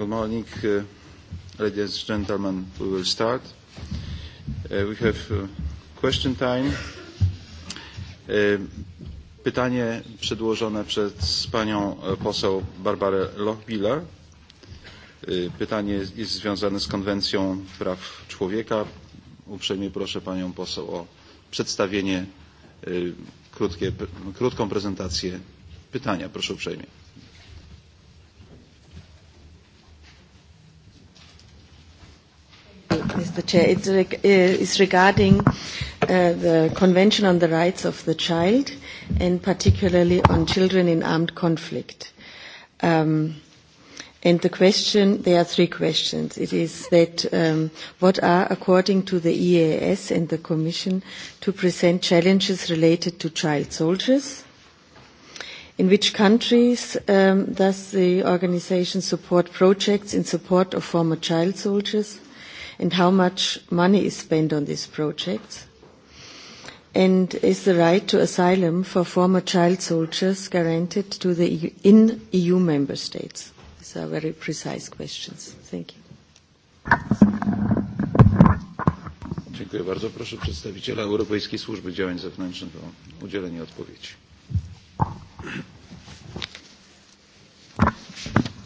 Good morning, uh, ladies and gentlemen. We will start. Uh, we have uh, question time. Uh, pytanie przedłożone przez panią e, poseł Barbarę Lochbiller. E, pytanie jest związane z Konwencją Praw Człowieka. Uprzejmie proszę panią poseł o przedstawienie, e, krótkie, krótką prezentację pytania. Proszę uprzejmie. Mr. Chair. It reg- uh, is regarding uh, the Convention on the Rights of the Child and particularly on children in armed conflict. Um, and the question, there are three questions. It is that um, what are, according to the EAS and the Commission, to present challenges related to child soldiers? In which countries um, does the organization support projects in support of former child soldiers? and how much money is spent on these projects? And is the right to asylum for former child soldiers guaranteed to the EU, in EU member states? These are very precise questions. Thank you. Dziękuję bardzo. Proszę przedstawiciela Europejskiej Służby Działań Zewnętrznych o udzielenie odpowiedzi.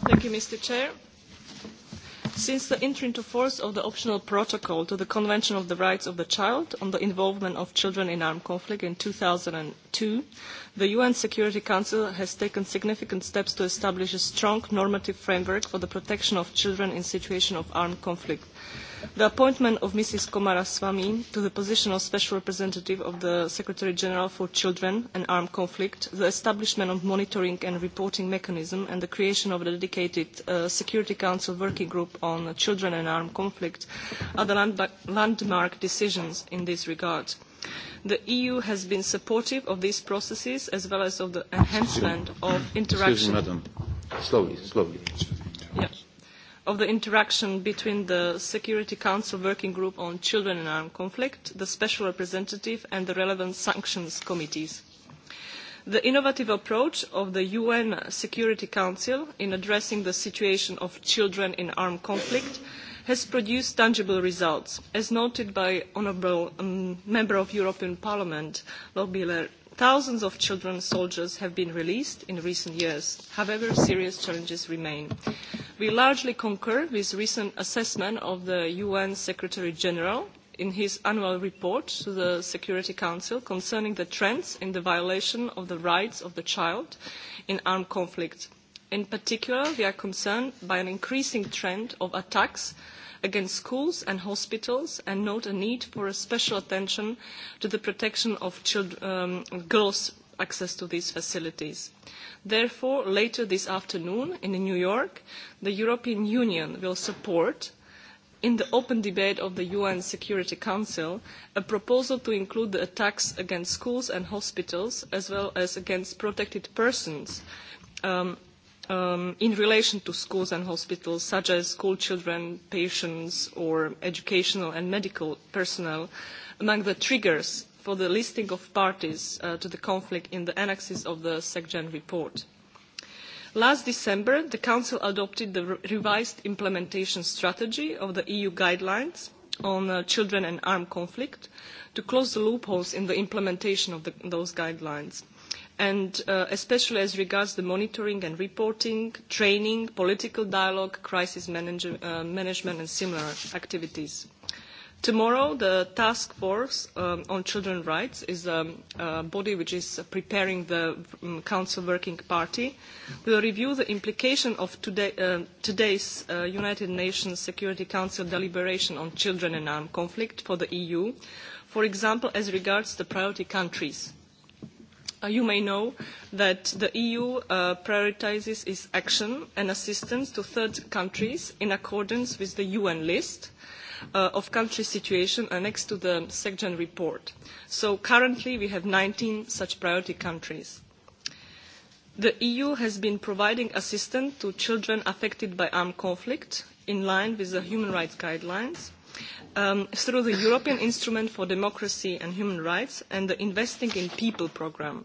Thank you, Mr. Chair. Since the entry into force of the optional protocol to the Convention of the Rights of the Child on the involvement of children in armed conflict in 2002, the UN Security Council has taken significant steps to establish a strong normative framework for the protection of children in situation of armed conflict. Uh, The appointment of Mrs. Komaraswamy to the position of Special Representative of the Secretary General for Children and Armed Conflict, the establishment of monitoring and reporting mechanism, and the creation of a dedicated uh, Security Council working group on children and armed conflict are the land landmark decisions in this regard. The EU has been supportive of these processes as well as of the enhancement of interaction. Excuse me, madam. Slowly, slowly. Yeah of the interaction between the Security Council Working Group on Children in Armed Conflict, the Special Representative and the relevant sanctions committees. The innovative approach of the UN Security Council in addressing the situation of children in armed conflict has produced tangible results, as noted by Honourable um, Member of European Parliament, Lochbihler Thousands of children soldiers have been released in recent years. However, serious challenges remain. We largely concur with recent assessment of the UN Secretary General in his annual report to the Security Council concerning the trends in the violation of the rights of the child in armed conflict. In particular, we are concerned by an increasing trend of attacks against schools and hospitals and note a need for a special attention to the protection of child, um, girls' access to these facilities. Therefore, later this afternoon in New York, the European Union will support in the open debate of the UN Security Council, a proposal to include the attacks against schools and hospitals, as well as against protected persons, um, um, in relation to schools and hospitals, such as school children, patients, or educational and medical personnel, among the triggers for the listing of parties uh, to the conflict in the annexes of the SecGen report. Last December, the Council adopted the re revised implementation strategy of the EU guidelines on uh, children and armed conflict to close the loopholes in the implementation of the, those guidelines and uh, especially as regards the monitoring and reporting, training, political dialogue, crisis manage uh, management, and similar activities. Tomorrow, the task force um, on children's rights is a, um, a body which is preparing the um, council working party. We'll review the implication of today, uh, today's uh, United Nations Security Council deliberation on children and armed conflict for the EU, for example, as regards the priority countries. Uh, Uh, you may know that the EU uh, prioritizes its action and assistance to third countries in accordance with the UN list uh, of country situation annexed to the SECGEN report. So currently we have 19 such priority countries. The EU has been providing assistance to children affected by armed conflict in line with the human rights guidelines um, through the European Instrument for Democracy and Human Rights and the Investing in People programme.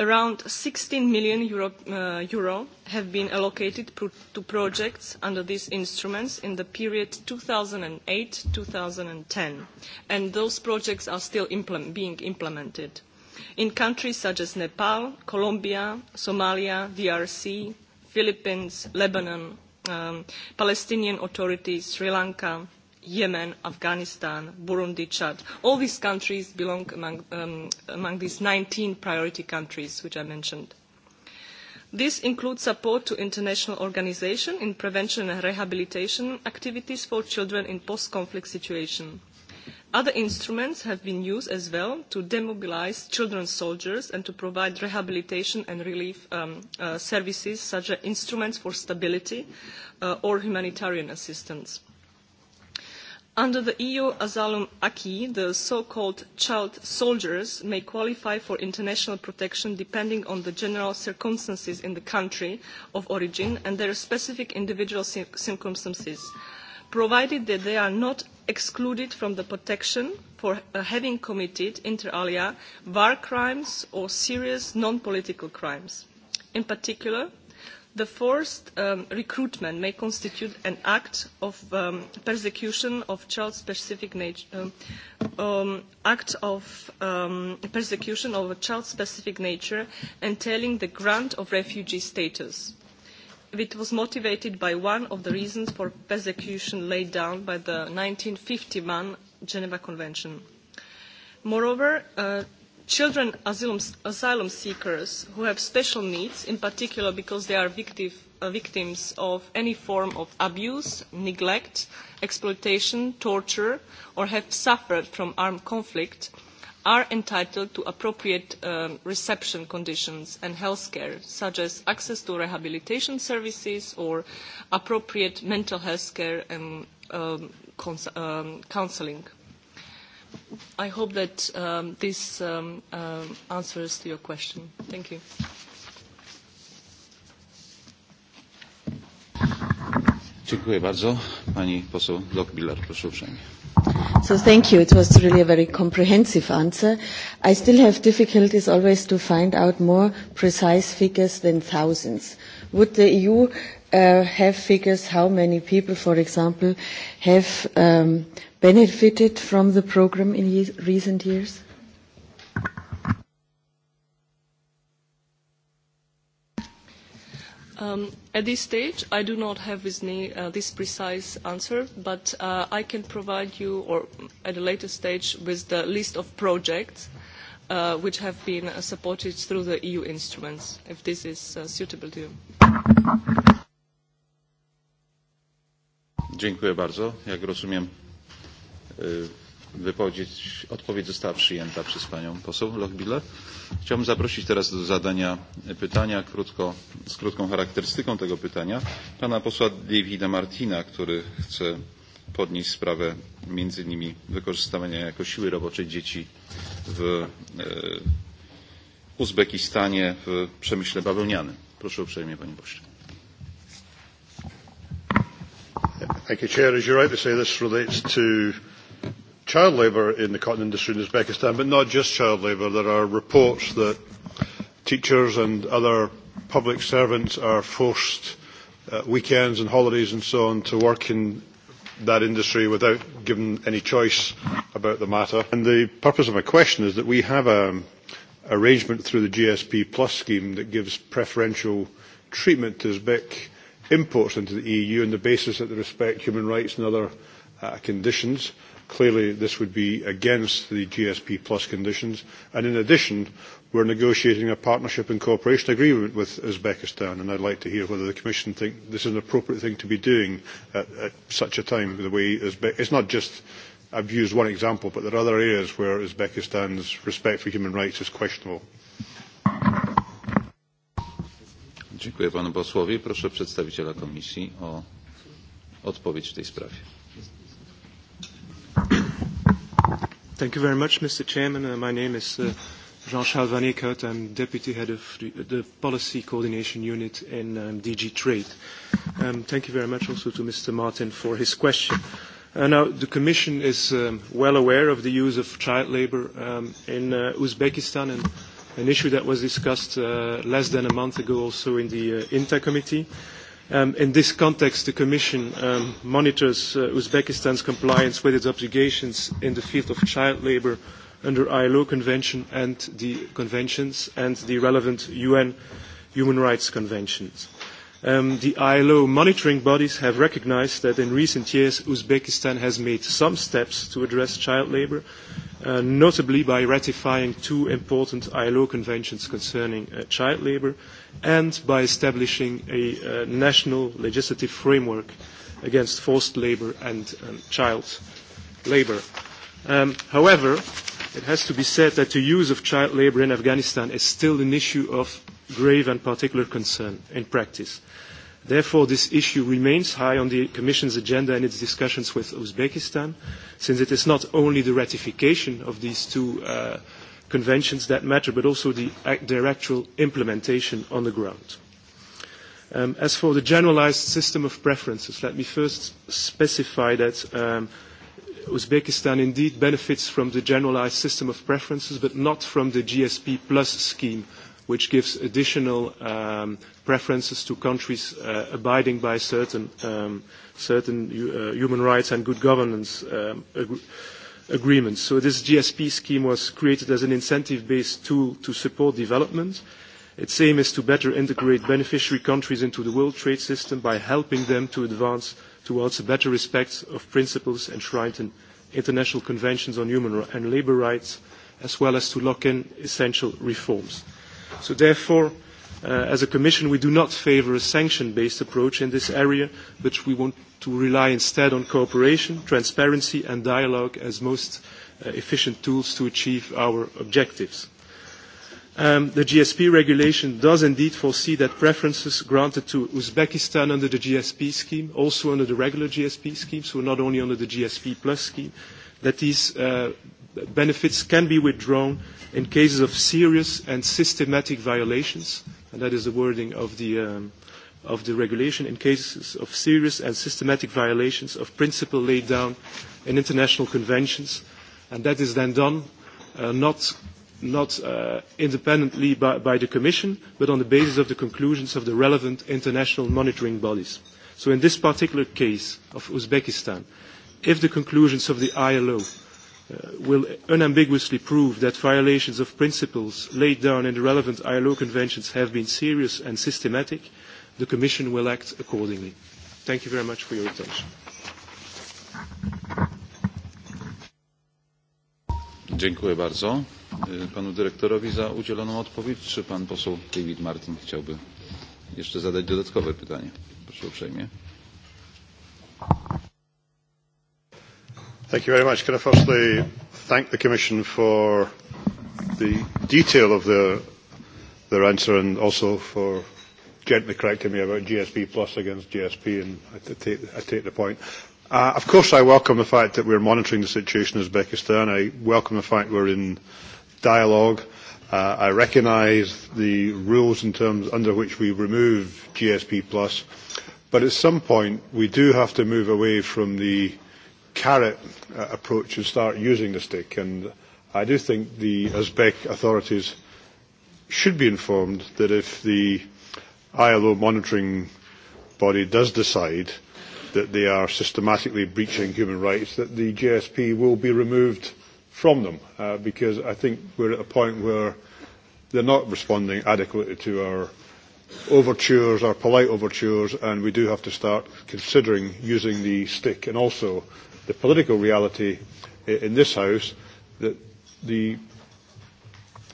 Around 16 million euro, uh, euro have been allocated pro to projects under these instruments in the period 2008-2010, and those projects are still implement, being implemented. In countries such as Nepal, Colombia, Somalia, DRC, Philippines, Lebanon, um, Palestinian Authority, Sri Lanka, Yemen, Afghanistan, Burundi, Chad. All these countries belong among, um, among these 19 priority countries which I mentioned. This includes support to international organizations in prevention and rehabilitation activities for children in post-conflict situations. Other instruments have been used as well to demobilize children soldiers and to provide rehabilitation and relief um, uh, services such as instruments for stability uh, or humanitarian assistance. Under the EU asylum acquis, the so-called child soldiers may qualify for international protection depending on the general circumstances in the country of origin and their specific individual circumstances, provided that they are not excluded from the protection for uh, having committed, inter alia, war crimes or serious non-political crimes. In particular, the forced um, recruitment may constitute an act of um, persecution of child-specific nature, um, um, act of um, persecution of a child-specific nature entailing the grant of refugee status. It was motivated by one of the reasons for persecution laid down by the 1951 Geneva Convention. Moreover, uh, Children asylum, asylum seekers who have special needs, in particular because they are victim, uh, victims of any form of abuse, neglect, exploitation, torture, or have suffered from armed conflict, are entitled to appropriate um, reception conditions and health care, such as access to rehabilitation services or appropriate mental health care and um, cons- um, counseling. I hope that um, this um, um, answers to your question. Thank you. Dziękuję bardzo. Pani poseł Lockbiller, proszę uprzejmie. So thank you. It was really a very comprehensive answer. I still have difficulties always to find out more precise figures than thousands would the EU uh, have figures how many people, for example, have um, benefited from the program in ye- recent years? Um, at this stage, I do not have this, na- uh, this precise answer, but uh, I can provide you, or at a later stage, with the list of projects uh, which have been uh, supported through the EU instruments, if this is uh, suitable to you. Dziękuję bardzo. Jak rozumiem, wypowiedź, odpowiedź została przyjęta przez panią poseł Lochbiller. Chciałbym zaprosić teraz do zadania pytania krótko, z krótką charakterystyką tego pytania pana posła Davida Martina, który chce podnieść sprawę między innymi wykorzystywania jako siły roboczej dzieci w e, Uzbekistanie w przemyśle bawełnianym. Proszę uprzejmie, panie pośle. Thank you, Chair. As you rightly say, this relates to child labour in the cotton industry in Uzbekistan, but not just child labour. There are reports that teachers and other public servants are forced uh, weekends and holidays and so on to work in that industry without giving any choice about the matter. And the purpose of my question is that we have an um, arrangement through the GSP Plus scheme that gives preferential treatment to Uzbek imports into the EU on the basis that they respect human rights and other uh, conditions. Clearly, this would be against the GSP Plus conditions. And in addition, we are negotiating a partnership and cooperation agreement with Uzbekistan, and I'd like to hear whether the Commission think this is an appropriate thing to be doing at, at such a time. The way Uzbe- it's not just I've used one example, but there are other areas where Uzbekistan's respect for human rights is questionable. Dziękuję panu posłowi. Proszę przedstawiciela komisji o odpowiedź w tej sprawie. Thank you very much, Mr. Chairman. Uh, my name is uh, Jean-Charles Van Eekhout. I'm Deputy Head of the Policy Coordination Unit in um, DG Trade. Um, thank you very much also to Mr. Martin for his question. Uh, now, the Commission is um, well aware of the use of child labor um, in uh, Uzbekistan, and an issue that was discussed uh, less than a month ago also in the uh, INTA Committee. Um, in this context, the Commission um, monitors uh, Uzbekistan's compliance with its obligations in the field of child labor under ILO convention and the conventions and the relevant UN human rights conventions. Um, the ILO monitoring bodies have recognized that in recent years Uzbekistan has made some steps to address child labor, uh, notably by ratifying two important ILO conventions concerning uh, child labor and by establishing a uh, national legislative framework against forced labor and um, child labor. Um, however, it has to be said that the use of child labor in Afghanistan is still an issue of grave and particular concern in practice. Therefore, this issue remains high on the Commission's agenda in its discussions with Uzbekistan, since it is not only the ratification of these two uh, conventions that matter, but also the, their actual implementation on the ground. Um, as for the generalized system of preferences, let me first specify that um, Uzbekistan indeed benefits from the generalized system of preferences, but not from the GSP plus scheme, which gives additional um, preferences to countries uh, abiding by certain, um, certain uh, human rights and good governance um, ag- agreements. So this GSP scheme was created as an incentive-based tool to support development. Its aim is to better integrate beneficiary countries into the world trade system by helping them to advance – towards a better respect of principles enshrined in international conventions on human and labour rights, as well as to lock in essential reforms. So therefore, uh, as a Commission, we do not favour a sanction-based approach in this area, but we want to rely instead on cooperation, transparency and dialogue as most uh, efficient tools to achieve our objectives. Um, the GSP regulation does indeed foresee that preferences granted to Uzbekistan under the GSP scheme, also under the regular GSP scheme, so not only under the GSP plus scheme, that these uh, benefits can be withdrawn in cases of serious and systematic violations, and that is the wording of the, um, of the regulation, in cases of serious and systematic violations of principle laid down in international conventions. And that is then done uh, not not uh, independently by, by the Commission, but on the basis of the conclusions of the relevant international monitoring bodies. So in this particular case of Uzbekistan, if the conclusions of the ILO uh, will unambiguously prove that violations of principles laid down in the relevant ILO conventions have been serious and systematic, the Commission will act accordingly. Thank you very much for your attention. Dziękuję bardzo panu dyrektorowi za udzieloną odpowiedź. Czy pan poseł David Martin chciałby jeszcze zadać dodatkowe pytanie? Proszę uprzejmie. Thank you very much. Can I firstly thank the Commission for the detail of their, their answer and also for gently correcting me about GSP plus against GSP, and I take, I take the point. Uh, of course, I welcome the fact that we're monitoring the situation in Uzbekistan. I welcome the fact we're in dialogue. Uh, I recognise the rules in terms under which we remove GSP plus, but at some point we do have to move away from the carrot uh, approach and start using the stick. And I do think the Uzbek authorities should be informed that if the ILO monitoring body does decide that they are systematically breaching human rights, that the GSP will be removed from them uh, because I think we're at a point where they're not responding adequately to our overtures, our polite overtures, and we do have to start considering using the stick and also the political reality in this House that the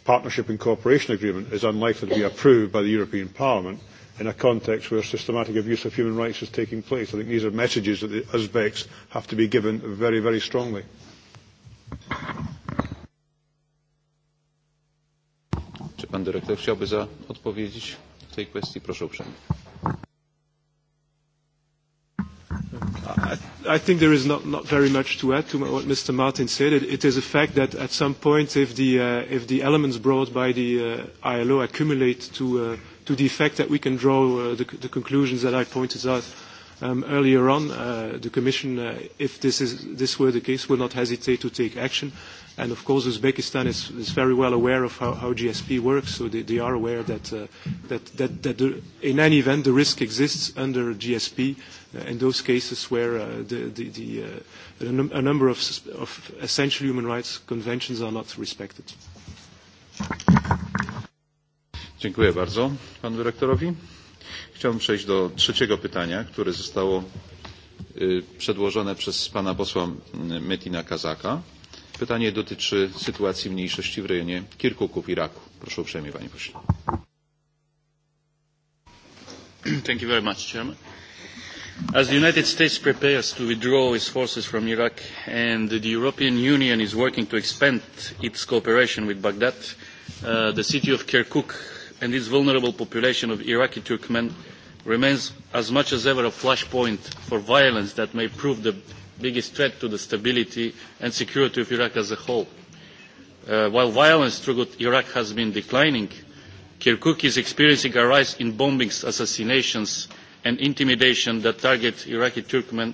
partnership and cooperation agreement is unlikely to be approved by the European Parliament in a context where systematic abuse of human rights is taking place. I think these are messages that the Uzbeks e have to be given very, very strongly. Pan dyrektor chciałby za odpowiedzieć w tej kwestii. Proszę uprzejmie. I, I think there is not, not very much to add to what Mr. Martin said. It, it is a fact that at some point, if the, uh, if the elements brought by the uh, ILO accumulate to, uh, to the effect that we can draw uh, the, the conclusions that I pointed out um, earlier on, uh, the Commission, uh, if this, is, this were the case, would not hesitate to take action. And of course, Uzbekistan is, is very well aware of how, how GSP works, so they, they are aware that, uh, that, that, that the, in any event, the risk exists under GSP uh, in those cases where uh, the, the, the, uh, a, num a number of, of essential human rights conventions are not respected. Dziękuję bardzo panu dyrektorowi. Chciałbym przejść do trzeciego pytania, które zostało przedłożone przez pana posła Metina Kazaka. Pytanie dotyczy sytuacji mniejszości w rejonie Kirkuku w Iraku. Proszę uprzejmie, panie pośle. Thank you very much, Chairman. As the United States prepares to withdraw its forces from Iraq and the European Union is working to expand its cooperation with Baghdad, uh, the city of Kirkuk and this vulnerable population of Iraqi Turkmen remains as much as ever a flashpoint for violence that may prove the biggest threat to the stability and security of Iraq as a whole. Uh, while violence throughout Iraq has been declining, Kirkuk is experiencing a rise in bombings, assassinations, and intimidation that target Iraqi Turkmen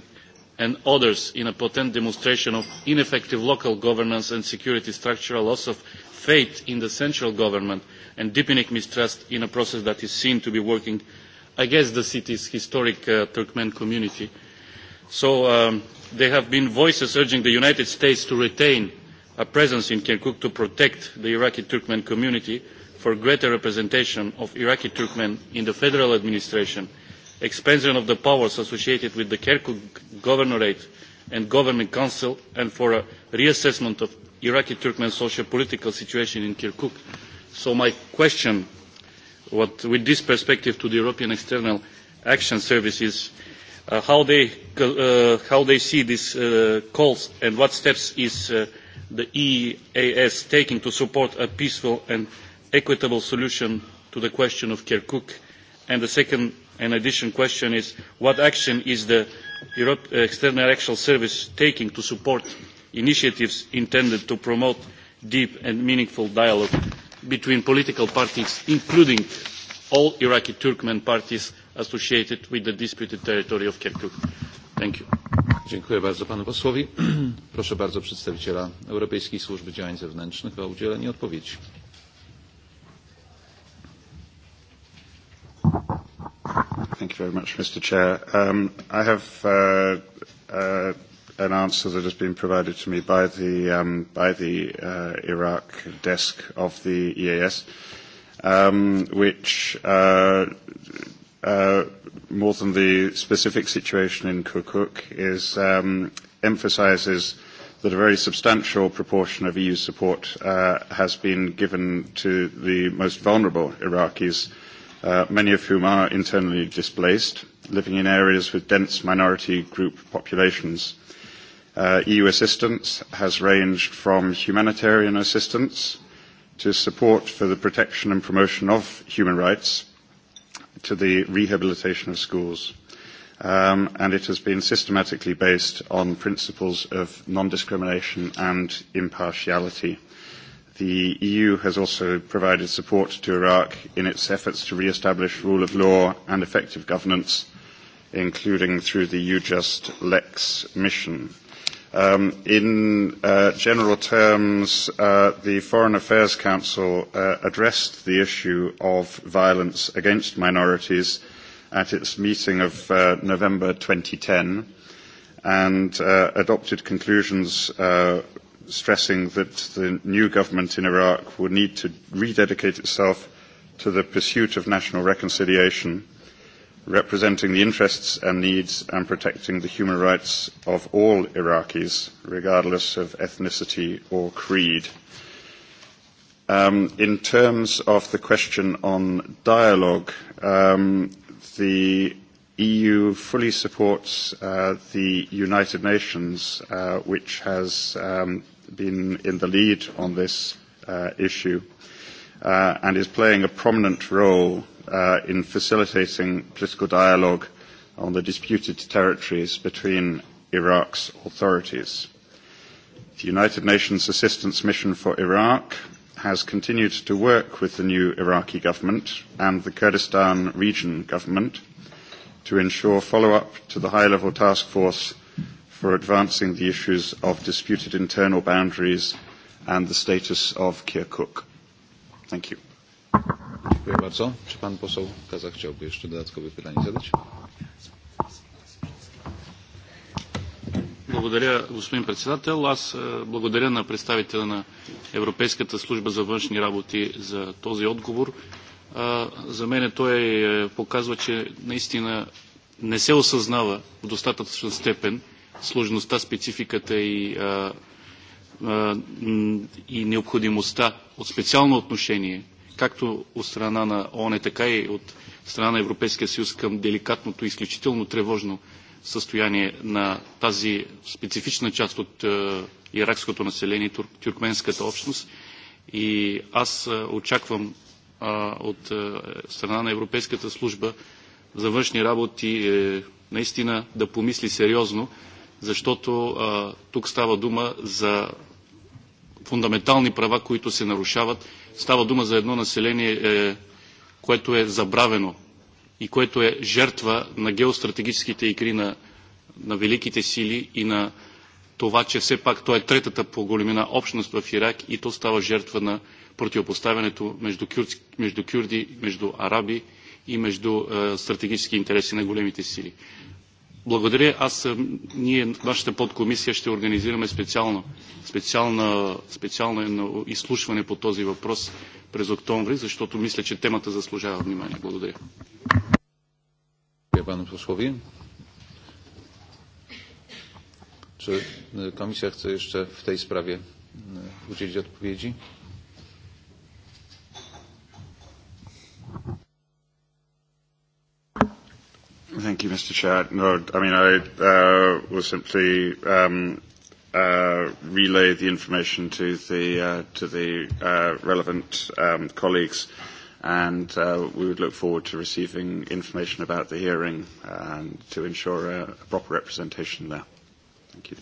and others in a potent demonstration of ineffective local governance and security structure, a loss of faith in the central government and deepening mistrust in a process that is seen to be working against the city's historic uh, Turkmen community. So um, there have been voices urging the United States to retain a presence in Kirkuk to protect the Iraqi Turkmen community for greater representation of Iraqi Turkmen in the federal administration, expansion of the powers associated with the Kirkuk governorate and governing council, and for a reassessment of Iraqi Turkmen socio-political situation in Kirkuk. So my question, what, with this perspective to the European External Action Service is uh, how, they, uh, how they see these uh, calls and what steps is uh, the EAS taking to support a peaceful and equitable solution to the question of Kirkuk? And the second and additional question is what action is the Europe uh, External Action Service taking to support initiatives intended to promote deep and meaningful dialogue between political parties, including all Iraqi Turkmen parties associated with the disputed territory of Kirkuk. Thank you. Dziękuję bardzo panu posłowi. Proszę bardzo przedstawiciela Europejskiej Służby Działań Zewnętrznych o udzielenie odpowiedzi. Thank you very much, Mr. Chair. Um, I have uh, uh, an answer that has been provided to me by the, um, by the uh, Iraq desk of the EAS, um, which uh, uh, more than the specific situation in Kirkuk is um, emphasizes that a very substantial proportion of EU support uh, has been given to the most vulnerable Iraqis, uh, many of whom are internally displaced, living in areas with dense minority group populations. Uh, EU assistance has ranged from humanitarian assistance to support for the protection and promotion of human rights to the rehabilitation of schools. Um, and it has been systematically based on principles of non-discrimination and impartiality. The EU has also provided support to Iraq in its efforts to re-establish rule of law and effective governance, including through the UJust Lex mission. Um, in uh, general terms, uh, the Foreign Affairs Council uh, addressed the issue of violence against minorities at its meeting of uh, November 2010 and uh, adopted conclusions uh, stressing that the new government in Iraq would need to rededicate itself to the pursuit of national reconciliation uh, representing the interests and needs and protecting the human rights of all Iraqis, regardless of ethnicity or creed. Um, in terms of the question on dialogue, um, the EU fully supports uh, the United Nations, uh, which has um, been in the lead on this uh, issue uh, and is playing a prominent role uh, in facilitating political dialogue on the disputed territories between Iraq's authorities. The United Nations Assistance Mission for Iraq has continued to work with the new Iraqi government and the Kurdistan region government to ensure follow-up to the high-level task force for advancing the issues of disputed internal boundaries and the status of Kirkuk. Thank you. Dziękuję bardzo. Czy pan poseł Kaza chciałby jeszcze dodatkowe pytanie zadać? Благодаря, господин председател. Аз благодаря на представителя на Европейската служба за външни работи за този отговор. За мен той показва, че наистина не се осъзнава в достатъчна степен сложността, спецификата и, и необходимостта от специално отношение както от страна на ООН, така и от страна на Европейския съюз към деликатното, изключително тревожно състояние на тази специфична част от е, иракското население, тюр, тюркменската общност. И аз е, очаквам е, от е, страна на Европейската служба за външни работи е, наистина да помисли сериозно, защото а, тук става дума за фундаментални права, които се нарушават Става дума за едно население, е, което е забравено и което е жертва на геостратегическите игри на, на великите сили и на това, че все пак той е третата по големина общност в Ирак и то става жертва на противопоставянето между, кюр, между кюрди, между араби и между е, стратегически интереси на големите сили. Благодаря. Аз, ние, нашата подкомисия ще организираме специално, специална, специално изслушване по този въпрос през октомври, защото мисля, че темата заслужава внимание. Благодаря. Благодаря Czy e, komisja chce jeszcze w tej sprawie e, udzielić odpowiedzi? Thank you, Mr. Chair. No, I mean, I uh, will simply um, uh, relay the information to the, uh, to the uh, relevant um, colleagues, and uh, we would look forward to receiving information about the hearing and to ensure a, a proper representation there. Thank you.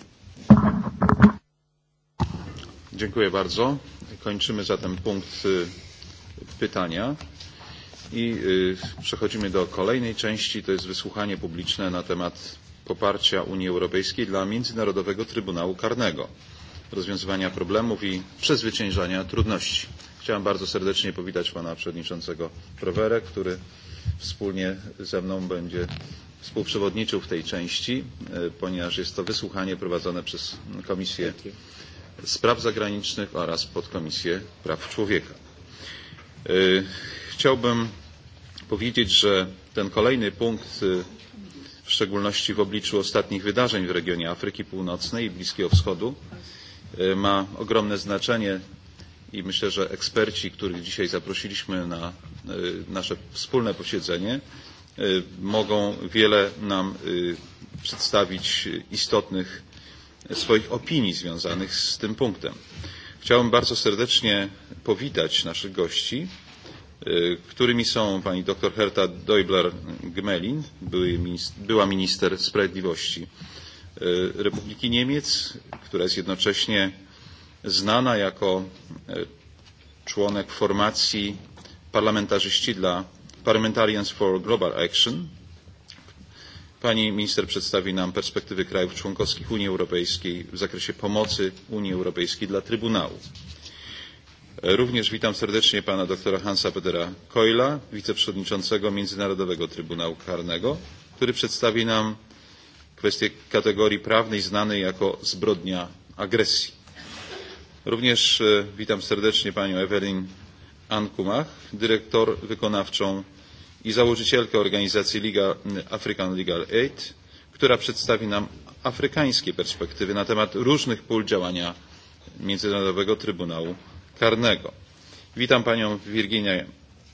Dziękuję bardzo. Kończymy zatem punkt pytania. I y, przechodzimy do kolejnej części, to jest wysłuchanie publiczne na temat poparcia Unii Europejskiej dla Międzynarodowego Trybunału Karnego, rozwiązywania problemów i przezwyciężania trudności. Chciałem bardzo serdecznie powitać pana przewodniczącego Prowerę, który wspólnie ze mną będzie współprzewodniczył w tej części, y, e, ponieważ jest to wysłuchanie prowadzone przez Komisję Spraw Zagranicznych oraz Podkomisję Praw Człowieka. Y, e, Chciałbym powiedzieć, że ten kolejny punkt, w szczególności w obliczu ostatnich wydarzeń w regionie Afryki Północnej i Bliskiego Wschodu, ma ogromne znaczenie i myślę, że eksperci, których dzisiaj zaprosiliśmy na nasze wspólne posiedzenie, mogą wiele nam przedstawić istotnych swoich opinii związanych z tym punktem. Chciałbym bardzo serdecznie powitać naszych gości E, którymi są pani dr Herta Deubler-Gmelin, była minister sprawiedliwości e, Republiki Niemiec, która jest jednocześnie znana jako e, członek formacji parlamentarzyści dla Parliamentarians for Global Action. Pani minister przedstawi nam perspektywy krajów członkowskich Unii Europejskiej w zakresie pomocy Unii Europejskiej dla Trybunału. E, również witam serdecznie pana doktora Hansa Petera Koila, wiceprzewodniczącego Międzynarodowego Trybunału Karnego, który przedstawi nam kwestię kategorii prawnej znanej jako zbrodnia agresji. Również e, witam serdecznie panią Ewelin Ankumach, dyrektor wykonawczą i założycielkę organizacji Liga, e, African Legal Aid, która przedstawi nam afrykańskie perspektywy na temat różnych pól działania Międzynarodowego Trybunału karnego. Witam panią Virginię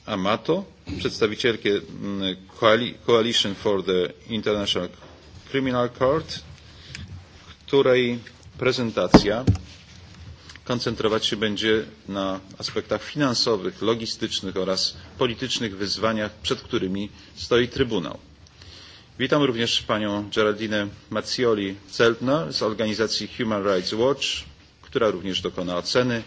Amato, przedstawicielkę mm, Coalition for the International Criminal Court, której prezentacja koncentrować się będzie na aspektach finansowych, logistycznych oraz politycznych wyzwaniach, przed którymi stoi Trybunał. Witam również panią Geraldine Mazzioli-Zeltner z organizacji Human Rights Watch, która również dokona oceny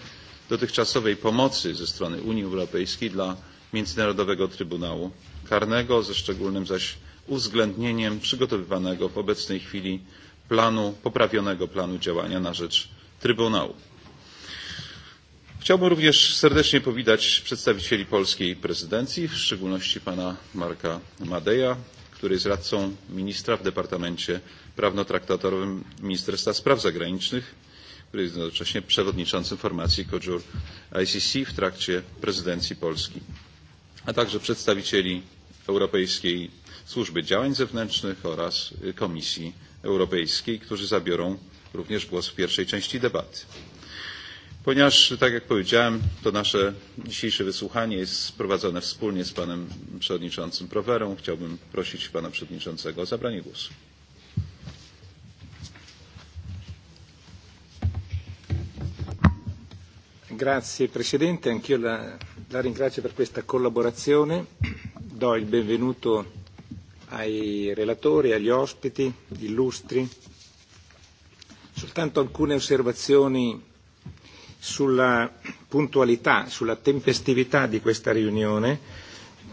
dotychczasowej pomocy ze strony Unii Europejskiej dla Międzynarodowego Trybunału Karnego, ze szczególnym zaś uwzględnieniem przygotowywanego w obecnej chwili planu, poprawionego planu działania na rzecz Trybunału. Chciałbym również serdecznie powitać przedstawicieli polskiej prezydencji, w szczególności pana Marka Madeja, który jest radcą ministra w Departamencie Prawno-Traktatowym Ministerstwa Spraw Zagranicznych który jest jednocześnie przewodniczącym formacji COJUR ICC w trakcie prezydencji Polski, a także przedstawicieli Europejskiej Służby Działań Zewnętrznych oraz Komisji Europejskiej, którzy zabiorą również głos w pierwszej części debaty. Ponieważ, tak jak powiedziałem, to nasze dzisiejsze wysłuchanie jest prowadzone wspólnie z panem przewodniczącym Prowerą, chciałbym prosić pana przewodniczącego o zabranie głosu. Grazie Presidente, anch'io la, la ringrazio per questa collaborazione. Do il benvenuto ai relatori, agli ospiti illustri. Soltanto alcune osservazioni sulla puntualità, sulla tempestività di questa riunione,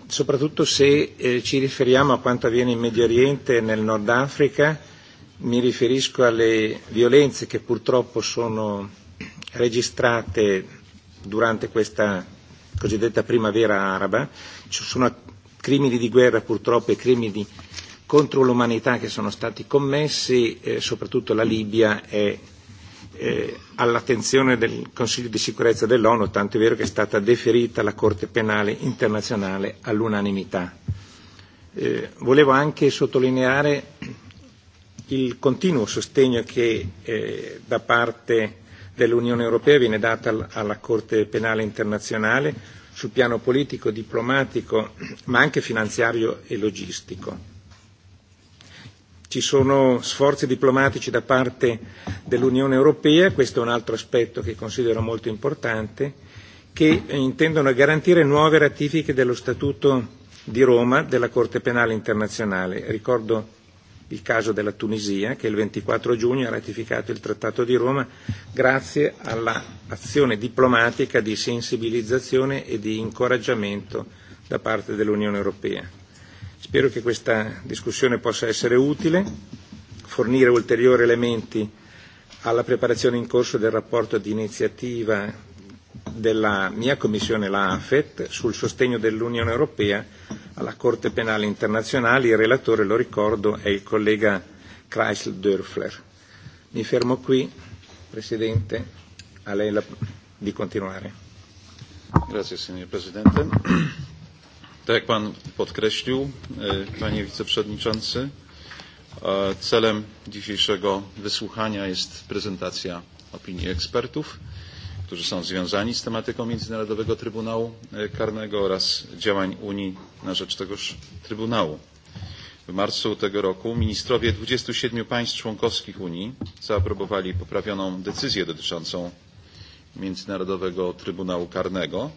soprattutto se eh, ci riferiamo a quanto avviene in Medio Oriente e nel Nord Africa, mi riferisco alle violenze che purtroppo sono registrate durante questa cosiddetta primavera araba. Ci sono crimini di guerra purtroppo e crimini contro l'umanità che sono stati commessi, eh, soprattutto la Libia è eh, all'attenzione del Consiglio di sicurezza dell'ONU, tanto è vero che è stata deferita la Corte penale internazionale all'unanimità. Eh, volevo anche sottolineare il continuo sostegno che eh, da parte dell'Unione Europea viene data alla Corte Penale Internazionale sul piano politico, diplomatico, ma anche finanziario e logistico. Ci sono sforzi diplomatici da parte dell'Unione Europea, questo è un altro aspetto che considero molto importante, che intendono garantire nuove ratifiche dello Statuto di Roma della Corte Penale Internazionale. Ricordo il caso della Tunisia, che il 24 giugno ha ratificato il Trattato di Roma grazie all'azione diplomatica di sensibilizzazione e di incoraggiamento da parte dell'Unione Europea. Spero che questa discussione possa essere utile, fornire ulteriori elementi alla preparazione in corso del rapporto di iniziativa della mia Commissione, la AFET, sul sostegno dell'Unione Europea alla Corte Penale Internazionale. Il relatore, lo ricordo, è il collega Kreisel Dörfler. Mi fermo qui, Presidente, a lei la, di continuare. Grazie, signor Presidente. Tak jak Pan podkreślił, e, Panie Wiceprzewodniczący, e, celem dzisiejszego wysłuchania jest prezentacja opinii ekspertów którzy są związani z tematyką Międzynarodowego Trybunału e, Karnego oraz działań Unii na rzecz tegoż Trybunału. W marcu tego roku ministrowie 27 państw członkowskich Unii zaaprobowali poprawioną decyzję dotyczącą Międzynarodowego Trybunału Karnego,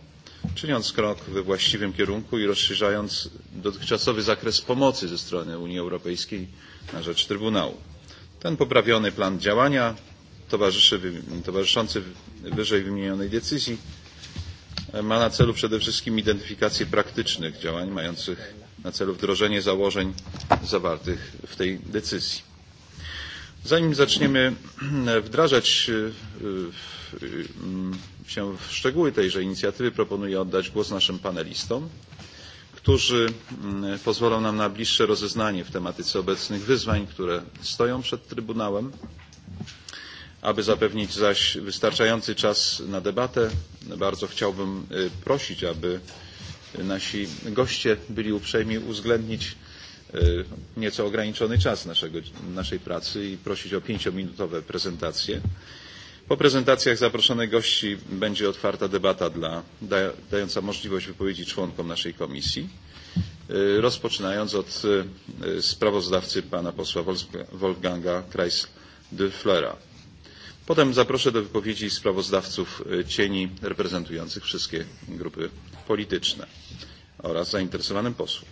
czyniąc krok we właściwym kierunku i rozszerzając dotychczasowy zakres pomocy ze strony Unii Europejskiej na rzecz Trybunału. Ten poprawiony plan działania towarzyszy, towarzyszący wyżej wymienionej decyzji e, ma na celu przede wszystkim identyfikację praktycznych działań mających na celu wdrożenie założeń zawartych w tej decyzji. Zanim zaczniemy e, wdrażać e, się w szczegóły tejże inicjatywy, proponuję oddać głos naszym panelistom, którzy mm, pozwolą nam na bliższe rozeznanie w tematyce obecnych wyzwań, które stoją przed Trybunałem Aby zapewnić zaś wystarczający czas na debatę, bardzo chciałbym prosić, aby nasi goście byli uprzejmi uwzględnić nieco ograniczony czas naszego, naszej pracy i prosić o pięciominutowe prezentacje. Po prezentacjach zaproszonych gości będzie otwarta debata dla, da, dająca możliwość wypowiedzi członkom naszej komisji, rozpoczynając od sprawozdawcy pana posła Wolfganga Kreis-Dülflera. Potem zaproszę do wypowiedzi sprawozdawców e, cieni reprezentujących wszystkie grupy polityczne oraz zainteresowanych posłów.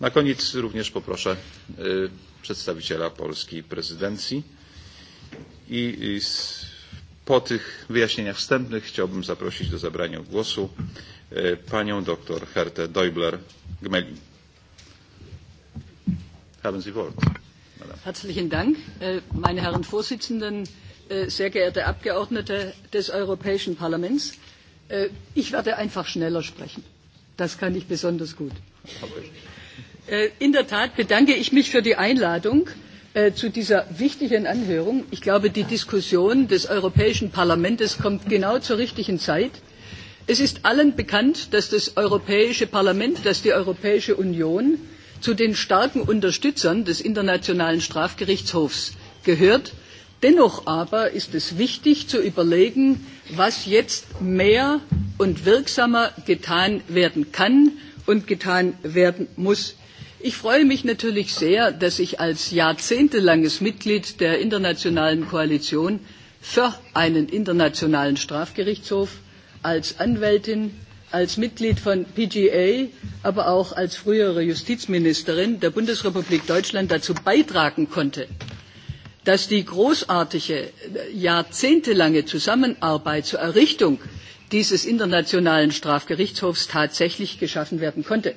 Na koniec również poproszę y, e, przedstawiciela polskiej prezydencji i y, s, po tych wyjaśnieniach wstępnych chciałbym zaprosić do zabrania głosu y, e, panią dr Hertę Deubler-Gmelin. Haben Sie Wort. Madame. Herzlichen Dank, äh, meine Herren Vorsitzenden, Äh, sehr geehrte Abgeordnete des Europäischen Parlaments. Äh, ich werde einfach schneller sprechen. Das kann ich besonders gut. Äh, in der Tat bedanke ich mich für die Einladung zu dieser wichtigen Anhörung. Ich glaube, die Diskussion des Europäischen Parlaments kommt genau zur richtigen Zeit. Es ist allen bekannt, dass das Europäische Parlament, dass die Europäische Union zu den starken Unterstützern des Internationalen Strafgerichtshofs gehört Dennoch aber ist es wichtig zu überlegen, was jetzt mehr und wirksamer getan werden kann und getan werden muss. Ich freue mich natürlich sehr, dass ich als jahrzehntelanges Mitglied der internationalen Koalition für einen internationalen Strafgerichtshof als Anwältin, als Mitglied von PGA, aber auch als frühere Justizministerin der Bundesrepublik Deutschland dazu beitragen konnte, dass die großartige jahrzehntelange Zusammenarbeit zur Errichtung dieses internationalen Strafgerichtshofs tatsächlich geschaffen werden konnte.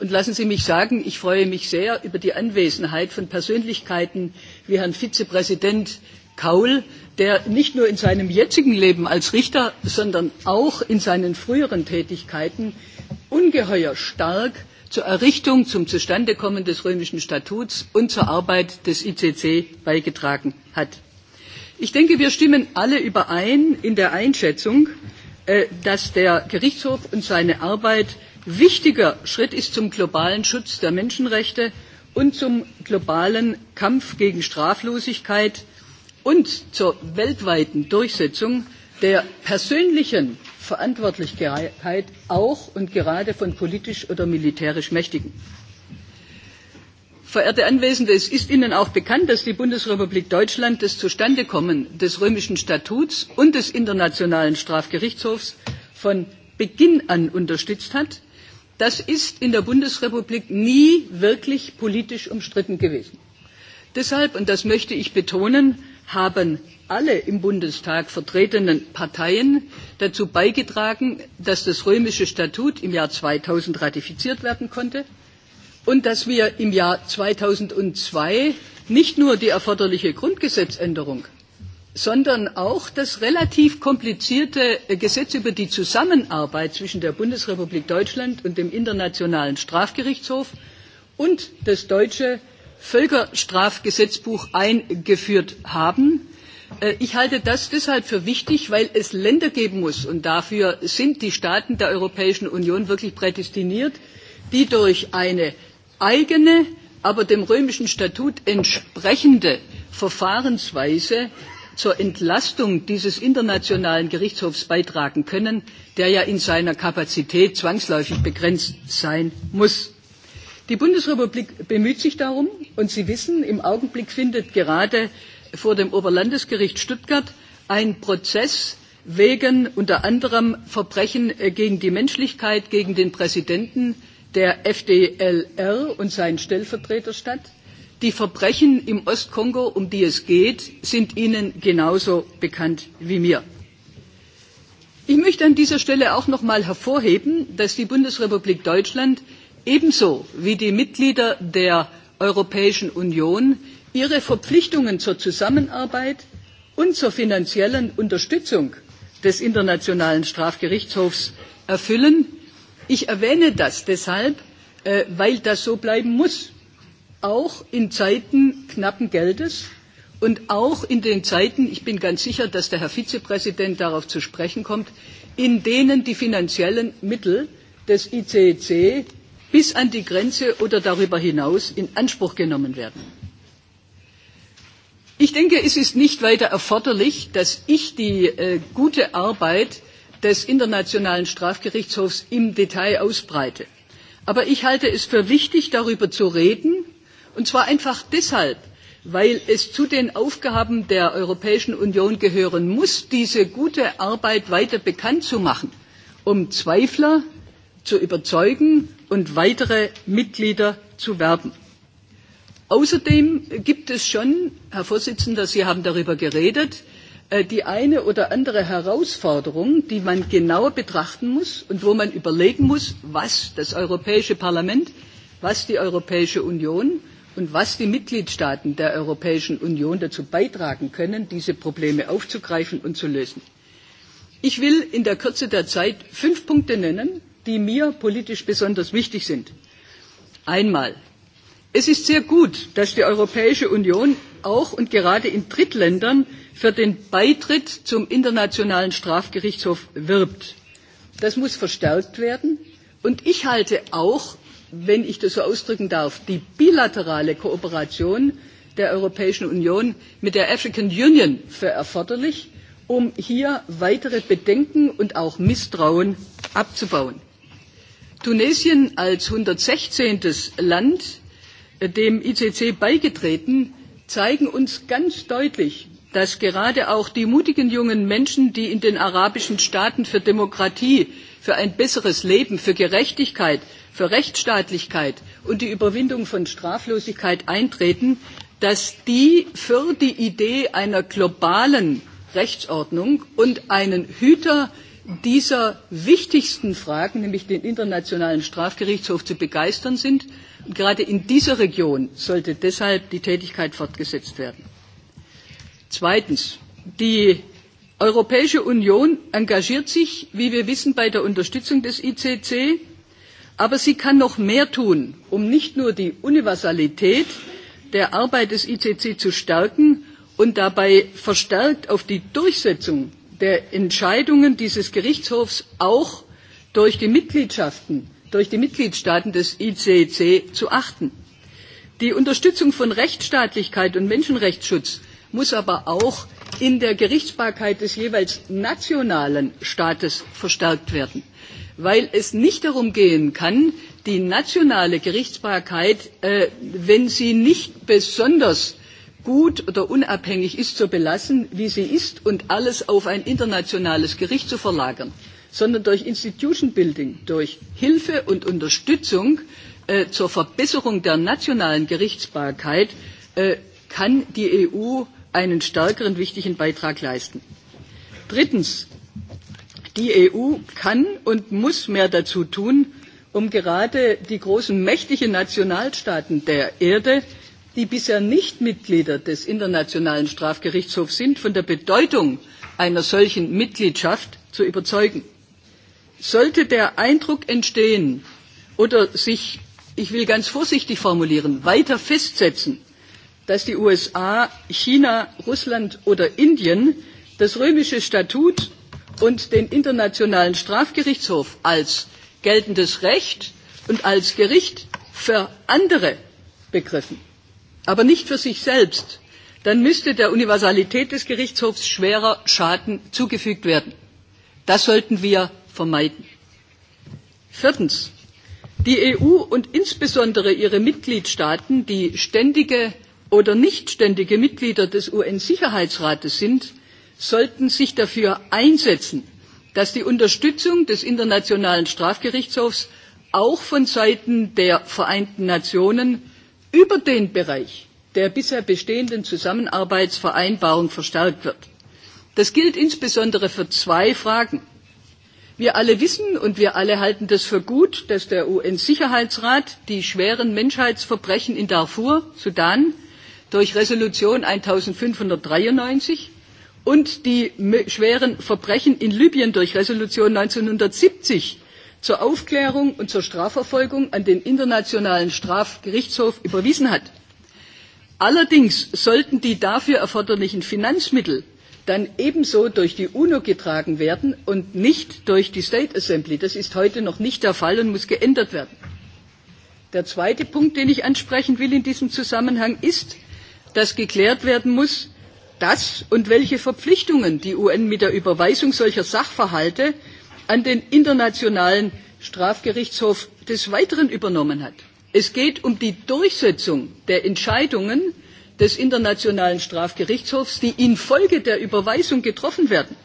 Und lassen Sie mich sagen, ich freue mich sehr über die Anwesenheit von Persönlichkeiten wie Herrn Vizepräsident Kaul, der nicht nur in seinem jetzigen Leben als Richter, sondern auch in seinen früheren Tätigkeiten ungeheuer stark zur Errichtung, zum Zustandekommen des römischen Statuts und zur Arbeit des ICC beigetragen hat. Ich denke, wir stimmen alle überein in der Einschätzung, äh, dass der Gerichtshof und seine Arbeit wichtiger Schritt ist zum globalen Schutz der Menschenrechte und zum globalen Kampf gegen Straflosigkeit und zur weltweiten Durchsetzung der persönlichen Verantwortlichkeit auch und gerade von politisch oder militärisch Mächtigen. Verehrte Anwesende, es ist Ihnen auch bekannt, dass die Bundesrepublik Deutschland das Zustandekommen des römischen Statuts und des Internationalen Strafgerichtshofs von Beginn an unterstützt hat. Das ist in der Bundesrepublik nie wirklich politisch umstritten gewesen. Deshalb, und das möchte ich betonen, haben alle im Bundestag vertretenen Parteien dazu beigetragen, dass das römische Statut im Jahr 2000 ratifiziert werden konnte und dass wir im Jahr 2002 nicht nur die erforderliche Grundgesetzänderung, sondern auch das relativ komplizierte Gesetz über die Zusammenarbeit zwischen der Bundesrepublik Deutschland und dem Internationalen Strafgerichtshof und das deutsche Völkerstrafgesetzbuch eingeführt haben. Äh, ich halte das deshalb für wichtig, weil es Länder geben muss, und dafür sind die Staaten der Europäischen Union wirklich prädestiniert, die durch eine eigene, aber dem römischen Statut entsprechende Verfahrensweise zur Entlastung dieses internationalen Gerichtshofs beitragen können, der ja in seiner Kapazität zwangsläufig begrenzt sein muss. Die Bundesrepublik bemüht sich darum, und Sie wissen, im Augenblick findet gerade vor dem Oberlandesgericht Stuttgart ein Prozess wegen unter anderem Verbrechen äh, gegen die Menschlichkeit gegen den Präsidenten der FDLR und seinen Stellvertreter statt. Die Verbrechen im Ostkongo, um die es geht, sind Ihnen genauso bekannt wie mir. Ich möchte an dieser Stelle auch noch mal hervorheben, dass die Bundesrepublik Deutschland ebenso wie die Mitglieder der Europäischen Union ihre Verpflichtungen zur Zusammenarbeit und zur finanziellen Unterstützung des Internationalen Strafgerichtshofs erfüllen. Ich erwähne das deshalb, äh, weil das so bleiben muss, auch in Zeiten knappen Geldes und auch in den Zeiten, ich bin ganz sicher, dass der Herr Vizepräsident darauf zu sprechen kommt, in denen die finanziellen Mittel des ICC e bis an die Grenze oder darüber hinaus in Anspruch genommen werden. Ich denke, es ist nicht weiter erforderlich, dass ich die äh, gute Arbeit des Internationalen Strafgerichtshofs im Detail ausbreite. Aber ich halte es für wichtig, darüber zu reden, und zwar einfach deshalb, weil es zu den Aufgaben der Europäischen Union gehören muss, diese gute Arbeit weiter bekannt zu machen, um Zweifler zu überzeugen und weitere Mitglieder zu werben. Außerdem gibt es schon, Herr Vorsitzender, Sie haben darüber geredet, äh, die eine oder andere Herausforderung, die man genauer betrachten muss und wo man überlegen muss, was das Europäische Parlament, was die Europäische Union und was die Mitgliedstaaten der Europäischen Union dazu beitragen können, diese Probleme aufzugreifen und zu lösen. Ich will in der Kürze der Zeit fünf Punkte nennen, die mir politisch besonders wichtig sind. Einmal Es ist sehr gut, dass die Europäische Union auch und gerade in Drittländern für den Beitritt zum Internationalen Strafgerichtshof wirbt. Das muss verstärkt werden. Und ich halte auch, wenn ich das so ausdrücken darf, die bilaterale Kooperation der Europäischen Union mit der African Union für erforderlich, um hier weitere Bedenken und auch Misstrauen abzubauen. Tunesien als 116. Land äh, dem ICC beigetreten, zeigen uns ganz deutlich, dass gerade auch die mutigen jungen Menschen, die in den arabischen Staaten für Demokratie, für ein besseres Leben, für Gerechtigkeit, für Rechtsstaatlichkeit und die Überwindung von Straflosigkeit eintreten, dass die für die Idee einer globalen Rechtsordnung und einen Hüter dieser wichtigsten Fragen, nämlich den Internationalen Strafgerichtshof, zu begeistern sind. Und gerade in dieser Region sollte deshalb die Tätigkeit fortgesetzt werden. Zweitens. Die Europäische Union engagiert sich, wie wir wissen, bei der Unterstützung des ICC, aber sie kann noch mehr tun, um nicht nur die Universalität der Arbeit des ICC zu stärken und dabei verstärkt auf die Durchsetzung der Entscheidungen dieses Gerichtshofs auch durch die Mitgliedschaften, durch die Mitgliedstaaten des ICC zu achten. Die Unterstützung von Rechtsstaatlichkeit und Menschenrechtsschutz muss aber auch in der Gerichtsbarkeit des jeweils nationalen Staates verstärkt werden, weil es nicht darum gehen kann, die nationale Gerichtsbarkeit, äh, wenn sie nicht besonders gut oder unabhängig ist, so belassen, wie sie ist, und alles auf ein internationales Gericht zu verlagern, sondern durch Institution Building, durch Hilfe und Unterstützung äh, zur Verbesserung der nationalen Gerichtsbarkeit äh, kann die EU einen stärkeren wichtigen Beitrag leisten. Drittens Die EU kann und muss mehr dazu tun, um gerade die großen mächtigen Nationalstaaten der Erde die bisher nicht Mitglieder des Internationalen Strafgerichtshofs sind, von der Bedeutung einer solchen Mitgliedschaft zu überzeugen. Sollte der Eindruck entstehen oder sich, ich will ganz vorsichtig formulieren, weiter festsetzen, dass die USA, China, Russland oder Indien das römische Statut und den Internationalen Strafgerichtshof als geltendes Recht und als Gericht für andere begriffen, aber nicht für sich selbst, dann müsste der Universalität des Gerichtshofs schwerer Schaden zugefügt werden. Das sollten wir vermeiden. Viertens. Die EU und insbesondere ihre Mitgliedstaaten, die ständige oder nicht ständige Mitglieder des UN-Sicherheitsrates sind, sollten sich dafür einsetzen, dass die Unterstützung des Internationalen Strafgerichtshofs auch von Seiten der Vereinten Nationen über den Bereich der bisher bestehenden Zusammenarbeitsvereinbarung verstärkt wird. Das gilt insbesondere für zwei Fragen. Wir alle wissen und wir alle halten das für gut, dass der UN-Sicherheitsrat die schweren Menschheitsverbrechen in Darfur, Sudan, durch Resolution 1593 und die schweren Verbrechen in Libyen durch Resolution 1970 zur Aufklärung und zur Strafverfolgung an den Internationalen Strafgerichtshof überwiesen hat. Allerdings sollten die dafür erforderlichen Finanzmittel dann ebenso durch die UNO getragen werden und nicht durch die State Assembly. Das ist heute noch nicht der Fall und muss geändert werden. Der zweite Punkt, den ich ansprechen will in diesem Zusammenhang, ist, dass geklärt werden muss, dass und welche Verpflichtungen die UN mit der Überweisung solcher Sachverhalte an den Internationalen Strafgerichtshof des Weiteren übernommen hat. Es geht um die Durchsetzung der Entscheidungen des Internationalen Strafgerichtshofs, die infolge der Überweisung getroffen werden.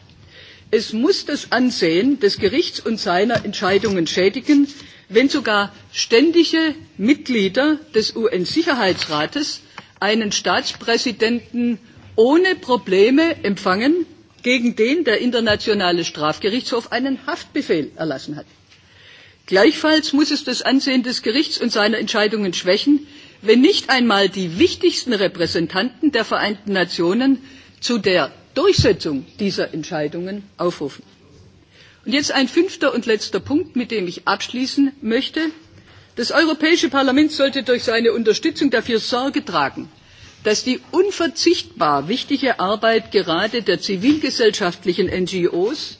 Es muss das Ansehen des Gerichts und seiner Entscheidungen schädigen, wenn sogar ständige Mitglieder des UN-Sicherheitsrates einen Staatspräsidenten ohne Probleme empfangen, gegen den der Internationale Strafgerichtshof einen Haftbefehl erlassen hat. Gleichfalls muss es das Ansehen des Gerichts und seiner Entscheidungen schwächen, wenn nicht einmal die wichtigsten Repräsentanten der Vereinten Nationen zu der Durchsetzung dieser Entscheidungen aufrufen. Und jetzt ein fünfter und letzter Punkt, mit dem ich abschließen möchte. Das Europäische Parlament sollte durch seine Unterstützung dafür Sorge tragen, dass die unverzichtbar wichtige Arbeit gerade der zivilgesellschaftlichen NGOs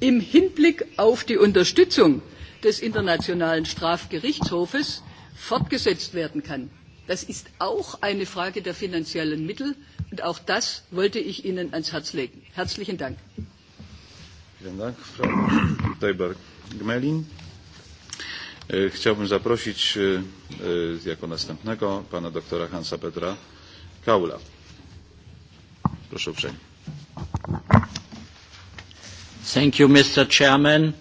im Hinblick auf die Unterstützung des Internationalen Strafgerichtshofes fortgesetzt werden kann. Das ist auch eine Frage der finanziellen Mittel und auch das wollte ich Ihnen ans Herz legen. Herzlichen Dank. Vielen Dank, Frau Deiberg-Gmelin. E, chciałbym zaprosić e, e, jako następnego pana doktora Hansa Petra Kaula. Proszę uprzejmie. Thank you, Mr. Chairman.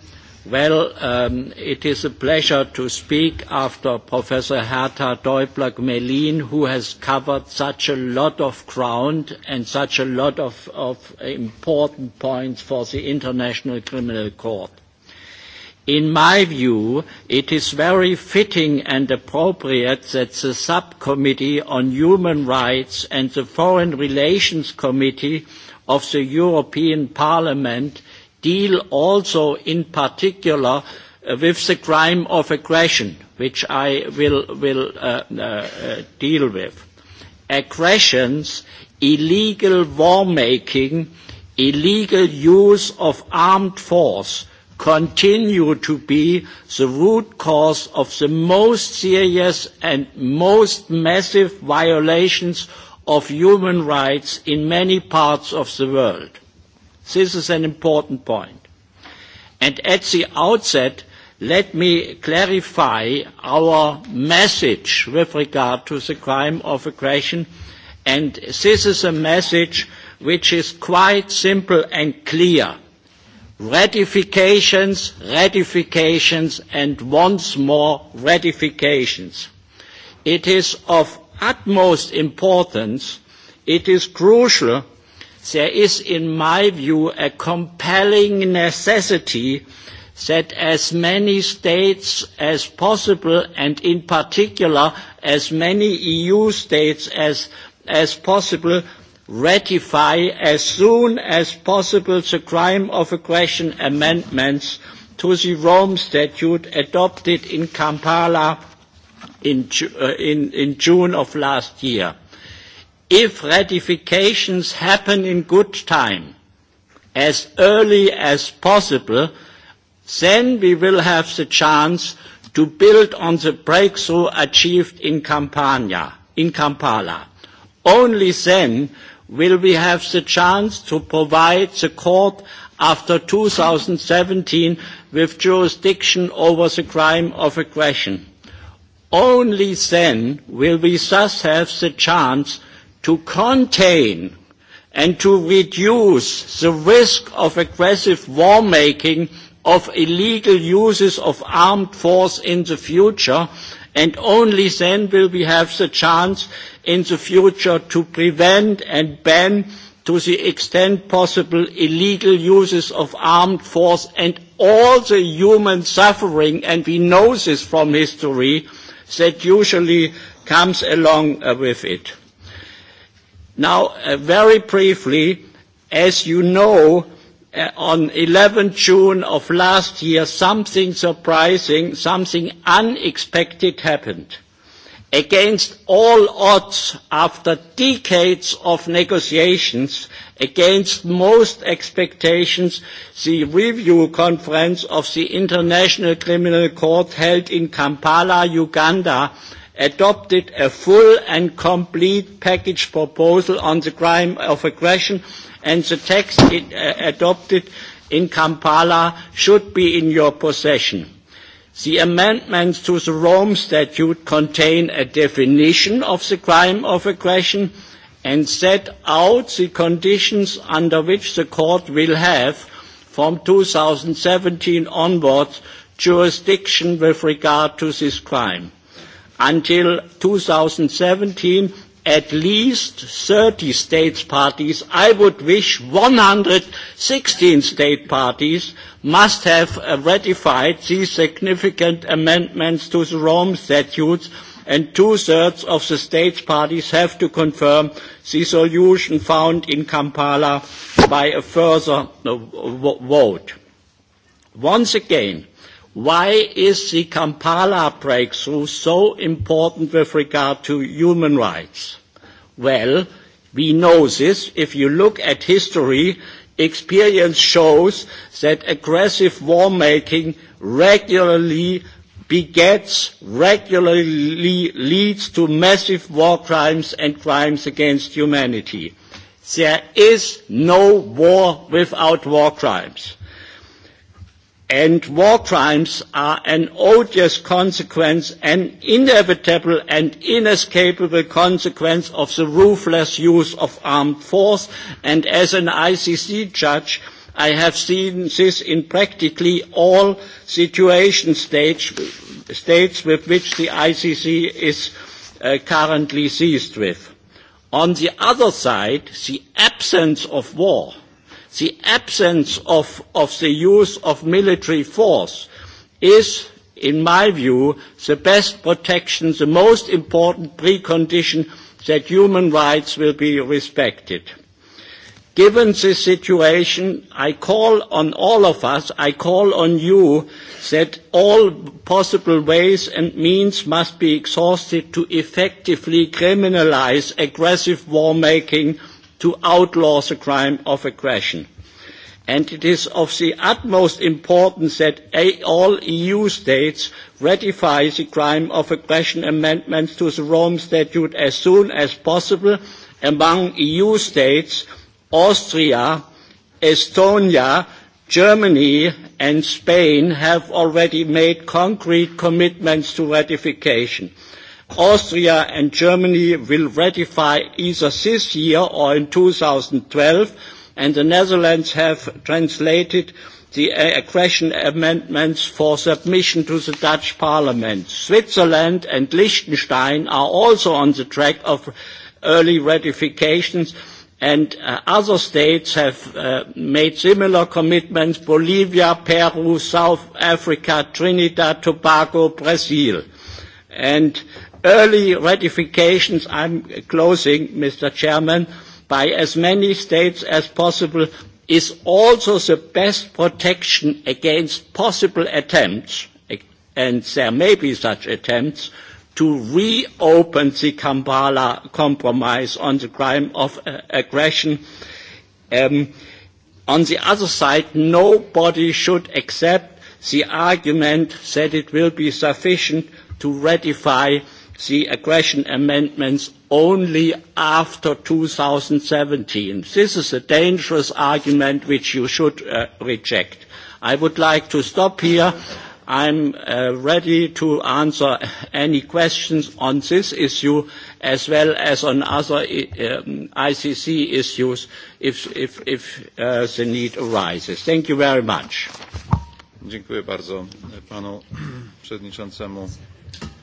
Well, um, it is a pleasure to speak after Professor Hertha Deublak-Melin, who has covered such a lot of ground and such a lot of, of important points for the International Criminal Court. Uh, In my view, it is very fitting and appropriate that the Subcommittee on Human Rights and the Foreign Relations Committee of the European Parliament deal also in particular uh, with the crime of aggression, which I will, will uh, uh, uh deal with. Aggressions, illegal war making, illegal use of armed force, continue to be the root cause of the most serious and most massive violations of human rights in many parts of the world. This is an important point. And at the outset, let me clarify our message with regard to the crime of aggression. And this is a message which is quite simple and clear ratifications, ratifications, and once more ratifications. It is of utmost importance, it is crucial, there is, in my view, a compelling necessity that as many states as possible, and in particular as many EU states as, as possible, ratify as soon as possible the crime of aggression amendments to the Rome Statute adopted in Kampala in, uh, in, in June of last year. If ratifications happen in good time, as early as possible, then we will have the chance to build on the breakthrough achieved in Campania, in Kampala. Only then will we have the chance to provide the court after 2017 with jurisdiction over the crime of aggression. Only then will we thus have the chance to contain and to reduce the risk of aggressive war making of illegal uses of armed force in the future and only then will we have the chance in the future to prevent and ban to the extent possible illegal uses of armed force and all the human suffering, and we know this from history, that usually comes along uh, with it. Now, uh, very briefly, as you know, uh, on 11 June of last year, something surprising, something unexpected happened. Against all odds, after decades of negotiations, against most expectations, the review conference of the International Criminal Court held in Kampala, Uganda, adopted a full and complete package proposal on the crime of aggression and the text it, uh, adopted in Kampala should be in your possession. The amendments to the Rome Statute contain a definition of the crime of aggression and set out the conditions under which the court will have, from 2017 onwards, jurisdiction with regard to this crime. Until 2017, at least 30 state parties, I would wish 116 state parties must have uh, ratified these significant amendments to the Rome statutes and two-thirds of the state parties have to confirm the solution found in Kampala by a further uh, vote. Once again, why is the Kampala breakthrough so important with regard to human rights? Well, we know this. If you look at history, experience shows that aggressive war making regularly begets, regularly leads to massive war crimes and crimes against humanity. There is no war without war crimes and war crimes are an odious consequence, an inevitable and inescapable consequence of the ruthless use of armed force. And as an ICC judge, I have seen this in practically all situation stage, states with which the ICC is uh, currently seized with. On the other side, the absence of war – the absence of, of the use of military force is, in my view, the best protection, the most important precondition that human rights will be respected. Given this situation, I call on all of us, I call on you that all possible ways and means must be exhausted to effectively criminalize aggressive war making to outlaw the crime of aggression. And it is of the utmost importance that all EU states ratify the crime of aggression amendments to the Rome Statute as soon as possible. Among EU states, Austria, Estonia, Germany and Spain have already made concrete commitments to ratification. Austria and Germany will ratify either this year or in 2012, and the Netherlands have translated the uh, accession amendments for submission to the Dutch Parliament. Switzerland and Liechtenstein are also on the track of early ratifications, and uh, other states have uh, made similar commitments, Bolivia, Peru, South Africa, Trinidad, Tobago, Brazil. And early ratifications, I'm closing, Mr. Chairman, by as many states as possible is also the best protection against possible attempts, and there may be such attempts, to reopen the Kampala compromise on the crime of uh, aggression. Um, on the other side, nobody should accept the argument that it will be sufficient to ratify uh, the aggression amendments only after 2017. This is a dangerous argument which you should uh, reject. I would like to stop here. I'm uh, ready to answer any questions on this issue as well as on other um, ICC issues if, if, if uh, the need arises. Thank you very much. Dziękuję bardzo panu przewodniczącemu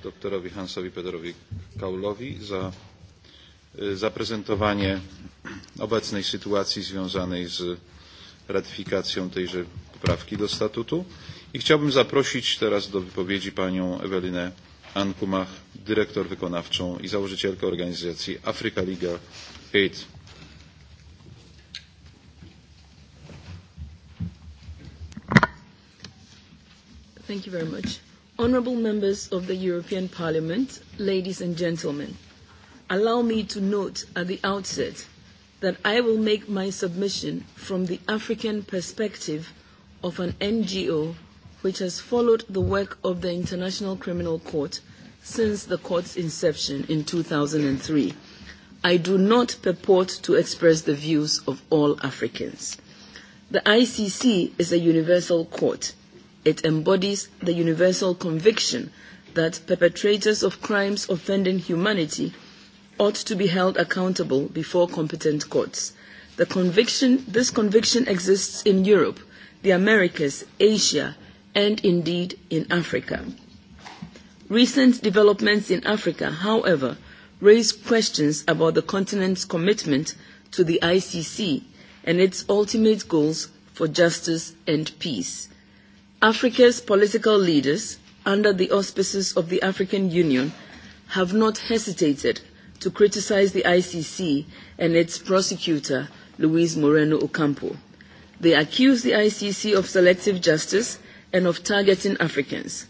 doktorowi Hansowi Pederowi Kaulowi za zaprezentowanie obecnej sytuacji związanej z ratyfikacją tejże poprawki do statutu. I chciałbym zaprosić teraz do wypowiedzi panią Ewelinę Ankumach, dyrektor wykonawczą i założycielkę organizacji Africa Legal Aid. Thank you very much. Honourable members of the European Parliament, ladies and gentlemen, allow me to note at the outset that I will make my submission from the African perspective of an NGO which has followed the work of the International Criminal Court since the court's inception in 2003. I do not purport to express the views of all Africans. The ICC is a universal court – It embodies the universal conviction that perpetrators of crimes offending humanity ought to be held accountable before competent courts. The conviction, this conviction exists in Europe, the Americas, Asia, and indeed in Africa. Recent developments in Africa, however, raise questions about the continent's commitment to the ICC and its ultimate goals for justice and peace. Africa's political leaders, under the auspices of the African Union, have not hesitated to criticize the ICC and its prosecutor, Luis Moreno Ocampo. They accuse the ICC of selective justice and of targeting Africans.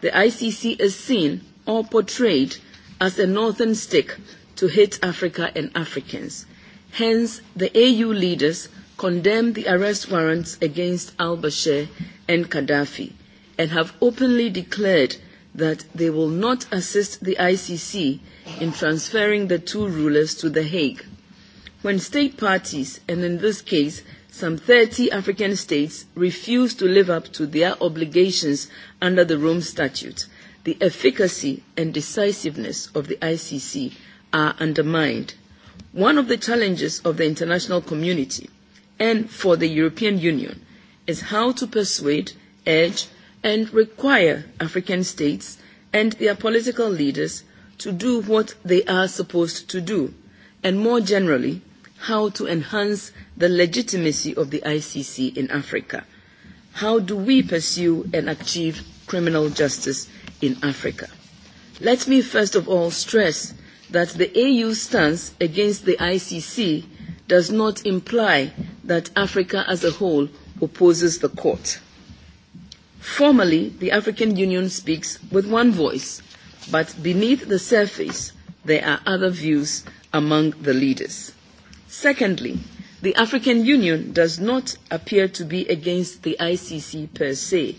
The ICC is seen or portrayed as a northern stick to hit Africa and Africans. Hence, the AU leaders condemned the arrest warrants against al-Bashir and Gaddafi and have openly declared that they will not assist the ICC in transferring the two rulers to The Hague. When state parties, and in this case, some 30 African states, refuse to live up to their obligations under the Rome Statute, the efficacy and decisiveness of the ICC are undermined. One of the challenges of the international community – and for the European Union is how to persuade, urge and require African states and their political leaders to do what they are supposed to do, and more generally, how to enhance the legitimacy of the ICC in Africa. How do we pursue and achieve criminal justice in Africa? Let me first of all stress that the AU's stance against the ICC does not imply that Africa as a whole opposes the court. Formally, the African Union speaks with one voice, but beneath the surface, there are other views among the leaders. Secondly, the African Union does not appear to be against the ICC per se.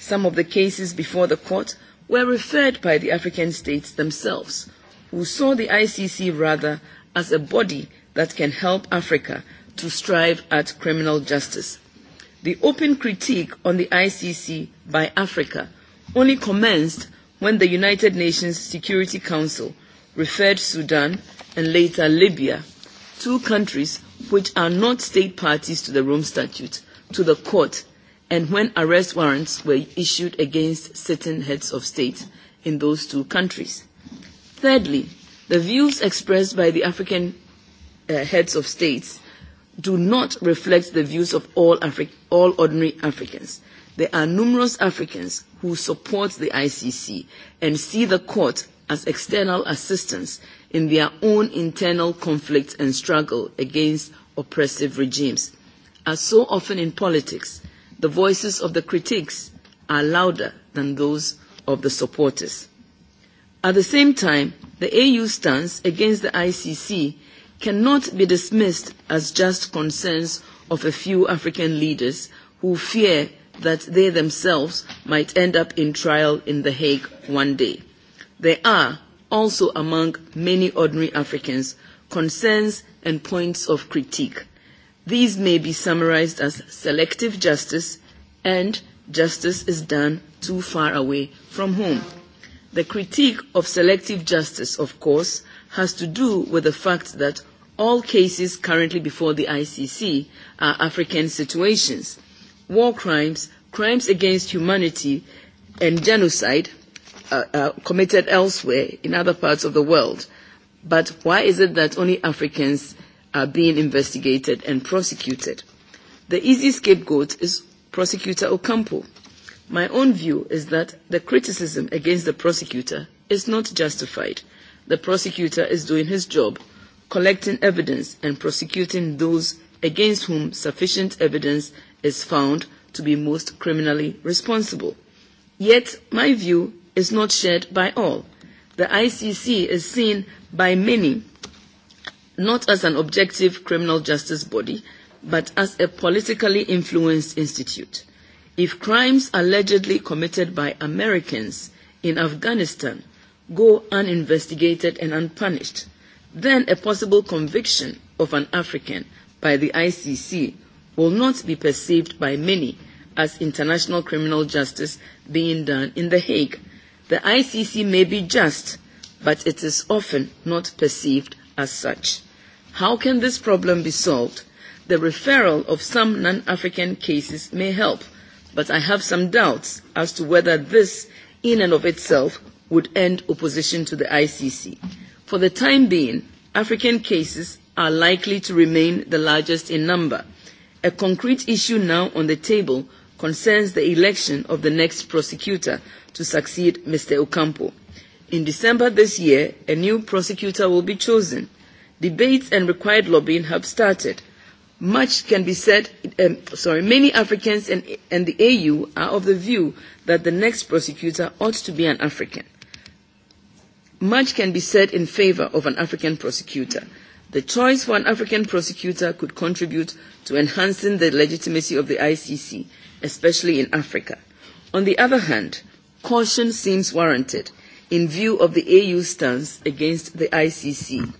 Some of the cases before the court were referred by the African states themselves, who saw the ICC rather as a body that can help Africa to strive at criminal justice. The open critique on the ICC by Africa only commenced when the United Nations Security Council referred Sudan and later Libya, two countries which are not state parties to the Rome Statute, to the court, and when arrest warrants were issued against certain heads of state in those two countries. Thirdly, the views expressed by the African uh, heads of states do not reflect the views of all, Afri- all ordinary Africans. There are numerous Africans who support the ICC and see the court as external assistance in their own internal conflict and struggle against oppressive regimes. As so often in politics, the voices of the critics are louder than those of the supporters. At the same time, the AU stance against the ICC cannot be dismissed as just concerns of a few African leaders who fear that they themselves might end up in trial in The Hague one day. There are also among many ordinary Africans concerns and points of critique. These may be summarized as selective justice and justice is done too far away from home. The critique of selective justice, of course, has to do with the fact that all cases currently before the ICC are African situations. War crimes, crimes against humanity, and genocide uh, uh, committed elsewhere in other parts of the world. But why is it that only Africans are being investigated and prosecuted? The easy scapegoat is Prosecutor Ocampo. My own view is that the criticism against the prosecutor is not justified the prosecutor is doing his job, collecting evidence and prosecuting those against whom sufficient evidence is found to be most criminally responsible. Yet, my view is not shared by all. The ICC is seen by many not as an objective criminal justice body, but as a politically influenced institute. If crimes allegedly committed by Americans in Afghanistan go uninvestigated and unpunished, then a possible conviction of an African by the ICC will not be perceived by many as international criminal justice being done in The Hague. The ICC may be just, but it is often not perceived as such. How can this problem be solved? The referral of some non-African cases may help, but I have some doubts as to whether this, in and of itself, would end opposition to the ICC. For the time being, African cases are likely to remain the largest in number. A concrete issue now on the table concerns the election of the next prosecutor to succeed Mr. Ocampo. In December this year, a new prosecutor will be chosen. Debates and required lobbying have started. Much can be said, um, sorry, many Africans and, and the AU are of the view that the next prosecutor ought to be an African much can be said in favor of an African prosecutor. The choice for an African prosecutor could contribute to enhancing the legitimacy of the ICC, especially in Africa. On the other hand, caution seems warranted in view of the AU stance against the ICC.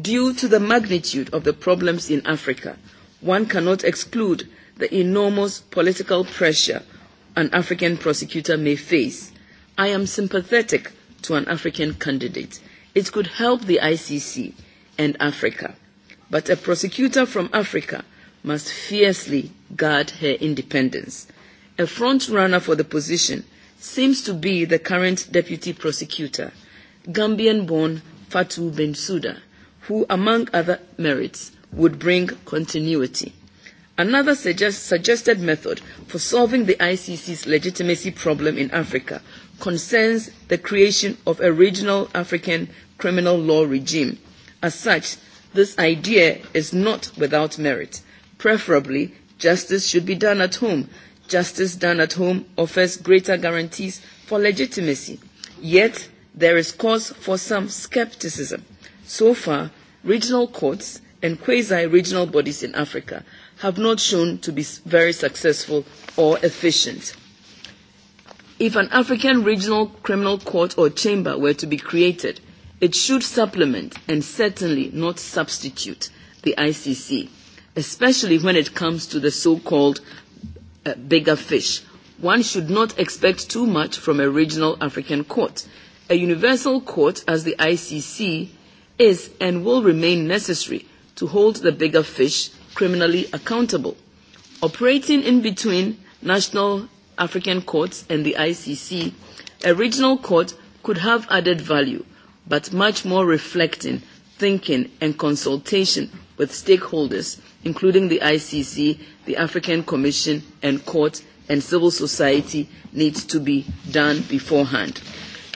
Due to the magnitude of the problems in Africa, one cannot exclude the enormous political pressure an African prosecutor may face. I am sympathetic to an African candidate. It could help the ICC and Africa. But a prosecutor from Africa must fiercely guard her independence. A front runner for the position seems to be the current deputy prosecutor, Gambian born Fatou Bensouda, who, among other merits, would bring continuity. Another suggest- suggested method for solving the ICC's legitimacy problem in Africa concerns the creation of a regional African criminal law regime. As such, this idea is not without merit. Preferably, justice should be done at home. Justice done at home offers greater guarantees for legitimacy. Yet, there is cause for some skepticism. So far, regional courts and quasi-regional bodies in Africa have not shown to be very successful or efficient. If an African regional criminal court or chamber were to be created, it should supplement and certainly not substitute the ICC, especially when it comes to the so-called uh, bigger fish. One should not expect too much from a regional African court. A universal court as the ICC is and will remain necessary to hold the bigger fish criminally accountable. Operating in between national African courts and the ICC, a regional court could have added value, but much more reflecting, thinking, and consultation with stakeholders, including the ICC, the African Commission, and court and civil society needs to be done beforehand.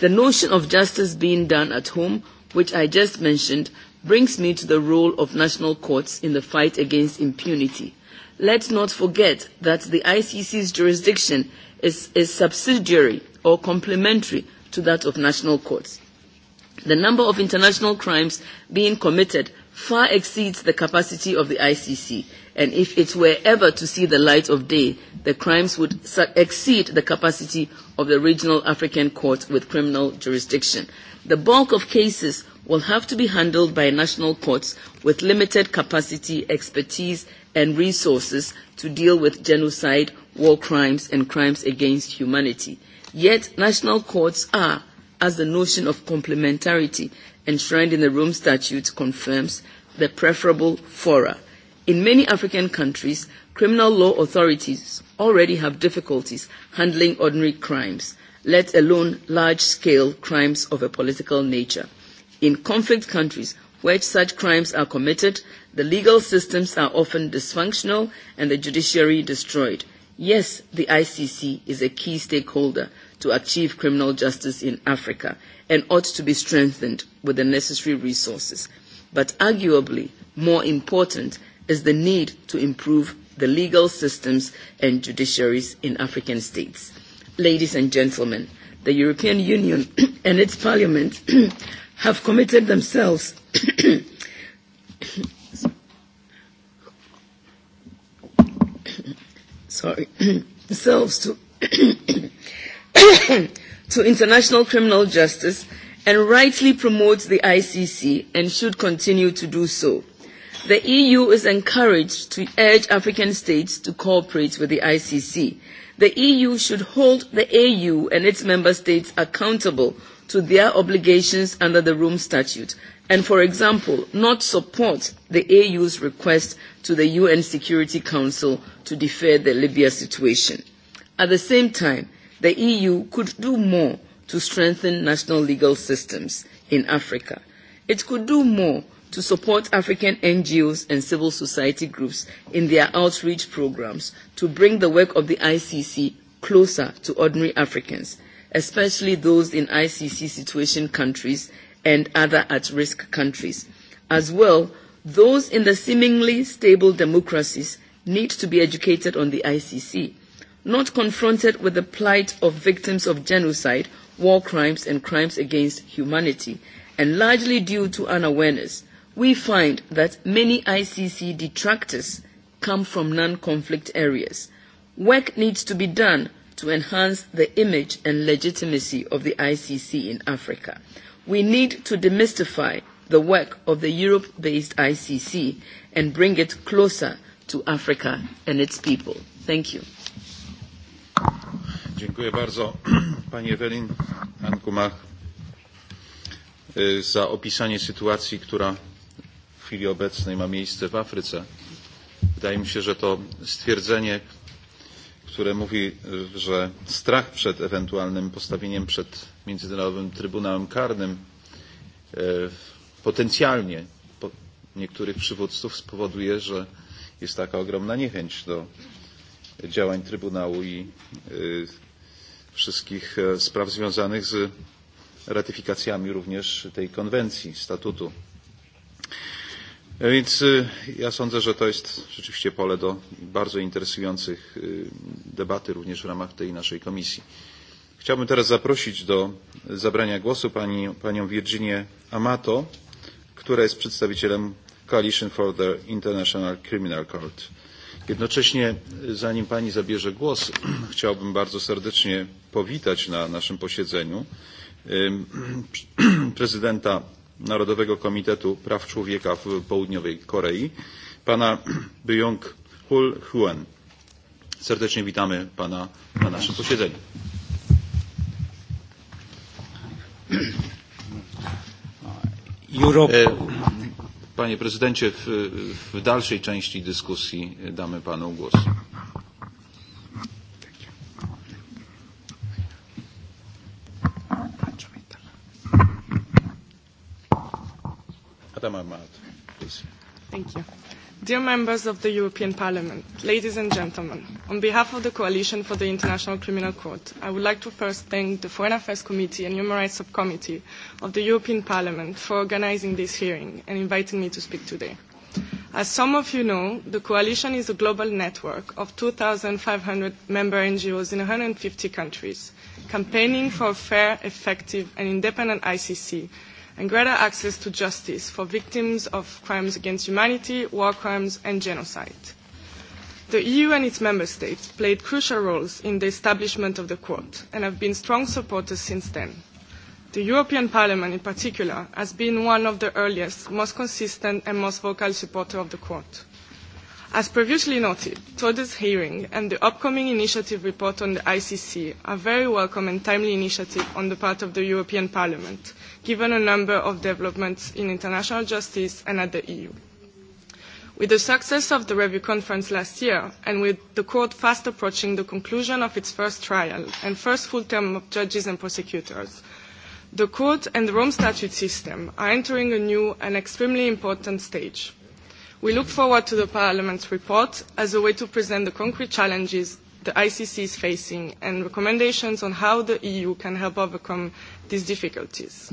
The notion of justice being done at home, which I just mentioned, brings me to the role of national courts in the fight against impunity let's not forget that the ICC's jurisdiction is, is subsidiary or complementary to that of national courts. The number of international crimes being committed far exceeds the capacity of the ICC, and if it were ever to see the light of day, the crimes would exceed the capacity of the regional African court with criminal jurisdiction. The bulk of cases will have to be handled by national courts with limited capacity, expertise, and resources to deal with genocide, war crimes, and crimes against humanity. Yet, national courts are, as the notion of complementarity enshrined in the Rome Statute confirms the preferable fora. In many African countries, criminal law authorities already have difficulties handling ordinary crimes, let alone large-scale crimes of a political nature. In conflict countries where such crimes are committed, the legal systems are often dysfunctional and the judiciary destroyed. Yes, the ICC is a key stakeholder to achieve criminal justice in Africa and ought to be strengthened with the necessary resources. But arguably more important is the need to improve the legal systems and judiciaries in African states. Ladies and gentlemen, the European Union and its parliament have committed themselves sorry themselves to to international criminal justice and rightly promotes the ICC and should continue to do so. The EU is encouraged to urge African states to cooperate with the ICC. The EU should hold the AU and its member states accountable to their obligations under the Rome Statute and, for example, not support the AU's request to the UN Security Council to defer the Libya situation. At the same time, the EU could do more to strengthen national legal systems in Africa. It could do more to support African NGOs and civil society groups in their outreach programs to bring the work of the ICC closer to ordinary Africans, especially those in ICC situation countries and other at-risk countries. As well, those in the seemingly stable democracies need to be educated on the ICC not confronted with the plight of victims of genocide, war crimes, and crimes against humanity, and largely due to unawareness, we find that many ICC detractors come from non-conflict areas. Work needs to be done to enhance the image and legitimacy of the ICC in Africa. We need to demystify the work of the Europe-based ICC and bring it closer to Africa and its people. Thank you. Dziękuję bardzo pani Ewelin Ankumach za opisanie sytuacji, która w chwili obecnej ma miejsce w Afryce. Wydaje mi się, że to stwierdzenie, które mówi, że strach przed ewentualnym postawieniem przed Międzynarodowym Trybunałem Karnym potencjalnie niektórych przywódców spowoduje, że jest taka ogromna niechęć do działań Trybunału i wszystkich e, spraw związanych z ratyfikacjami również tej konwencji, statutu. E, więc ja sądzę, że to jest rzeczywiście pole do bardzo interesujących debaty również w ramach tej naszej komisji. Chciałbym teraz zaprosić do zabrania głosu pani, panią Virginię Amato, która jest przedstawicielem Coalition for the International Criminal Court. Jednocześnie, zanim Pani zabierze głos, chciałbym bardzo serdecznie powitać na naszym posiedzeniu prezydenta Narodowego Komitetu Praw Człowieka w Południowej Korei, pana Byung Hul Huen. Serdecznie witamy pana na naszym posiedzeniu. Europe. E, Panie prezydencie, w, w dalszej części dyskusji damy panu głos. Dear members of the European Parliament, ladies and gentlemen, on behalf of the Coalition for the International Criminal Court, I would like to first thank the Foreign Affairs Committee and Human Rights Subcommittee of the European Parliament for organizing this hearing and inviting me to speak today. As some of you know, the Coalition is a global network of 2,500 member NGOs in 150 countries, campaigning for a fair, effective and independent ICC and greater access to justice for victims of crimes against humanity, war crimes, and genocide. The EU and its member states played crucial roles in the establishment of the court and have been strong supporters since then. The European Parliament in particular has been one of the earliest, most consistent and most vocal supporters of the court. As previously noted, today's hearing and the upcoming initiative report on the ICC are very welcome and timely initiative on the part of the European Parliament given a number of developments in international justice and at the EU. With the success of the review conference last year, and with the court fast approaching the conclusion of its first trial and first full term of judges and prosecutors, the court and the Rome Statute system are entering a new and extremely important stage. We look forward to the Parliament's report as a way to present the concrete challenges the ICC is facing and recommendations on how the EU can help overcome these difficulties.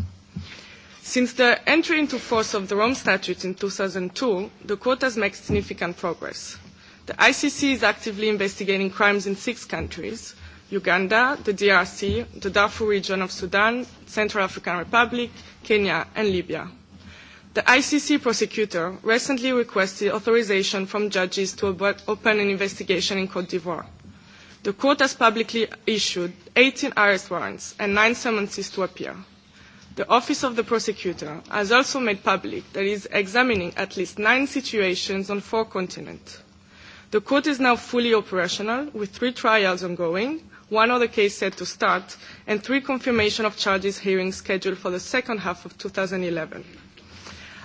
Since the entry into force of the Rome Statute in 2002, the court has made significant progress. The ICC is actively investigating crimes in six countries Uganda, the DRC, the Darfur region of Sudan, Central African Republic, Kenya, and Libya. The ICC prosecutor recently requested authorization from judges to open an investigation in Cote d'Ivoire. The court has publicly issued 18 arrest warrants and nine summonses to appear. The Office of the Prosecutor has also made public that it is examining at least nine situations on four continents. The court is now fully operational, with three trials ongoing, one other case set to start, and three confirmation of charges hearings scheduled for the second half of 2011.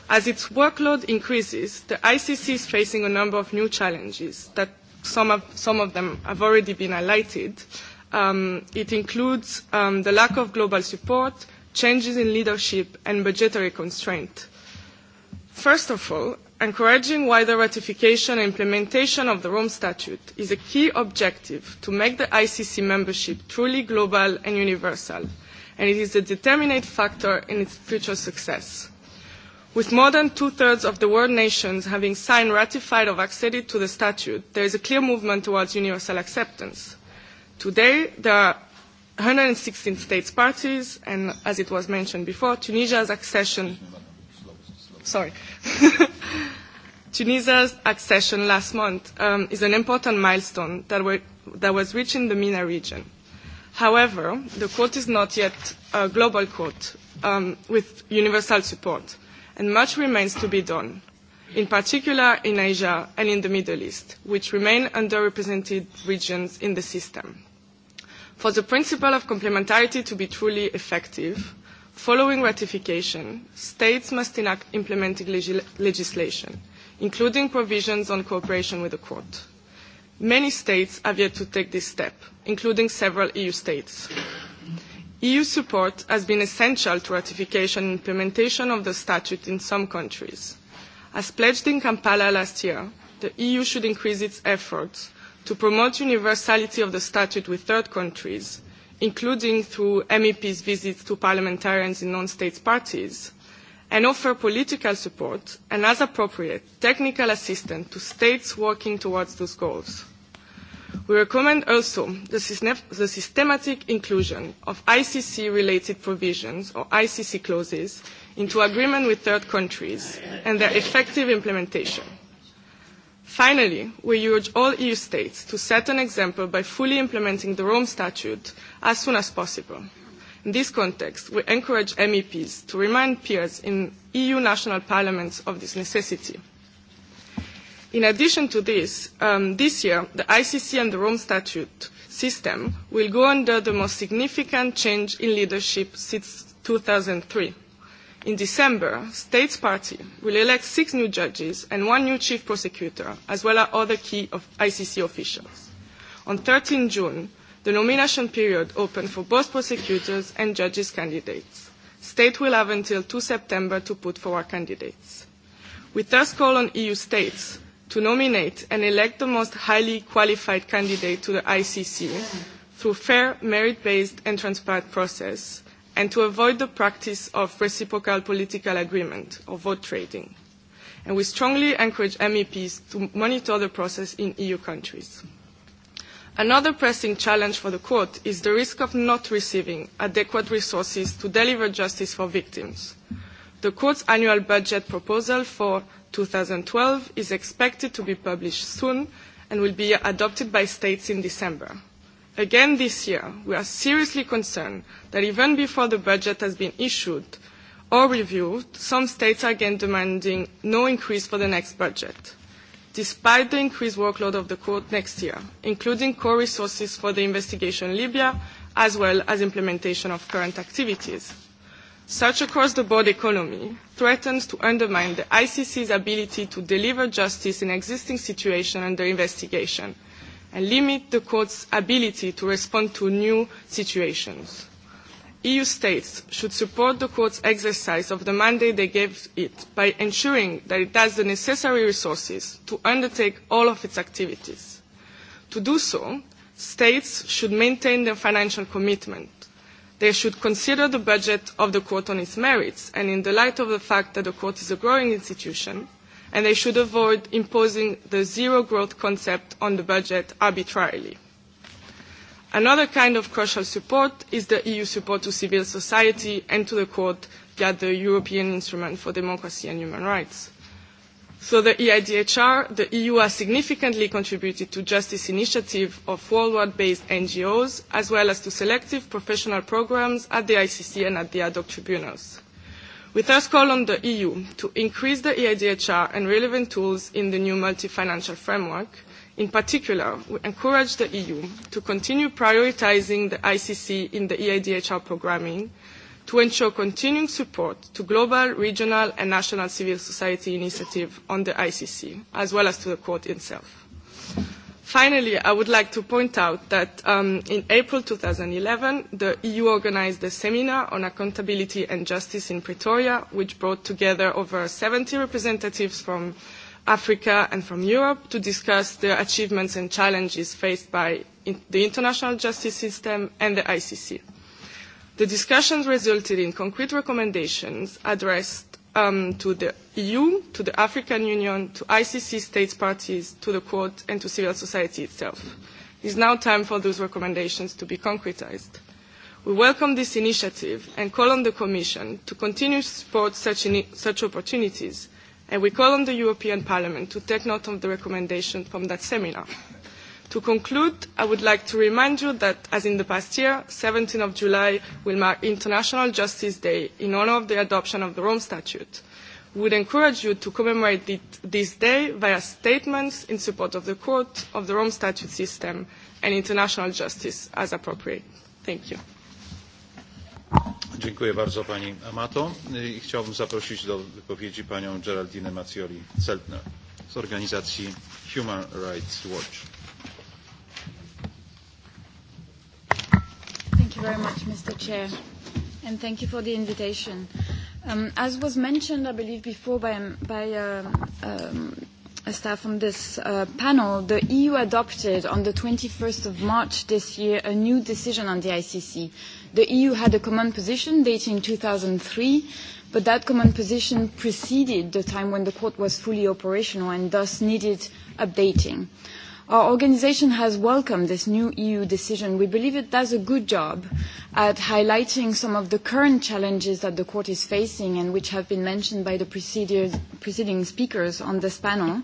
As its workload increases, the ICC is facing a number of new challenges that some of, some of them have already been highlighted. Um, it includes um, the lack of global support, changes in leadership and budgetary constraint. First of all, encouraging wider ratification and implementation of the Rome Statute is a key objective to make the ICC membership truly global and universal, and it is a determinate factor in its future success. With more than two-thirds of the world nations having signed, ratified or acceded to the statute, there is a clear movement towards universal acceptance. Today, there are 116 states parties, and as it was mentioned before, Tunisia's accession. Sorry. Tunisia's accession last month um, is an important milestone that, were, that was reached in the MENA region. However, the quote is not yet a global quote um, with universal support, and much remains to be done, in particular in Asia and in the Middle East, which remain underrepresented regions in the system. For the principle of complementarity to be truly effective, following ratification, states must enact implementing leg- legislation, including provisions on cooperation with the court. Many states have yet to take this step, including several EU states. EU support has been essential to ratification and implementation of the statute in some countries. As pledged in Kampala last year, the EU should increase its efforts to promote universality of the statute with third countries, including through MEPs' visits to parliamentarians in non-state parties, and offer political support and, as appropriate, technical assistance to states working towards those goals. We recommend also the, the systematic inclusion of ICC-related provisions or ICC clauses into agreement with third countries and their effective implementation. Finally, we urge all EU states to set an example by fully implementing the Rome Statute as soon as possible. In this context, we encourage MEPs to remind peers in EU national parliaments of this necessity. In addition to this, um, this year, the ICC and the Rome Statute system will go under the most significant change in leadership since 2003. In December, States Party will elect six new judges and one new chief prosecutor, as well as other key of ICC officials. On 13 June, the nomination period opened for both prosecutors and judges candidates. States will have until 2 September to put forward candidates. We thus call on EU states to nominate and elect the most highly qualified candidate to the ICC through fair, merit-based and transparent process and to avoid the practice of reciprocal political agreement or vote trading. And we strongly encourage MEPs to monitor the process in EU countries. Another pressing challenge for the court is the risk of not receiving adequate resources to deliver justice for victims. The court's annual budget proposal for 2012 is expected to be published soon and will be adopted by states in December. Again this year, we are seriously concerned that even before the budget has been issued or reviewed, some states are again demanding no increase for the next budget, despite the increased workload of the court next year, including core resources for the investigation in Libya, as well as implementation of current activities. Such across-the-board economy threatens to undermine the ICC's ability to deliver justice in existing situations under investigation – and limit the court's ability to respond to new situations. EU states should support the court's exercise of the mandate they gave it by ensuring that it has the necessary resources to undertake all of its activities. To do so, states should maintain their financial commitment. They should consider the budget of the court on its merits and in the light of the fact that the court is a growing institution, and they should avoid imposing the zero growth concept on the budget arbitrarily. Another kind of crucial support is the EU support to civil society and to the court via the European Instrument for Democracy and Human Rights. Through so the EIDHR, the EU has significantly contributed to justice initiative of worldwide-based NGOs, as well as to selective professional programs at the ICC and at the ad hoc tribunals. We thus call on the EU to increase the EIDHR and relevant tools in the new multi-financial framework. In particular, we encourage the EU to continue prioritizing the ICC in the EIDHR programming to ensure continuing support to global, regional, and national civil society initiative on the ICC, as well as to the court itself. Finally, I would like to point out that um, in April 2011, the EU organized a seminar on accountability and justice in Pretoria, which brought together over 70 representatives from Africa and from Europe to discuss the achievements and challenges faced by in the international justice system and the ICC. The discussions resulted in concrete recommendations addressed um, to the EU, to the African Union, to ICC states parties, to the court, and to civil society itself. It is now time for those recommendations to be concretized. We welcome this initiative and call on the Commission to continue to support such, in, such opportunities, and we call on the European Parliament to take note of the recommendation from that seminar. To conclude, I would like to remind you that, as in the past year, 17th of July will mark International Justice Day in honor of the adoption of the Rome Statute. We would encourage you to commemorate it, this day via statements in support of the Court, of the Rome Statute system, and international justice as appropriate. Thank you. Dziękuję bardzo Pani Amato i chciałbym zaprosić do wypowiedzi Panią Geraldine Macioli-Celtner z organizacji Human Rights Watch. Thank you very much, Mr. Chair, and thank you for the invitation. Um, as was mentioned, I believe, before by, um, by um, um, a staff on this uh, panel, the EU adopted on the 21st of March this year a new decision on the ICC. The EU had a common position dating 2003, but that common position preceded the time when the court was fully operational and thus needed updating. Uh, Our organization has welcomed this new EU decision. We believe it does a good job at highlighting some of the current challenges that the court is facing and which have been mentioned by the preceding speakers on this panel,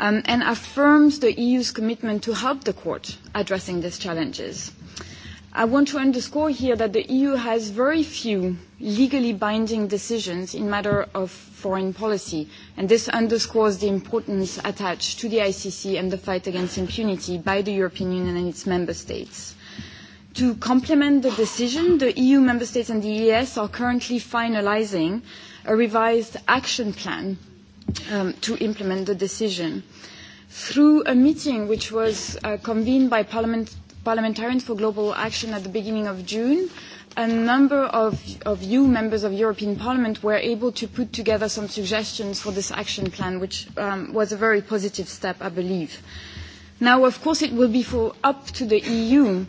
um, and affirms the EU's commitment to help the court addressing these challenges. Uh, I want to underscore here that the EU has very few legally binding decisions in matter of foreign policy, and this underscores the importance attached to the ICC and the fight against impunity by the European Union and its member states. To complement the decision, the EU member states and the EES are currently finalizing a revised action plan um, to implement the decision. Through a meeting which was uh, convened by Parliament parliamentarians for global action at the beginning of June, a number of, of you members of European Parliament were able to put together some suggestions for this action plan, which um, was a very positive step, I believe. Now, of course, it will be for up to the EU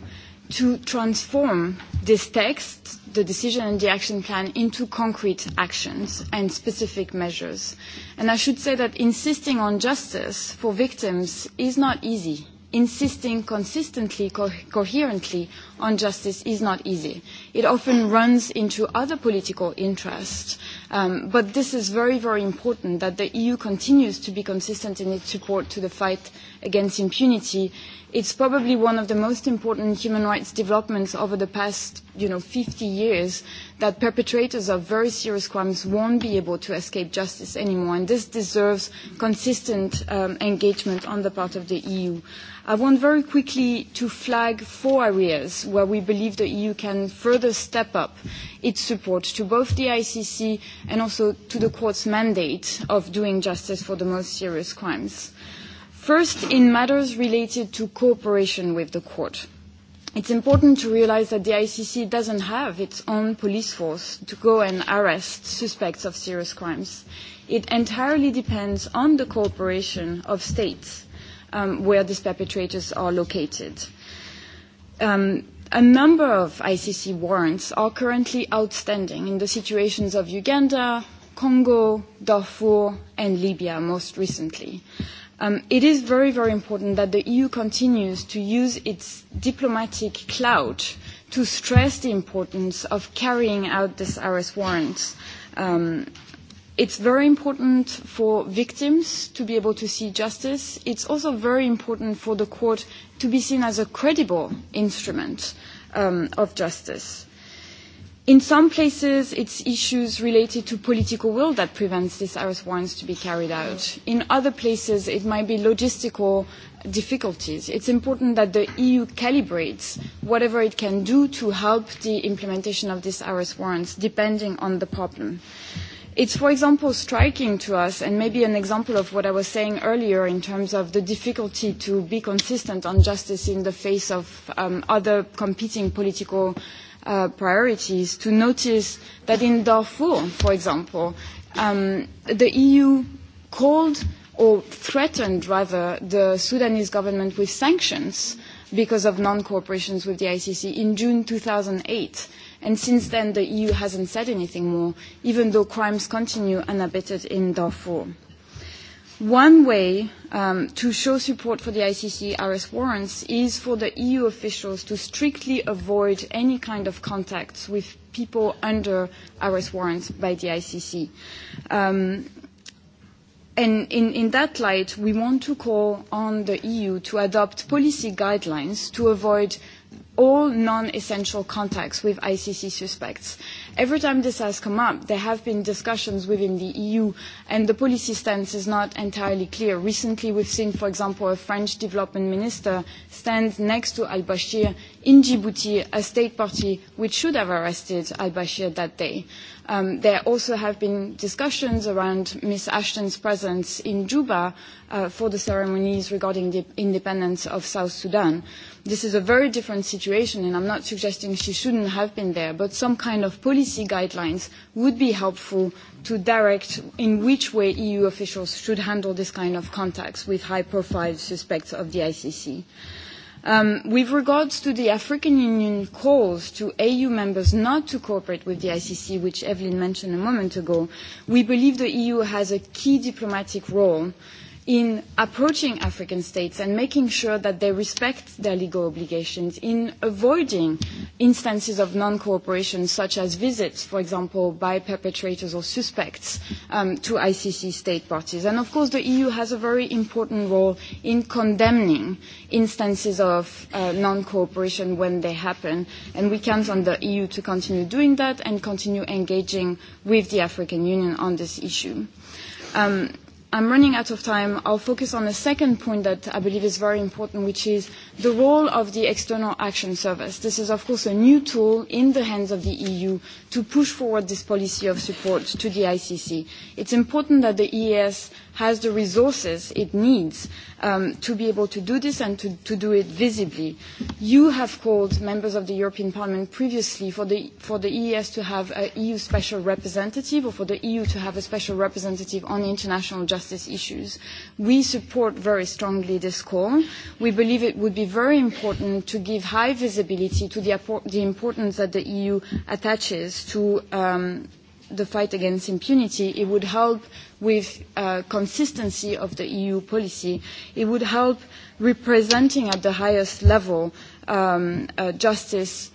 to transform this text, the decision and the action plan, into concrete actions and specific measures. And I should say that insisting on justice for victims is not easy insisting consistently, co- coherently on justice is not easy. It often runs into other political interests, um, but this is very, very important that the EU continues to be consistent in its support to the fight against impunity. It's probably one of the most important human rights developments over the past, you know, 50 years that perpetrators of very serious crimes won't be able to escape justice anymore, and this deserves consistent um, engagement on the part of the EU. I want very quickly to flag four areas areas where we believe the EU can further step up its support to both the ICC and also to the court's mandate of doing justice for the most serious crimes. First, in matters related to cooperation with the court. It's important to realize that the ICC doesn't have its own police force to go and arrest suspects of serious crimes. It entirely depends on the cooperation of states um, where these perpetrators are located. Um, a number of ICC warrants are currently outstanding in the situations of Uganda, Congo, Darfur, and Libya most recently. Um, it is very, very important that the EU continues to use its diplomatic clout to stress the importance of carrying out this arrest warrant um, It's very important for victims to be able to see justice. It's also very important for the court to be seen as a credible instrument um, of justice. In some places, it's issues related to political will that prevents these arrest warrants to be carried out. In other places, it might be logistical difficulties. It's important that the EU calibrates whatever it can do to help the implementation of these arrest warrants, depending on the problem. Uh, It's, for example, striking to us, and maybe an example of what I was saying earlier in terms of the difficulty to be consistent on justice in the face of um, other competing political uh, priorities, to notice that in Darfur, for example, um, the EU called or threatened, rather, the Sudanese government with sanctions because of non-cooperations with the ICC in June 2008 And since then, the EU hasn't said anything more, even though crimes continue unabated in Darfur. One way um, to show support for the ICC arrest warrants is for the EU officials to strictly avoid any kind of contacts with people under arrest warrants by the ICC. Um, And in, in that light, we want to call on the EU to adopt policy guidelines to avoid all non-essential contacts with ICC suspects. Every time this has come up, there have been discussions within the EU, and the policy stance is not entirely clear. Recently, we've seen, for example, a French development minister stand next to al-Bashir in Djibouti, a state party which should have arrested al-Bashir that day. Um, there also have been discussions around Ms. Ashton's presence in Juba uh, for the ceremonies regarding the independence of South Sudan. Uh, this is a very different situation, and I'm not suggesting she shouldn't have been there, but some kind of policy guidelines would be helpful to direct in which way EU officials should handle this kind of contacts with high-profile suspects of the ICC. Um, with regards to the African Union calls to AU members not to cooperate with the ICC, which Evelyn mentioned a moment ago, we believe the EU has a key diplomatic role in approaching African states and making sure that they respect their legal obligations, in avoiding instances of non-cooperation, such as visits, for example, by perpetrators or suspects um, to ICC state parties. And of course, the EU has a very important role in condemning instances of uh, non-cooperation when they happen, and we count on the EU to continue doing that and continue engaging with the African Union on this issue. Um, I'm running out of time. I'll focus on the second point that I believe is very important, which is the role of the External Action Service. This is, of course, a new tool in the hands of the EU to push forward this policy of support to the ICC. It's important that the EAS has the resources it needs um, to be able to do this and to, to do it visibly. You have called members of the European Parliament previously for the, for the EES to have an EU special representative or for the EU to have a special representative on international justice issues. We support very strongly this call. We believe it would be be very important to give high visibility to the, the importance that the EU attaches to um, the fight against impunity. It would help with uh, consistency of the EU policy. It would help representing at the highest level um, uh, justice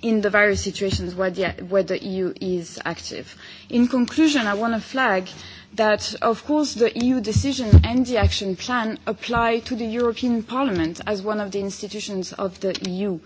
in the various situations where the, where the EU is active. In conclusion, I want to flag uh, that, of course, the EU decision and the action plan apply to the European Parliament as one of the institutions of the EU.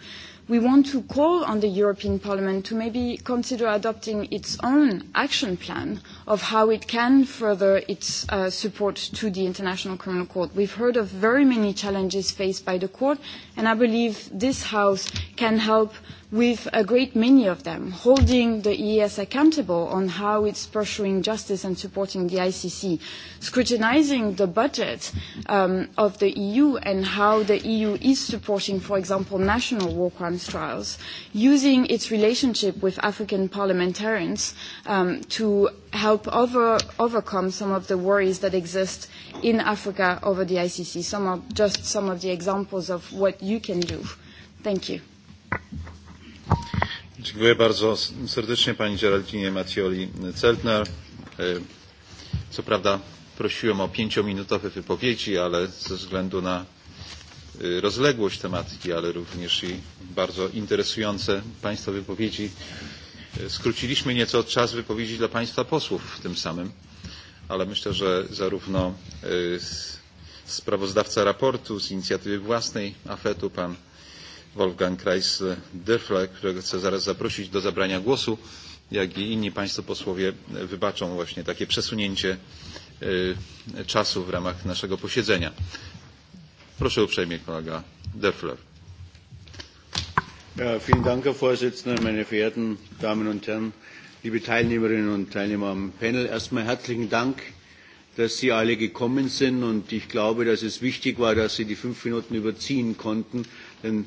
We want to call on the European Parliament to maybe consider adopting its own action plan of how it can further its uh, support to the International Criminal Court. We've heard of very many challenges faced by the court, and I believe this House can help uh, with a great many of them, holding the EES accountable on how it's pursuing justice and supporting the ICC, scrutinizing the budget um, of the EU and how the EU is supporting, for example, national war crimes trials, using its relationship with African parliamentarians um, to help over, overcome some of the worries that exist in Africa over the ICC. Some are just some of the examples of what you can do. Thank you. Thank you. Dziękuję bardzo serdecznie pani Geraldinie Mattioli Celtner. E, co prawda prosiłem o pięciominutowe wypowiedzi, ale ze względu na e, rozległość tematyki, ale również i bardzo interesujące Państwa wypowiedzi e, skróciliśmy nieco czas wypowiedzi dla Państwa posłów w tym samym, ale myślę, że zarówno sprawozdawca raportu z inicjatywy własnej AFET-u, pan Wolfgang Kreis e, Dyrfle, którego chcę zaraz zaprosić do zabrania głosu, jak i inni Państwo posłowie wybaczą właśnie takie przesunięcie y, e, czasu w ramach naszego posiedzenia. Proszę uprzejmie kolega Dörfler. Ja, vielen Dank, Herr Vorsitzender, meine verehrten Damen und Herren, liebe Teilnehmerinnen und Teilnehmer am Panel. Erstmal herzlichen Dank, dass Sie alle gekommen sind und ich glaube, dass es wichtig war, dass Sie die fünf Minuten überziehen konnten, denn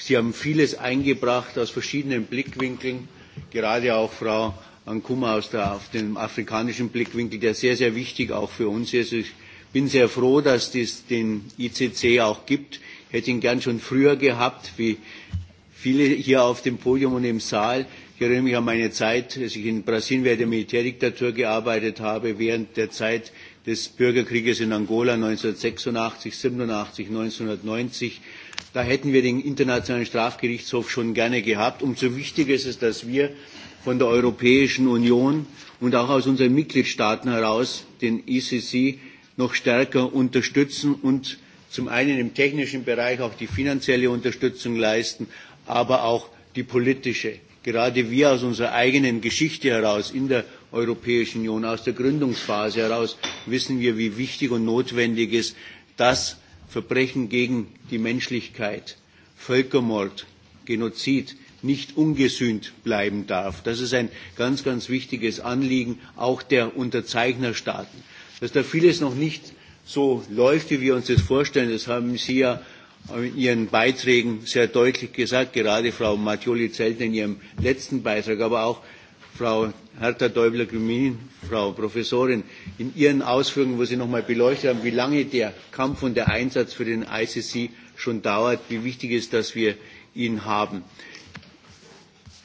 Sie haben vieles eingebracht aus verschiedenen Blickwinkeln, gerade auch Frau Ankuma aus der, auf dem afrikanischen Blickwinkel, der sehr, sehr wichtig auch für uns ist. Ich bin sehr froh, dass es den ICC auch gibt. Ich hätte ihn gern schon früher gehabt, wie viele hier auf dem Podium und im Saal. Ich erinnere mich an meine Zeit, als ich in Brasilien während der Militärdiktatur gearbeitet habe, während der Zeit des Bürgerkrieges in Angola 1986, 87, 1990. Da hätten wir den Internationalen Strafgerichtshof schon gerne gehabt. Umso wichtiger ist es, dass wir von der Europäischen Union und auch aus unseren Mitgliedstaaten heraus den ICC e noch stärker unterstützen und zum einen im technischen Bereich auch die finanzielle Unterstützung leisten, aber auch die politische. Gerade wir aus unserer eigenen Geschichte heraus in der Europäischen Union, aus der Gründungsphase heraus, wissen wir, wie wichtig und notwendig ist, dass Verbrechen gegen die Menschlichkeit, Völkermord, Genozid nicht ungesühnt bleiben darf. Das ist ein ganz, ganz wichtiges Anliegen auch der Unterzeichnerstaaten. Dass da vieles noch nicht so läuft, wie wir uns das vorstellen, das haben Sie ja in Ihren Beiträgen sehr deutlich gesagt, gerade Frau Mattioli-Zelten in ihrem letzten Beitrag, aber auch Frau Hertha Däubler-Grümin, Frau Professorin, in Ihren Ausführungen, wo Sie nochmal beleuchtet haben, wie lange der Kampf und der Einsatz für den ICC schon dauert, wie wichtig es ist, dass wir ihn haben.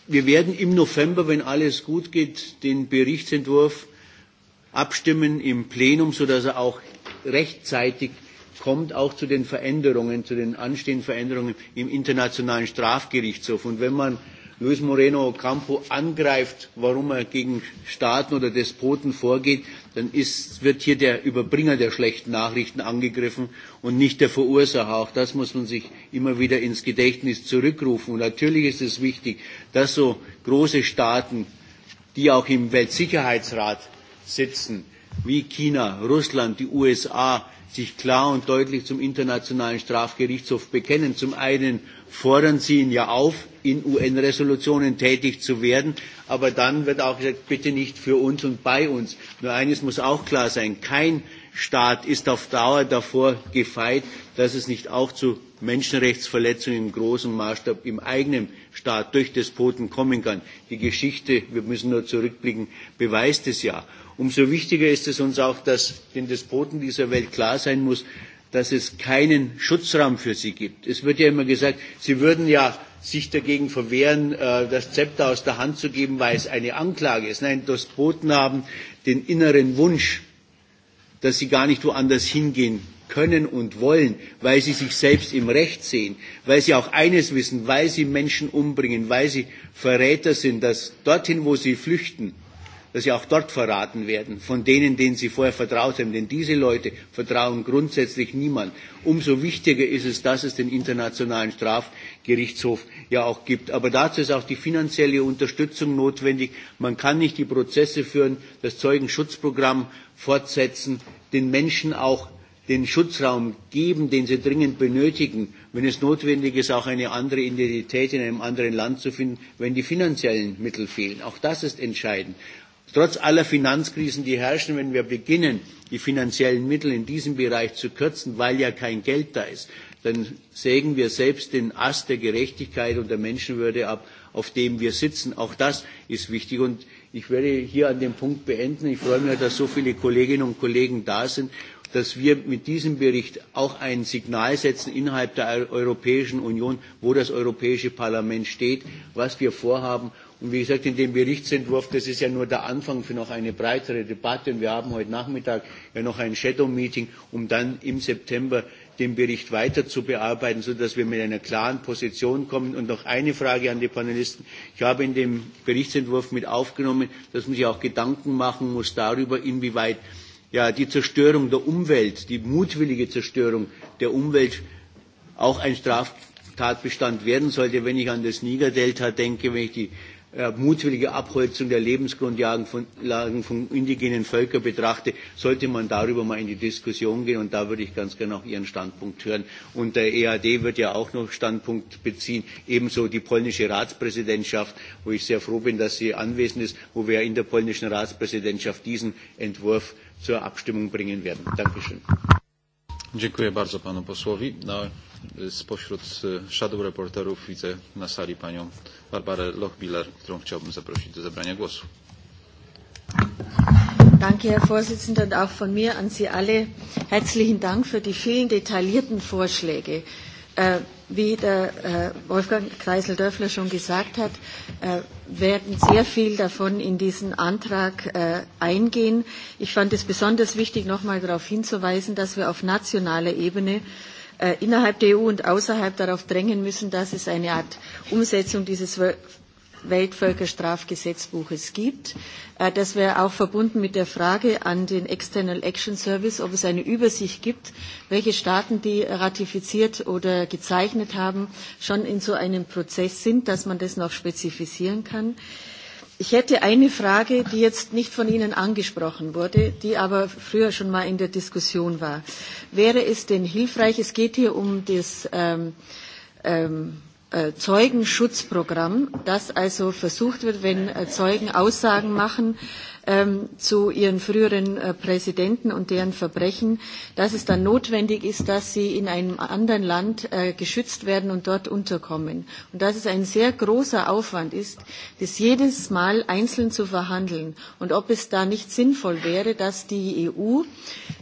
Wir werden im November, wenn alles gut geht, den Berichtsentwurf abstimmen im Plenum, sodass er auch rechtzeitig kommt, auch zu den Veränderungen, zu den anstehenden Veränderungen im Internationalen Strafgerichtshof. Und wenn man Luis Moreno Ocampo angreift, warum er gegen Staaten oder Despoten vorgeht, dann ist, wird hier der Überbringer der schlechten Nachrichten angegriffen und nicht der Verursacher. Auch das muss man sich immer wieder ins Gedächtnis zurückrufen. Und natürlich ist es wichtig, dass so große Staaten, die auch im Weltsicherheitsrat sitzen, wie China, Russland, die USA, sich klar und deutlich zum Internationalen Strafgerichtshof bekennen. Zum einen fordern sie ihn ja auf, in UN-Resolutionen tätig zu werden, aber dann wird auch gesagt, bitte nicht für uns und bei uns. Nur eines muss auch klar sein, kein Staat ist auf Dauer davor gefeit, dass es nicht auch zu Menschenrechtsverletzungen im großen Maßstab im eigenen Staat durch Despoten kommen kann. Die Geschichte, wir müssen nur zurückblicken, beweist es ja. Umso wichtiger ist es uns auch, dass den Despoten dieser Welt klar sein muss, dass es keinen Schutzraum für sie gibt. Es wird ja immer gesagt, sie würden ja sich dagegen verwehren, äh, das Zepter aus der Hand zu geben, weil es eine Anklage ist. Nein, Despoten haben den inneren Wunsch, dass sie gar nicht woanders hingehen können und wollen, weil sie sich selbst im Recht sehen, weil sie auch eines wissen, weil sie Menschen umbringen, weil sie Verräter sind, dass dorthin, wo sie flüchten, dass ja auch dort verraten werden, von denen, denen sie vorher vertraut haben. Denn diese Leute vertrauen grundsätzlich niemand. Umso wichtiger ist es, dass es den Internationalen Strafgerichtshof ja auch gibt. Aber dazu ist auch die finanzielle Unterstützung notwendig. Man kann nicht die Prozesse führen, das Zeugenschutzprogramm fortsetzen, den Menschen auch den Schutzraum geben, den sie dringend benötigen, wenn es notwendig ist, auch eine andere Identität in einem anderen Land zu finden, wenn die finanziellen Mittel fehlen. Auch das ist entscheidend trotz aller Finanzkrisen, die herrschen, wenn wir beginnen, die finanziellen Mittel in diesem Bereich zu kürzen, weil ja kein Geld da ist, dann sägen wir selbst den Ast der Gerechtigkeit und der Menschenwürde ab, auf dem wir sitzen. Auch das ist wichtig. Und ich werde hier an dem Punkt beenden. Ich freue mich, dass so viele Kolleginnen und Kollegen da sind, dass wir mit diesem Bericht auch ein Signal setzen innerhalb der Europäischen Union, wo das Europäische Parlament steht, was wir vorhaben Und wie gesagt, in dem Berichtsentwurf, das ist ja nur der Anfang für noch eine breitere Debatte. Und wir haben heute Nachmittag ja noch ein Shadow-Meeting, um dann im September den Bericht weiter zu bearbeiten, sodass wir mit einer klaren Position kommen. Und noch eine Frage an die Panelisten. Ich habe in dem Berichtsentwurf mit aufgenommen, dass man sich auch Gedanken machen muss darüber, inwieweit ja, die Zerstörung der Umwelt, die mutwillige Zerstörung der Umwelt auch ein Straftatbestand werden sollte, wenn ich an das Niger-Delta denke, wenn ich die äh, mutwillige Abholzung der Lebensgrundlagen von, Lagen von indigenen Völkern betrachte, sollte man darüber mal in die Diskussion gehen. Und da würde ich ganz gerne auch Ihren Standpunkt hören. Und der EAD wird ja auch noch Standpunkt beziehen, ebenso die polnische Ratspräsidentschaft, wo ich sehr froh bin, dass sie anwesend ist, wo wir in der polnischen Ratspräsidentschaft diesen Entwurf zur Abstimmung bringen werden. Dankeschön. Dziękuję bardzo panu posłowi. No, spośród e, shadow reporterów widzę na sali panią Barbarę Lochbiller, którą chciałbym zaprosić do zabrania głosu. Danke, Herr Vorsitzender, und auch von mir an Sie alle herzlichen Dank für die vielen detaillierten Vorschläge. Äh, wie der äh, Wolfgang Kreisel-Dörfler schon gesagt hat, äh, werden sehr viel davon in diesen Antrag äh, eingehen. Ich fand es besonders wichtig, nochmal darauf hinzuweisen, dass wir auf nationaler Ebene äh, äh, innerhalb der EU und außerhalb darauf drängen müssen, dass es eine Art Umsetzung dieses Weltvölkerstrafgesetzbuches gibt. Äh, das wäre auch verbunden mit der Frage an den External Action Service, ob es eine Übersicht gibt, welche Staaten, die ratifiziert oder gezeichnet haben, schon in so einem Prozess sind, dass man das noch spezifizieren kann. Äh, Ich hätte eine Frage, die jetzt nicht von Ihnen angesprochen wurde, die aber früher schon mal in der Diskussion war. Wäre es denn hilfreich, es geht hier um das ähm, ähm, äh, Zeugenschutzprogramm, das also versucht wird, wenn äh, Zeugen Aussagen machen, ähm, zu ihren früheren äh, Präsidenten und deren Verbrechen, dass es dann notwendig ist, dass sie in einem anderen Land äh, geschützt werden und dort unterkommen. Und dass es ein sehr großer Aufwand ist, das jedes Mal einzeln zu verhandeln. Und ob es da nicht sinnvoll wäre, dass die EU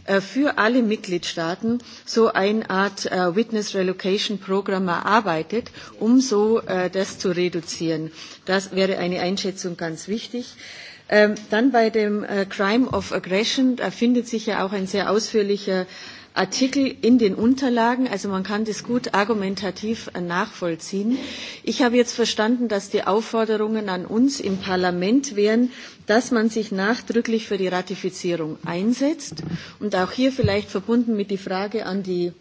äh, für alle Mitgliedstaaten so eine Art äh, Witness Relocation Programm erarbeitet, um so äh, das zu reduzieren. Das wäre eine Einschätzung ganz wichtig. Äh, Ähm, dann bei dem äh, Crime of Aggression, da findet sich ja auch ein sehr ausführlicher Artikel in den Unterlagen. Also man kann das gut argumentativ äh, nachvollziehen. Ich habe jetzt verstanden, dass die Aufforderungen an uns im Parlament wären, dass man sich nachdrücklich für die Ratifizierung einsetzt und auch hier vielleicht verbunden mit die Frage an die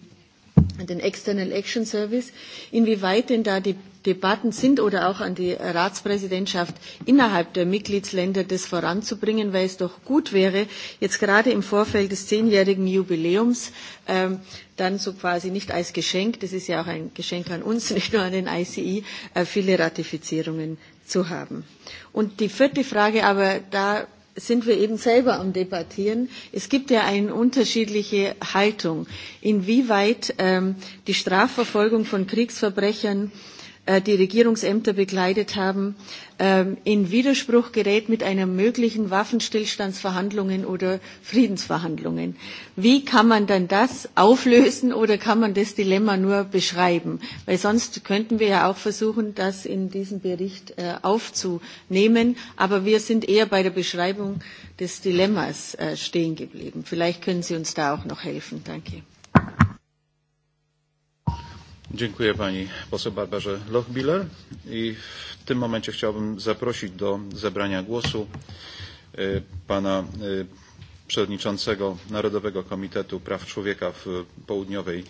den External Action Service, inwieweit denn da die Debatten sind oder auch an die Ratspräsidentschaft innerhalb der Mitgliedsländer das voranzubringen, weil es doch gut wäre, jetzt gerade im Vorfeld des zehnjährigen Jubiläums ähm, dann so quasi nicht als Geschenk, das ist ja auch ein Geschenk an uns, nicht nur an den ICI, e, äh, viele Ratifizierungen zu haben. Und die vierte Frage, aber da sind wir eben selber am Debattieren. Es gibt ja eine unterschiedliche Haltung, inwieweit ähm, die Strafverfolgung von Kriegsverbrechern äh, Äh, die Regierungsämter begleitet haben, ähm, in Widerspruch gerät mit einer möglichen Waffenstillstandsverhandlungen oder Friedensverhandlungen. Wie kann man dann das auflösen oder kann man das Dilemma nur beschreiben? Weil sonst könnten wir ja auch versuchen, das in diesem Bericht äh, aufzunehmen. Aber wir sind eher bei der Beschreibung des Dilemmas äh, stehen geblieben. Vielleicht können Sie uns da auch noch helfen. Danke. Dziękuję pani poseł Barbarze Lochbiller i w tym momencie chciałbym zaprosić do zabrania głosu e, pana e, przewodniczącego Narodowego Komitetu Praw Człowieka w Południowej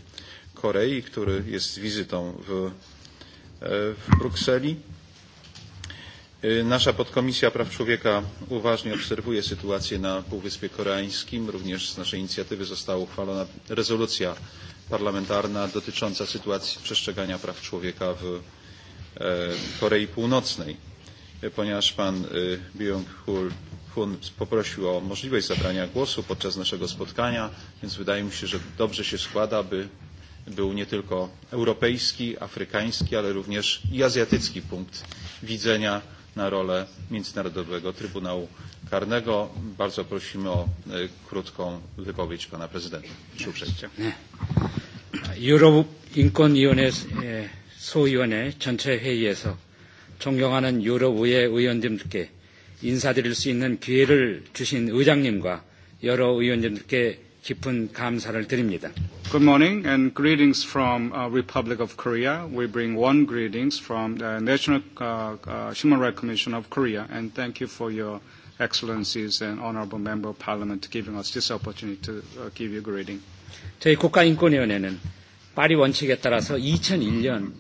Korei, który jest wizytą w, e, w Brukseli. Nasza podkomisja praw człowieka uważnie obserwuje sytuację na Półwyspie Koreańskim. Również z naszej inicjatywy została uchwalona rezolucja parlamentarna dotycząca sytuacji przestrzegania praw człowieka w e, Korei Północnej. Ponieważ pan e, Byung-Hul Hun poprosił o możliwość zabrania głosu podczas naszego spotkania, więc wydaje mi się, że dobrze się składa, by był nie tylko europejski, afrykański, ale również i azjatycki punkt widzenia na rolę Międzynarodowego Trybunału Karnego. Bardzo prosimy o e, krótką wypowiedź pana prezydenta. Proszę uprzejmie. 유럽 인권위원회 소위원회 전체 회의에서 존경하는 유럽의회 의원님들께 인사드릴 수 있는 기회를 주신 의장님과 여러 의원님들께 깊은 감사를 드립니다. Good morning and greetings from uh, Republic of Korea. We bring one greetings from the National uh, uh, Human Rights Commission of Korea and thank you for your excellencies and honorable member of parliament giving us this opportunity to uh, give you a greeting. 저희 국가인권위원회는 파리 원칙에 따라서 2001년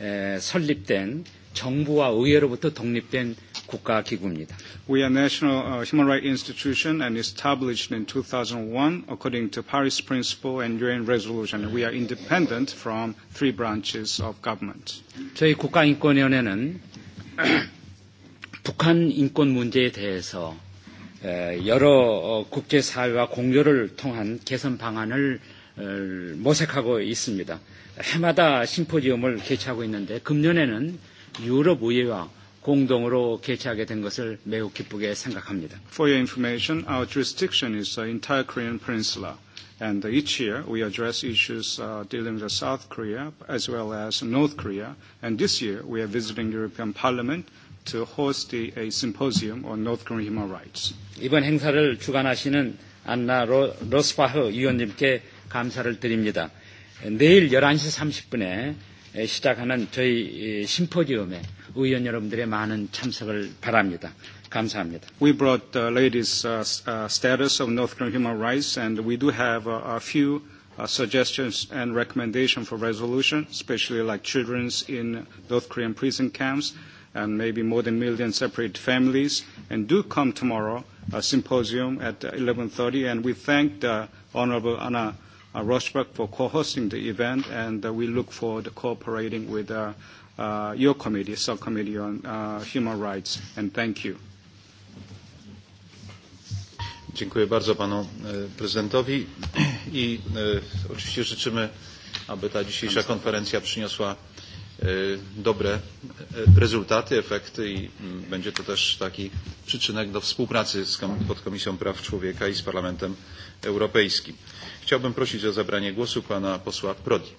에, 설립된 정부와 의회로부터 독립된 국가 기구입니다. We are a national uh, human rights institution and established in 2001 according to Paris Principle and UN Resolution. We are independent from three branches of government. 저희 국가인권위원회는 북한 인권 문제에 대해서 여러 국제사회와 공조를 통한 개선 방안을 모색하고 있습니다. 해마다 심포지엄을 개최하고 있는데 금년에는 유럽 의회와 공동으로 개최하게 된 것을 매우 기쁘게 생각합니다. For your information, our jurisdiction is the entire Korean peninsula. And each year we address issues uh, dealing with South Korea as well as North Korea. And this year we are visiting European Parliament to host a, a symposium on North Korean human rights. 이번 행사를 주관하시는 안나 로, 로스파흐 위원님께 감사를 드립니다. 내일 11시 30분에 시작하는 저희 심포지엄에 의원 여러분들의 많은 참석을 바랍니다. 감사합니다. We brought the latest uh, uh, status of North Korean human rights, and we do have uh, a few uh, suggestions and recommendations for resolution, especially like children's in North Korean prison camps and maybe more than a million separate families. And do come tomorrow, a symposium at 11.30. And we thank the Honorable Anna uh, Rochberg for co-hosting the event, and uh, we look forward to cooperating with uh, uh, your committee, Subcommittee on uh, Human Rights. And thank you. Dziękuję bardzo panu e, prezydentowi i e, oczywiście życzymy, aby ta dzisiejsza konferencja przyniosła E, dobre e, rezultaty, efekty i mm, będzie to też taki przyczynek do współpracy z Podkomisją Praw Człowieka i z Parlamentem Europejskim. Chciałbym prosić o zabranie głosu pana posła Prodi.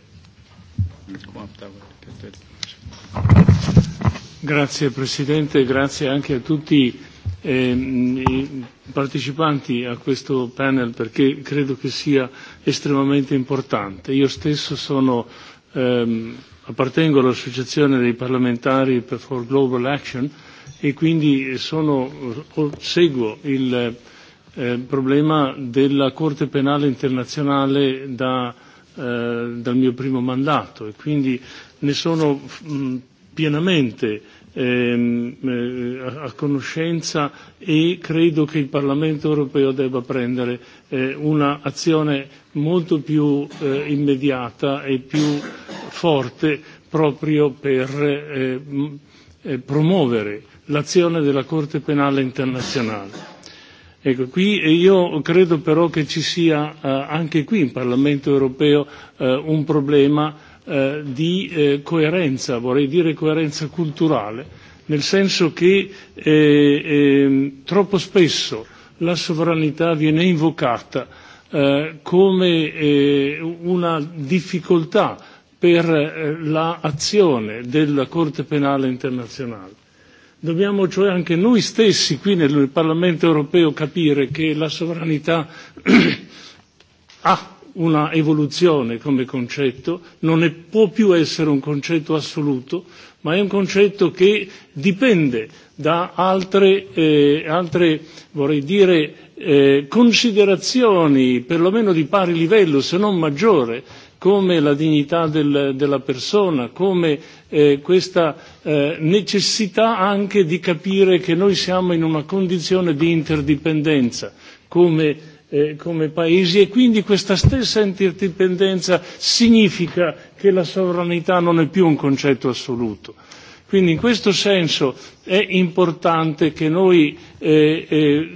Grazie Presidente, grazie anche a tutti eh, i partecipanti a questo panel perché credo che sia estremamente importante. Io stesso sono ehm, appartengo all'associazione dei parlamentari for Global Action e quindi sono, seguo il eh, problema della Corte Penale Internazionale da, eh, dal mio primo mandato e quindi ne sono mh, pienamente ehm, eh, a conoscenza e credo che il Parlamento europeo debba prendere eh, un'azione molto più eh, immediata e più forte proprio per eh, eh, promuovere l'azione della Corte penale internazionale. Ecco, qui e io credo però che ci sia eh, anche qui in Parlamento europeo eh, un problema eh, di eh, coerenza, vorrei dire coerenza culturale, nel senso che eh, eh, troppo spesso la sovranità viene invocata eh, come eh, una difficoltà per eh, l'azione della Corte Penale Internazionale. Dobbiamo cioè anche noi stessi qui nel Parlamento europeo capire che la sovranità ha una evoluzione come concetto, non è, può più essere un concetto assoluto, ma è un concetto che dipende da altre, eh, altre vorrei dire, eh, considerazioni perlomeno di pari livello, se non maggiore, come la dignità del, della persona, come eh, questa eh, necessità anche di capire che noi siamo in una condizione di interdipendenza, come eh, come paesi e quindi questa stessa interdipendenza significa che la sovranità non è più un concetto assoluto. Quindi in questo senso è importante che noi eh, eh,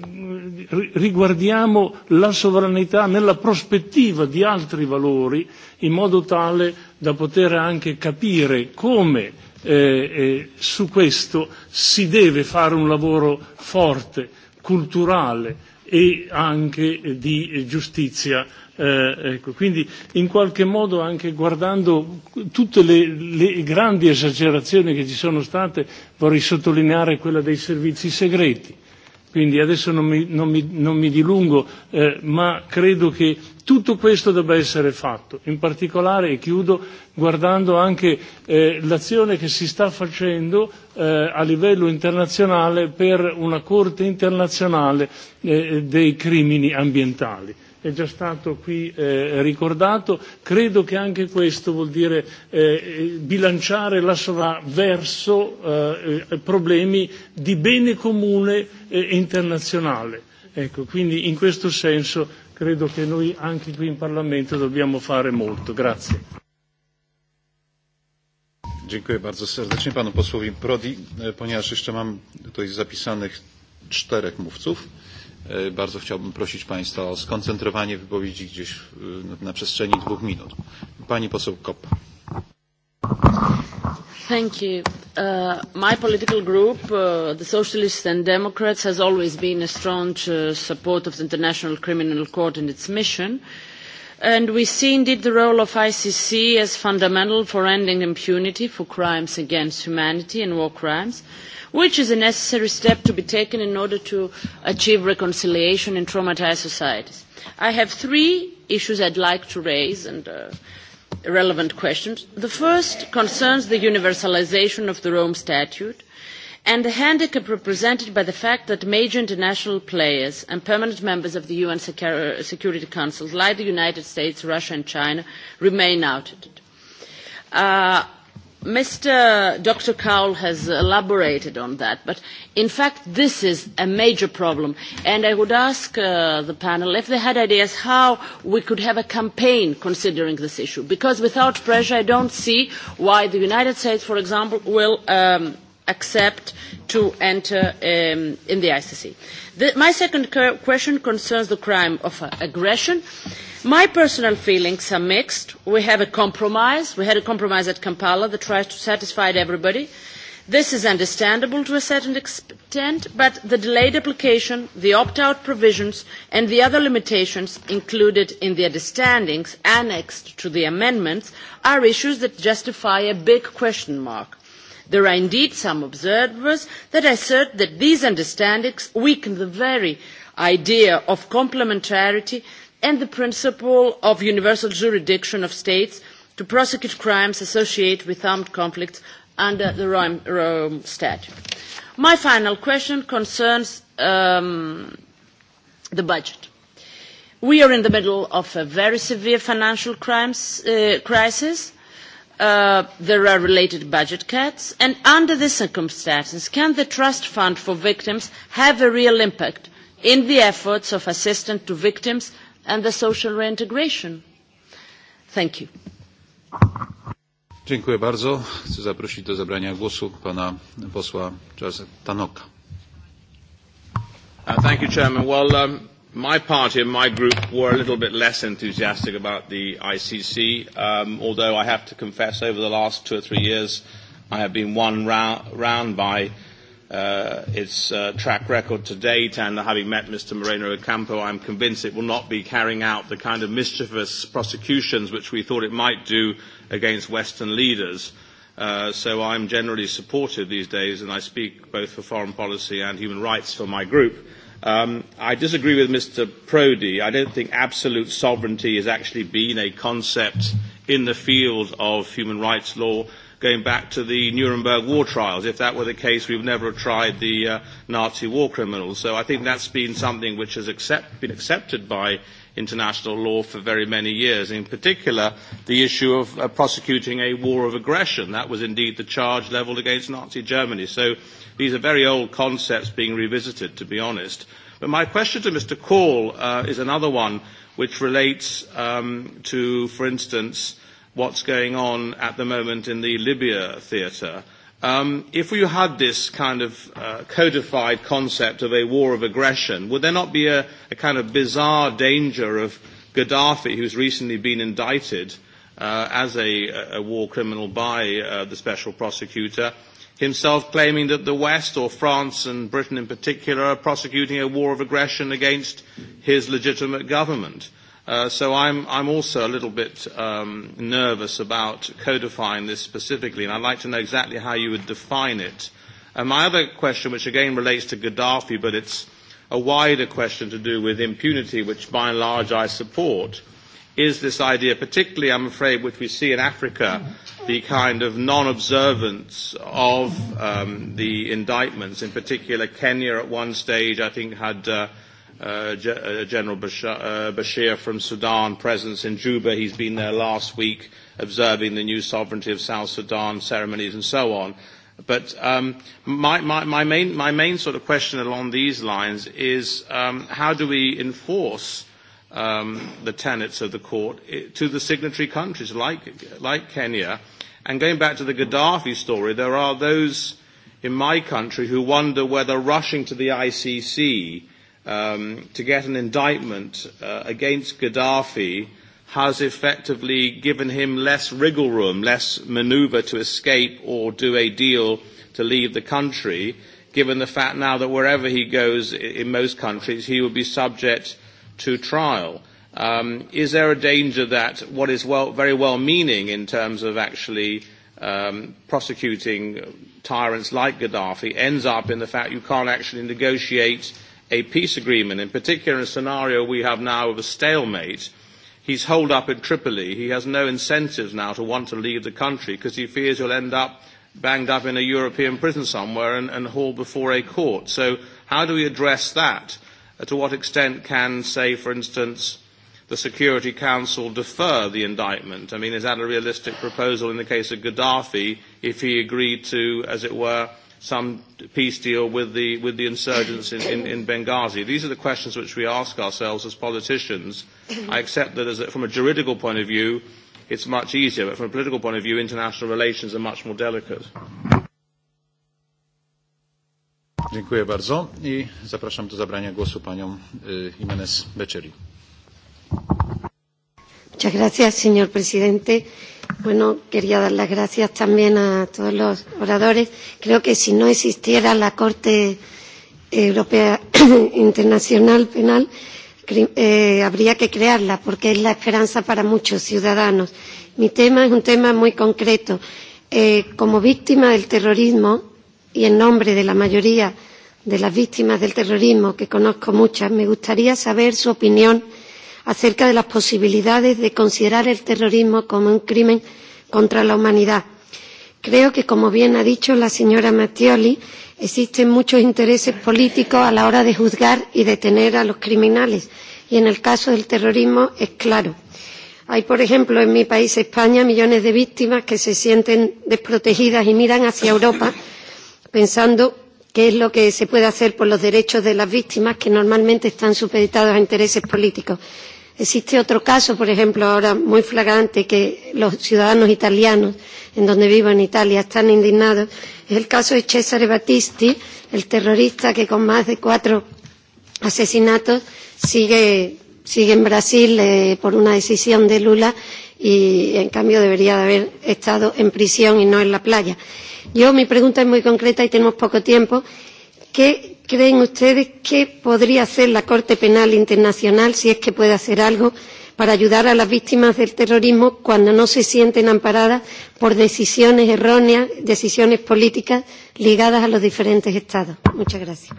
riguardiamo la sovranità nella prospettiva di altri valori in modo tale da poter anche capire come eh, eh, su questo si deve fare un lavoro forte, culturale, e anche di giustizia. Eh, ecco, quindi in qualche modo anche guardando tutte le, le grandi esagerazioni che ci sono state vorrei sottolineare quella dei servizi segreti. Quindi adesso non mi, non mi, non mi dilungo, eh, ma credo che Tutto questo debba essere fatto, in particolare, e chiudo, guardando anche eh, l'azione che si sta facendo eh, a livello internazionale per una Corte internazionale eh, dei crimini ambientali è già stato qui eh, ricordato, credo che anche questo vuol dire eh, bilanciare la SORA verso eh, eh, problemi di bene comune e eh, internazionale. Ecco, quindi in questo senso credo che noi anche qui in Parlamento dobbiamo fare molto. Grazie. Dziękuję bardzo serdecznie panu posłowi Prodi, e, ponieważ jeszcze mam tutaj zapisanych czterech mówców. E, bardzo chciałbym prosić państwa o skoncentrowanie wypowiedzi gdzieś na przestrzeni dwóch minut. Pani poseł Koppa. Thank you. Uh, my political group, uh, the Socialists and Democrats, has always been a strong uh, support of the International Criminal Court and its mission. And we see indeed the role of ICC as fundamental for ending impunity for crimes against humanity and war crimes, which is a necessary step to be taken in order to achieve reconciliation in traumatized societies. I have three issues I'd like to raise, and uh, relevant questions. The first concerns the universalization of the Rome Statute and the handicap represented by the fact that major international players and permanent members of the UN Secur Security Council, like the United States, Russia and China, remain ousted. Uh, Mr. Dr. Cowell has elaborated on that, but in fact this is a major problem. And I would ask uh, the panel if they had ideas how we could have a campaign considering this issue, because without pressure I don't see why the United States, for example, will um, accept to enter um, in the ICC. The, my second question concerns the crime of uh, aggression. Uh, My personal feelings are mixed. We have a compromise. We had a compromise at Kampala that tries to satisfy everybody. This is understandable to a certain extent, but the delayed application, the opt-out provisions and the other limitations included in the understandings annexed to the amendments are issues that justify a big question mark. There are indeed some observers that assert that these understandings weaken the very idea of complementarity and the principle of universal jurisdiction of states to prosecute crimes associated with armed conflicts under the Rome, Rome Statute. My final question concerns um, the budget. We are in the middle of a very severe financial crimes, uh, crisis. Uh, there are related budget cuts, and under the circumstances, can the Trust Fund for Victims have a real impact in the efforts of assistance to victims and the social reintegration. Thank you. Dziękuję bardzo. Chcę zaprosić do zabrania głosu pana posła Charlesa Tanoka. Uh, thank you, Chairman. Well, um, my party and my group were a little bit less enthusiastic about the ICC, um, although I have to confess over the last two or three years I have been won round, round by uh, its uh, track record to date, and having met Mr. Moreno Ocampo, I'm convinced it will not be carrying out the kind of mischievous prosecutions which we thought it might do against Western leaders. Uh, so I'm generally supportive these days, and I speak both for foreign policy and human rights for my group. Um, I disagree with Mr. Prodi. I don't think absolute sovereignty has actually been a concept in the field of human rights law going back to the Nuremberg war trials. If that were the case, we would never have tried the uh, Nazi war criminals. So I think that's been something which has accept, been accepted by international law for very many years, in particular the issue of uh, prosecuting a war of aggression. That was indeed the charge levelled against Nazi Germany. So these are very old concepts being revisited, to be honest. But my question to Mr. Call uh, is another one, which relates um, to, for instance, what's going on at the moment in the Libya theatre. Um, if you had this kind of uh, codified concept of a war of aggression, would there not be a, a kind of bizarre danger of Gaddafi, who's recently been indicted uh, as a, a war criminal by uh, the special prosecutor, himself claiming that the West, or France and Britain in particular, are prosecuting a war of aggression against his legitimate government? Uh, so I'm, I'm also a little bit um, nervous about codifying this specifically, and I'd like to know exactly how you would define it. And my other question, which again relates to Gaddafi, but it's a wider question to do with impunity, which by and large I support, is this idea, particularly, I'm afraid, which we see in Africa, the kind of non-observance of um, the indictments. In particular, Kenya at one stage, I think, had uh, – uh, G- uh, General Bashir, uh, Bashir from Sudan presence in Juba. He's been there last week observing the new sovereignty of South Sudan ceremonies and so on. But um, my, my, my, main, my main sort of question along these lines is um, how do we enforce um, the tenets of the court eh, to the signatory countries like, like Kenya? And going back to the Gaddafi story, there are those in my country who wonder whether rushing to the ICC um, to get an indictment uh, against Gaddafi has effectively given him less wriggle room, less maneuver to escape or do a deal to leave the country, given the fact now that wherever he goes in most countries, he will be subject to trial. Um, is there a danger that what is well, very well meaning in terms of actually um, prosecuting tyrants like Gaddafi ends up in the fact you can't actually negotiate a peace agreement, in particular in a scenario we have now of a stalemate. He's holed up in Tripoli. He has no incentives now to want to leave the country because he fears he'll end up banged up in a European prison somewhere and, and hauled before a court. So how do we address that? Uh, to what extent can, say, for instance, the Security Council defer the indictment? I mean, is that a realistic proposal in the case of Gaddafi if he agreed to, as it were, some peace deal with the, with the insurgents in, in, in Benghazi? These are the questions which we ask ourselves as politicians. I accept that as a, from a juridical point of view, it's much easier, but from a political point of view, international relations are much more delicate. Dziękuję bardzo i zapraszam do zabrania głosu panią Jiménez Becerril. Muchas gracias, señor presidente. Bueno, quería dar las gracias también a todos los oradores. Creo que si no existiera la Corte Europea Internacional Penal, eh, habría que crearla porque es la esperanza para muchos ciudadanos. Mi tema es un tema muy concreto. Eh, como víctima del terrorismo y en nombre de la mayoría de las víctimas del terrorismo, que conozco muchas, me gustaría saber su opinión eh, acerca de las posibilidades de considerar el terrorismo como un crimen contra la humanidad. Creo que, como bien ha dicho la señora Mattioli, existen muchos intereses políticos a la hora de juzgar y detener a los criminales, y en el caso del terrorismo es claro. Hay, por ejemplo, en mi país, España, millones de víctimas que se sienten desprotegidas y miran hacia Europa pensando qué es lo que se puede hacer por los derechos de las víctimas que normalmente están supeditados a intereses políticos. Existe otro caso, por ejemplo, ahora muy flagrante, que los ciudadanos italianos, en donde vivo en Italia, están indignados. Es el caso de Cesare Battisti, el terrorista que con más de cuatro asesinatos sigue, sigue en Brasil eh, por una decisión de Lula y, en cambio, debería de haber estado en prisión y no en la playa. Yo, mi pregunta es muy concreta y tenemos poco tiempo. ¿Qué, creen ustedes que podría hacer la Corte Penal Internacional, si es que puede hacer algo, para ayudar a las víctimas del terrorismo cuando no se sienten amparadas por decisiones erróneas, decisiones políticas ligadas a los diferentes estados? Muchas gracias.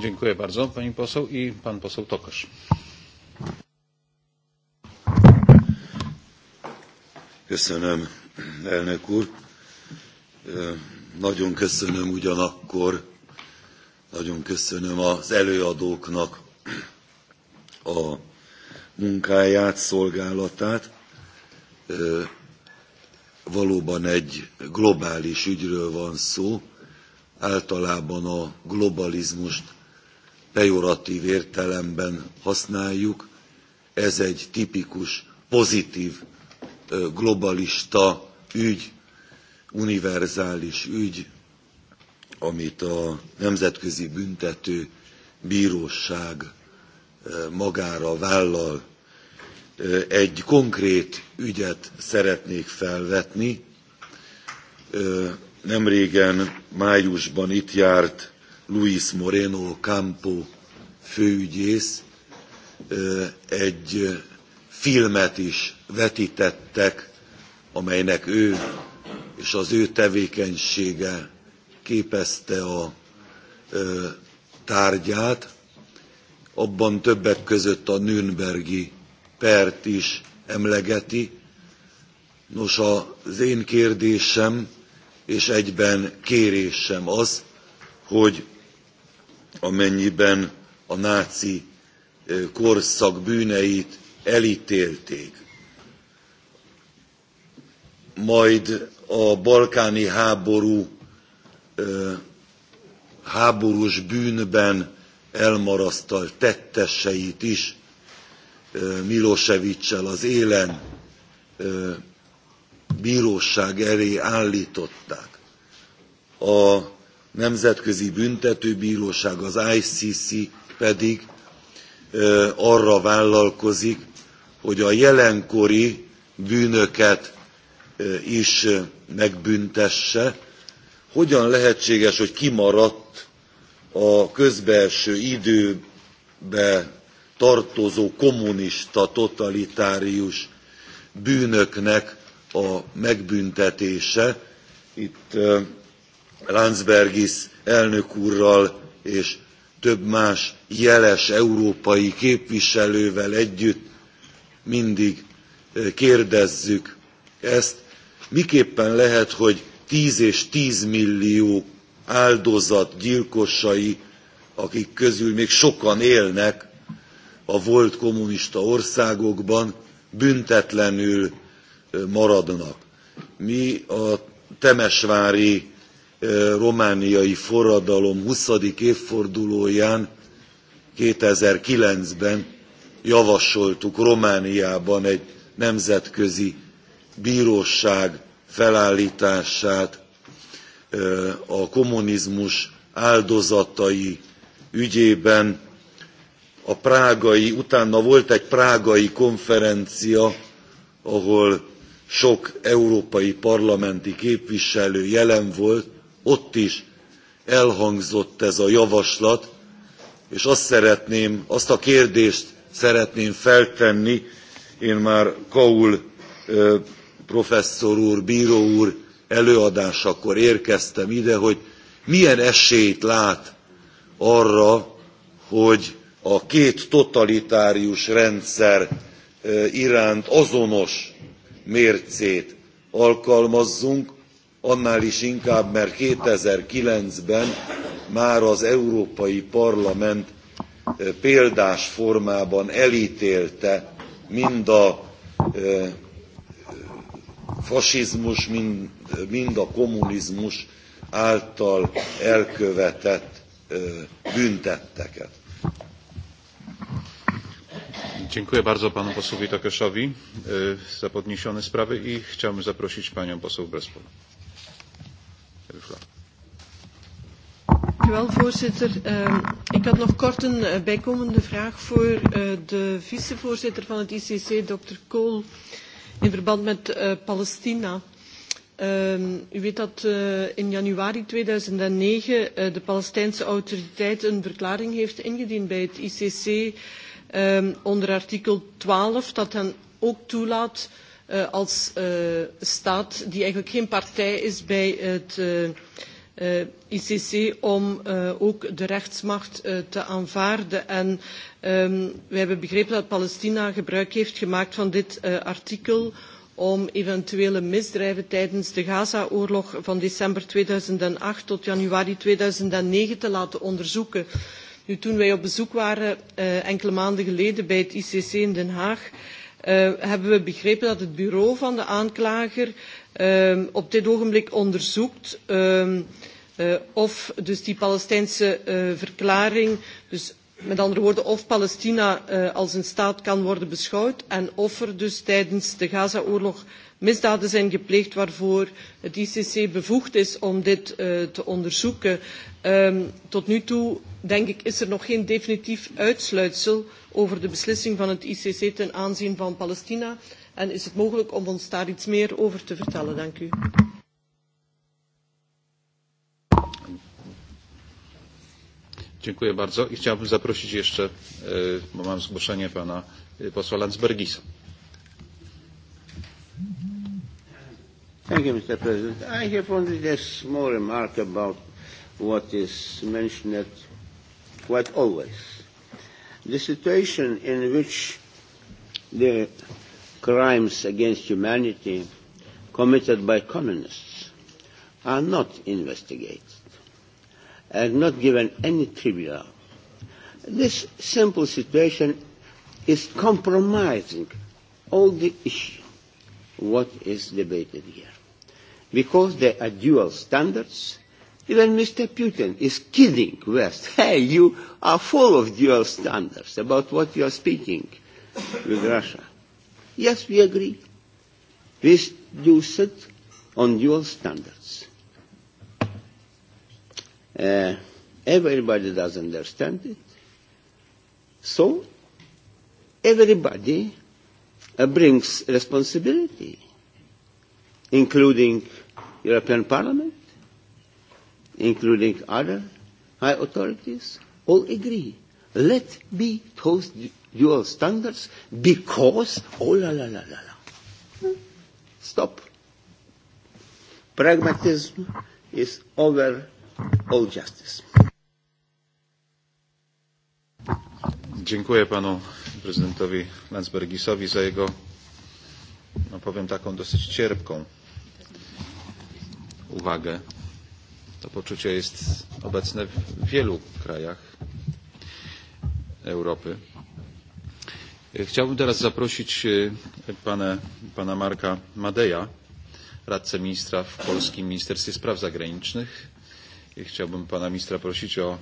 Dziękuję bardzo pani poseł i pan poseł Tokarz. Köszönöm, elnök úr. Nagyon köszönöm ugyanakkor Nagyon köszönöm az előadóknak a munkáját, szolgálatát. Valóban egy globális ügyről van szó. Általában a globalizmust pejoratív értelemben használjuk. Ez egy tipikus, pozitív, globalista ügy, univerzális ügy, amit a Nemzetközi Büntető Bíróság eh, magára vállal. Eh, egy konkrét ügyet szeretnék felvetni. Eh, nemrégen májusban itt járt Luis Moreno Campo főügyész, egy filmet is vetítettek, amelynek ő és az ő tevékenysége képezte a ö, tárgyát, abban többek között a Nürnbergi pert is emlegeti. Nos, az én kérdésem és egyben kérésem az, hogy amennyiben a náci korszak bűneit elítélték, majd a balkáni háború háborús bűnben elmarasztalt tetteseit is Milosevicsel az élen bíróság elé állították. A Nemzetközi Büntetőbíróság, az ICC pedig arra vállalkozik, hogy a jelenkori bűnöket is megbüntesse, hogyan lehetséges, hogy kimaradt a közbelső időbe tartozó kommunista, totalitárius bűnöknek a megbüntetése. Itt Landsbergis elnök úrral és több más jeles európai képviselővel együtt mindig kérdezzük ezt. Miképpen lehet, hogy 10 és 10 millió áldozat gyilkosai, akik közül még sokan élnek a volt kommunista országokban, büntetlenül maradnak. Mi a temesvári romániai forradalom 20. évfordulóján 2009-ben javasoltuk Romániában egy nemzetközi bíróság felállítását a kommunizmus áldozatai ügyében a prágai, utána volt egy prágai konferencia, ahol sok európai parlamenti képviselő jelen volt, ott is elhangzott ez a javaslat, és azt szeretném, azt a kérdést szeretném feltenni, én már Kaul professzor úr, bíró úr előadásakor érkeztem ide, hogy milyen esélyt lát arra, hogy a két totalitárius rendszer iránt azonos mércét alkalmazzunk, annál is inkább, mert 2009-ben már az Európai Parlament példás formában elítélte mind a fasizmus, mind, mind a kommunizmus által elkövetett büntetteket. Dziękuję bardzo panu posłowi Tokeszowi za podniesione sprawy i chciałbym zaprosić panią poseł Brespol. Dank u wel, voorzitter. Uh, ik had nog kort een uh, bijkomende vraag voor uh, de vicevoorzitter van het ICC, dokter Kool. Uh, in verband met uh, Palestina. Um, u weet dat uh, in januari 2009 uh, eh, de Palestijnse autoriteit een verklaring heeft ingediend bij het ICC um, ehm, onder artikel 12 dat hen ook toelaat uh, als uh, staat die eigenlijk geen partij is bij het uh, uh, ICC om uh, ook de rechtsmacht uh, te aanvaarden. En Um, we hebben begrepen dat Palestina gebruik heeft gemaakt van dit uh, artikel om eventuele misdrijven tijdens de Gaza-oorlog van december 2008 tot januari 2009 te laten onderzoeken. Nu, toen wij op bezoek waren uh, enkele maanden geleden bij het ICC in Den Haag, uh, hebben we begrepen dat het bureau van de aanklager uh, op dit ogenblik onderzoekt uh, uh, of dus die Palestijnse uh, verklaring dus Met andere woorden, of Palestina uh, als een staat kan worden beschouwd en of er dus tijdens de Gaza-oorlog misdaden zijn gepleegd waarvoor het ICC bevoegd is om dit uh, te onderzoeken. Um, tot nu toe, denk ik, is er nog geen definitief uitsluitsel over de beslissing van het ICC ten aanzien van Palestina. En is het mogelijk om ons daar iets meer over te vertellen? Dank u. Dziękuję bardzo i chciałbym zaprosić jeszcze, e, bo mam zgłoszenie pana e, posła Landsbergisa. Thank you, Mr. President. I have only this small remark about what is mentioned quite always. The situation in which the crimes against humanity committed by communists are not investigated and not given any trivia. This simple situation is compromising all the issue what is debated here. Because there are dual standards, even Mr. Putin is kidding West. Hey, you are full of dual standards about what you are speaking with Russia. Yes, we agree. We do sit on dual standards. Uh, everybody does understand it. So everybody uh, brings responsibility, including European Parliament, including other high authorities, all agree. Let be those dual standards because, oh la la la la la. Stop. Pragmatism is over all justice. Dziękuję panu prezydentowi Landsbergisowi za jego, no powiem taką dosyć cierpką uwagę. To poczucie jest obecne w wielu krajach Europy. Chciałbym teraz zaprosić e, pana, pana Marka Madeja, radcę ministra w Polskim Ministerstwie Spraw Zagranicznych, i chciałbym pana ministra prosić o,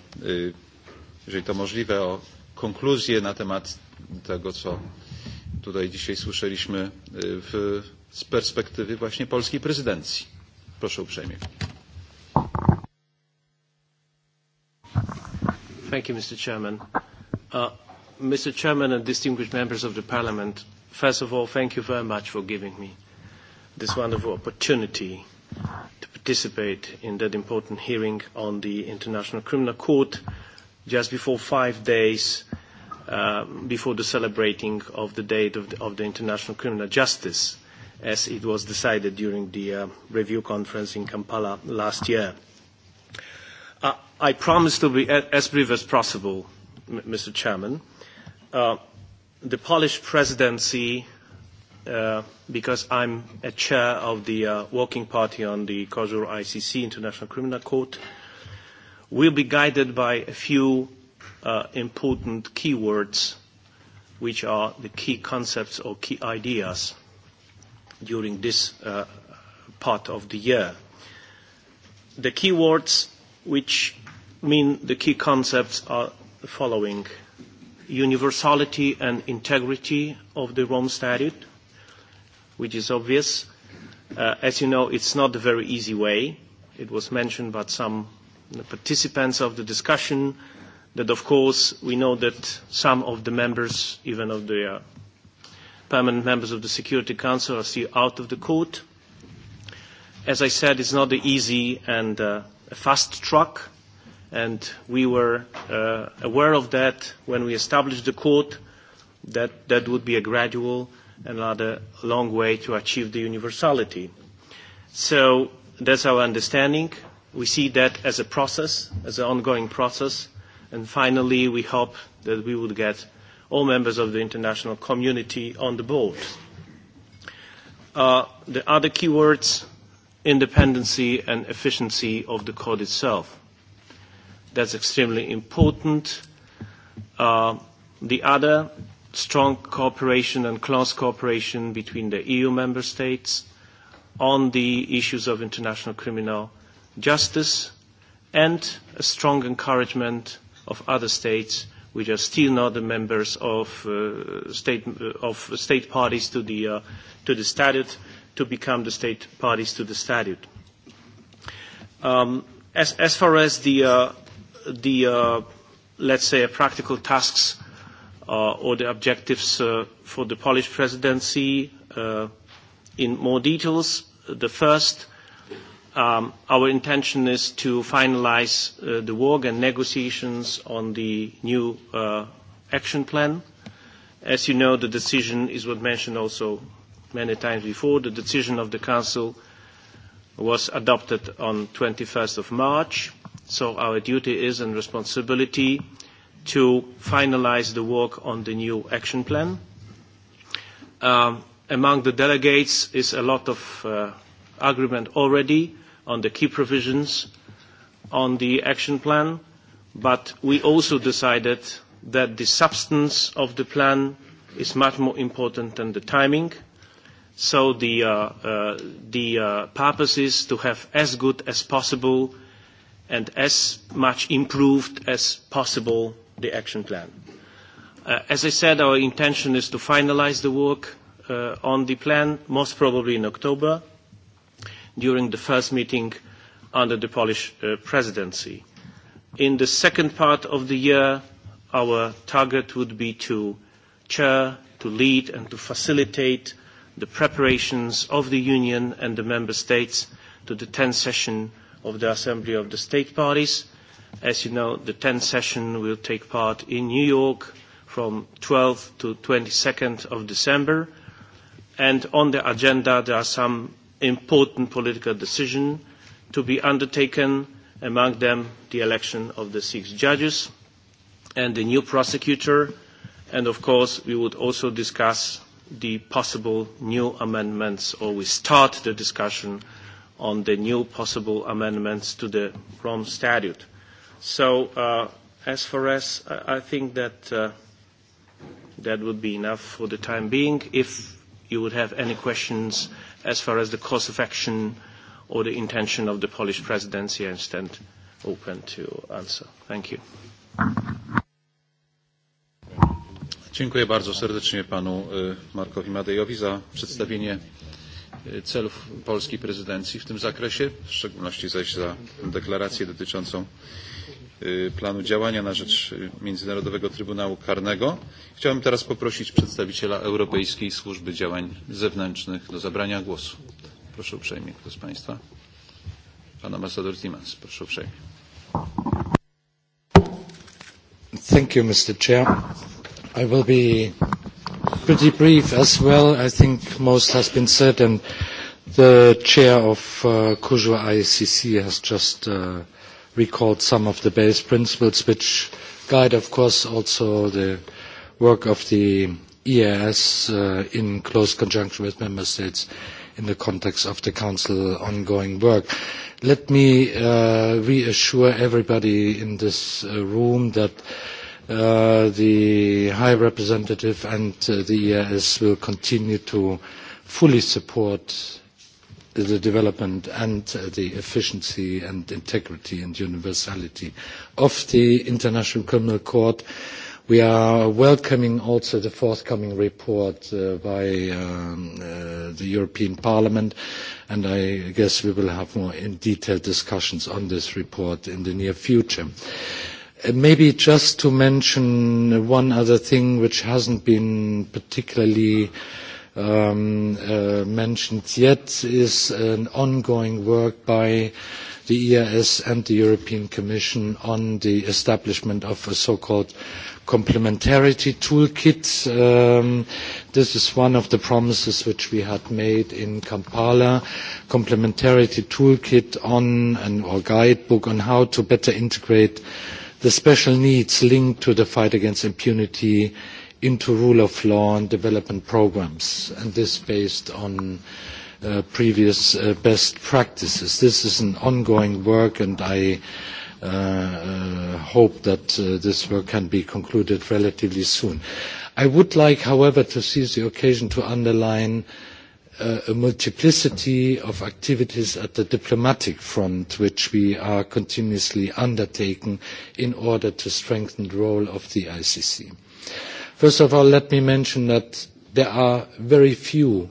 jeżeli to możliwe, o konkluzję na temat tego, co tutaj dzisiaj słyszeliśmy w, z perspektywy właśnie polskiej prezydencji. Proszę uprzejmie. Thank you, Mr. Chairman. Uh, Mr. Chairman and distinguished members of the Parliament, first of all, thank you very much for giving me this wonderful opportunity to participate in that important hearing on the International Criminal Court just before five days um, before the celebrating of the date of the, of the International Criminal Justice, as it was decided during the uh, review conference in Kampala last year. Uh, I promise to be a- as brief as possible, M- Mr. Chairman. Uh, the Polish presidency uh, because I'm a chair of the uh, working party on the COSUR ICC, International Criminal Court, we'll be guided by a few uh, important keywords, which are the key concepts or key ideas during this uh, part of the year. The keywords which mean the key concepts are the following: universality and integrity of the Rome Statute, which is obvious. Uh, as you know, it's not a very easy way. It was mentioned by some participants of the discussion that, of course, we know that some of the members, even of the uh, permanent members of the Security Council, are still out of the court. As I said, it's not an easy and uh, a fast track, and we were uh, aware of that when we established the court, that that would be a gradual another long way to achieve the universality. So that's our understanding. We see that as a process, as an ongoing process. And finally, we hope that we would get all members of the international community on the board. Uh, the other keywords, independency and efficiency of the code itself. That's extremely important. Uh, the other strong cooperation and close cooperation between the EU member states on the issues of international criminal justice and a strong encouragement of other states which are still not the members of, uh, state, of state parties to the, uh, to the statute to become the state parties to the statute. Um, as, as far as the, uh, the uh, let's say, practical tasks uh, or the objectives uh, for the Polish presidency uh, in more details. The first, um, our intention is to finalize uh, the work and negotiations on the new uh, action plan. As you know, the decision is what mentioned also many times before. The decision of the Council was adopted on 21st of March, so our duty is and responsibility uh, to finalize the work on the new action plan. Um, among the delegates is a lot of uh, agreement already on the key provisions on the action plan, but we also decided that the substance of the plan is much more important than the timing. So the, uh, uh, the uh, purpose is to have as good as possible and as much improved as possible the action plan. Uh, as I said, our intention is to finalize the work uh, on the plan, most probably in October, during the first meeting under the Polish uh, presidency. In the second part of the year, our target would be to chair, to lead, and to facilitate the preparations of the Union and the Member States to the 10th session of the Assembly of the State Parties – As you know, the 10th session will take part in New York from 12th to 22nd of December. And on the agenda, there are some important political decisions to be undertaken, among them the election of the six judges and the new prosecutor. And of course, we would also discuss the possible new amendments, or we start the discussion on the new possible amendments to the Rome Statute. So uh, as far as I think that uh, that would be enough for the time being. If you would have any questions as far as the course of action or the intention of the Polish presidency, I stand open to answer. Thank you. Dziękuję bardzo serdecznie panu Markowi Madejowi za przedstawienie celów polskiej prezydencji w tym zakresie, w szczególności zaś za deklarację dotyczącą planu działania na rzecz Międzynarodowego Trybunału Karnego. Chciałbym teraz poprosić przedstawiciela Europejskiej Służby Działań Zewnętrznych do zabrania głosu. Proszę uprzejmie, kto z Państwa? Pan ambasador Timmermans, proszę uprzejmie. Thank you, Mr. Chair. I will be pretty brief as well. I think most has been said, and the chair of uh, CUJUA ICC has just uh, recalled some of the base principles which guide, of course, also the work of the EAS uh, in close conjunction with member states in the context of the Council ongoing work. Let me uh, reassure everybody in this uh, room that uh, the High Representative and uh, the EAS will continue to fully support the development and uh, the efficiency and integrity and universality of the International Criminal Court. We are welcoming also the forthcoming report uh, by um, uh, the European Parliament, and I guess we will have more in detailed discussions on this report in the near future. Uh, maybe just to mention one other thing which hasn't been particularly uh, um, uh, mentioned yet is an ongoing work by the EAS and the European Commission on the establishment of a so-called complementarity toolkit. Um, this is one of the promises which we had made in Kampala. Complementarity toolkit on an, or guidebook on how to better integrate the special needs linked to the fight against impunity uh, into rule of law and development programs, and this based on uh, previous uh, best practices. This is an ongoing work, and I uh, uh, hope that uh, this work can be concluded relatively soon. I would like, however, to seize the occasion to underline uh, a multiplicity of activities at the diplomatic front, which we are continuously undertaking in order to strengthen the role of the ICC. Uh, First of all, let me mention that there are very few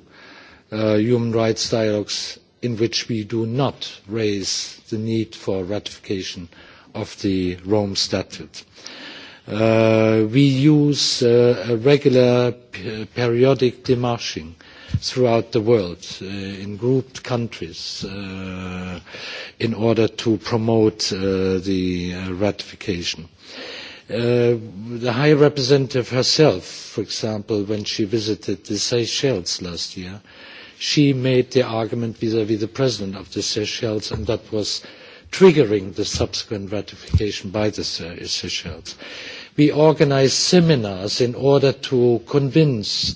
uh, human rights dialogues in which we do not raise the need for ratification of the Rome Statute. Uh, we use uh, a regular p- periodic demarching throughout the world uh, in grouped countries uh, in order to promote uh, the uh, ratification. Uh, Uh, the High Representative herself, for example, when she visited the Seychelles last year, she made the argument vis-à-vis -vis the President of the Seychelles, and that was triggering the subsequent ratification by the Seychelles. We organized seminars in order to convince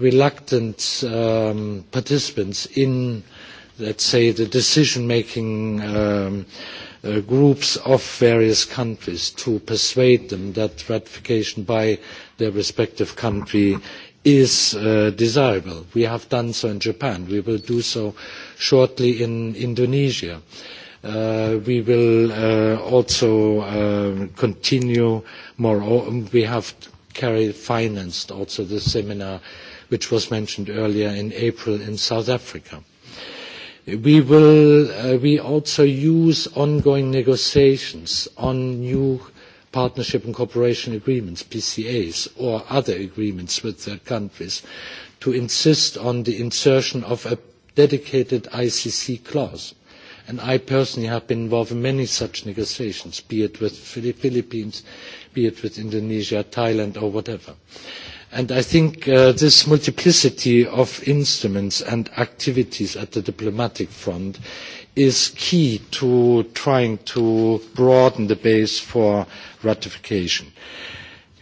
reluctant um, participants in, let's say, the decision-making um, uh, groups of various countries to persuade them that ratification by their respective country is uh, desirable. We have done so in Japan. We will do so shortly in Indonesia. Uh, we will uh, also uh, continue more. We have carried financed also the seminar which was mentioned earlier in April in South Africa. We will uh, we also use ongoing negotiations on new partnership and cooperation agreements, PCAs, or other agreements with third countries to insist on the insertion of a dedicated ICC clause. And I personally have been involved in many such negotiations, be it with the Philippines, be it with Indonesia, Thailand, or whatever. Uh, And I think uh, this multiplicity of instruments and activities at the diplomatic front is key to trying to broaden the base for ratification.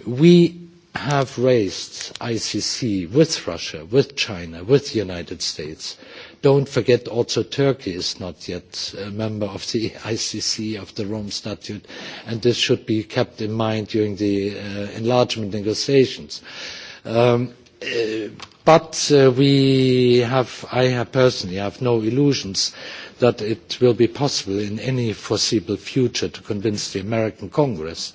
We have raised ICC with Russia, with China, with the United States. Don't forget also Turkey is not yet a member of the ICC, of the Rome Statute, and this should be kept in mind during the uh, enlargement negotiations. Uh, Um, uh, but uh, we have, I have personally have no illusions that it will be possible in any foreseeable future to convince the American Congress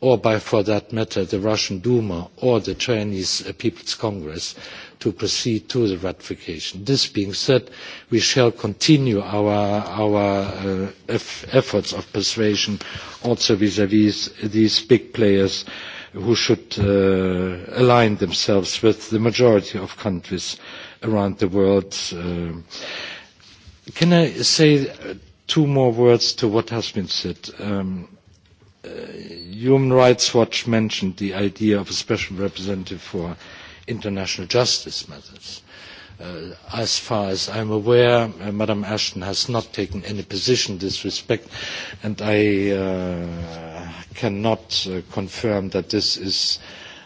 or by for that matter the Russian Duma or the Chinese uh, People's Congress to proceed to the ratification. This being said, we shall continue our, our uh, eff efforts of persuasion also vis-à-vis -vis these big players uh, who should uh, align themselves with the majority of countries around the world. Uh, can I say two more words to what has been said? Um, uh, Human Rights Watch mentioned the idea of a special representative for international justice matters. Uh, as far as I'm aware, uh, Madam Ashton has not taken any position in this respect, and I uh, cannot uh, confirm that this is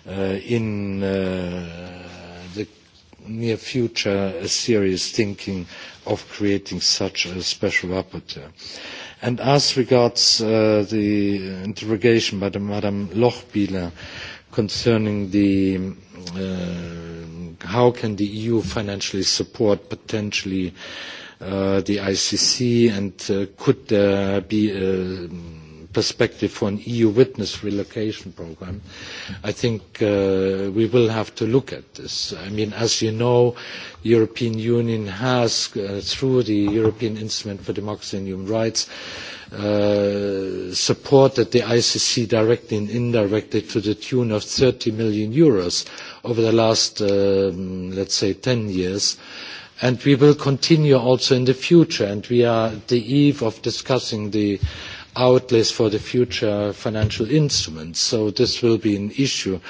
uh, in uh, the near future a serious thinking of creating such a special rapporteur. And as regards uh, the interrogation by the Madame Lochbieler concerning the uh, how can the EU financially support potentially uh, the ICC and uh, could there be a perspective for an EU witness relocation program, I think uh, we will have to look at this. I mean, as you know, the European Union has, uh, through the European Instrument for Democracy and Human Rights, uh, supported the ICC directly and indirectly to the tune of 30 million euros over the last, um, let's say, 10 years. And we will continue also in the future, and we are at the eve of discussing the uh, outlays for the future financial instruments. So this will be an issue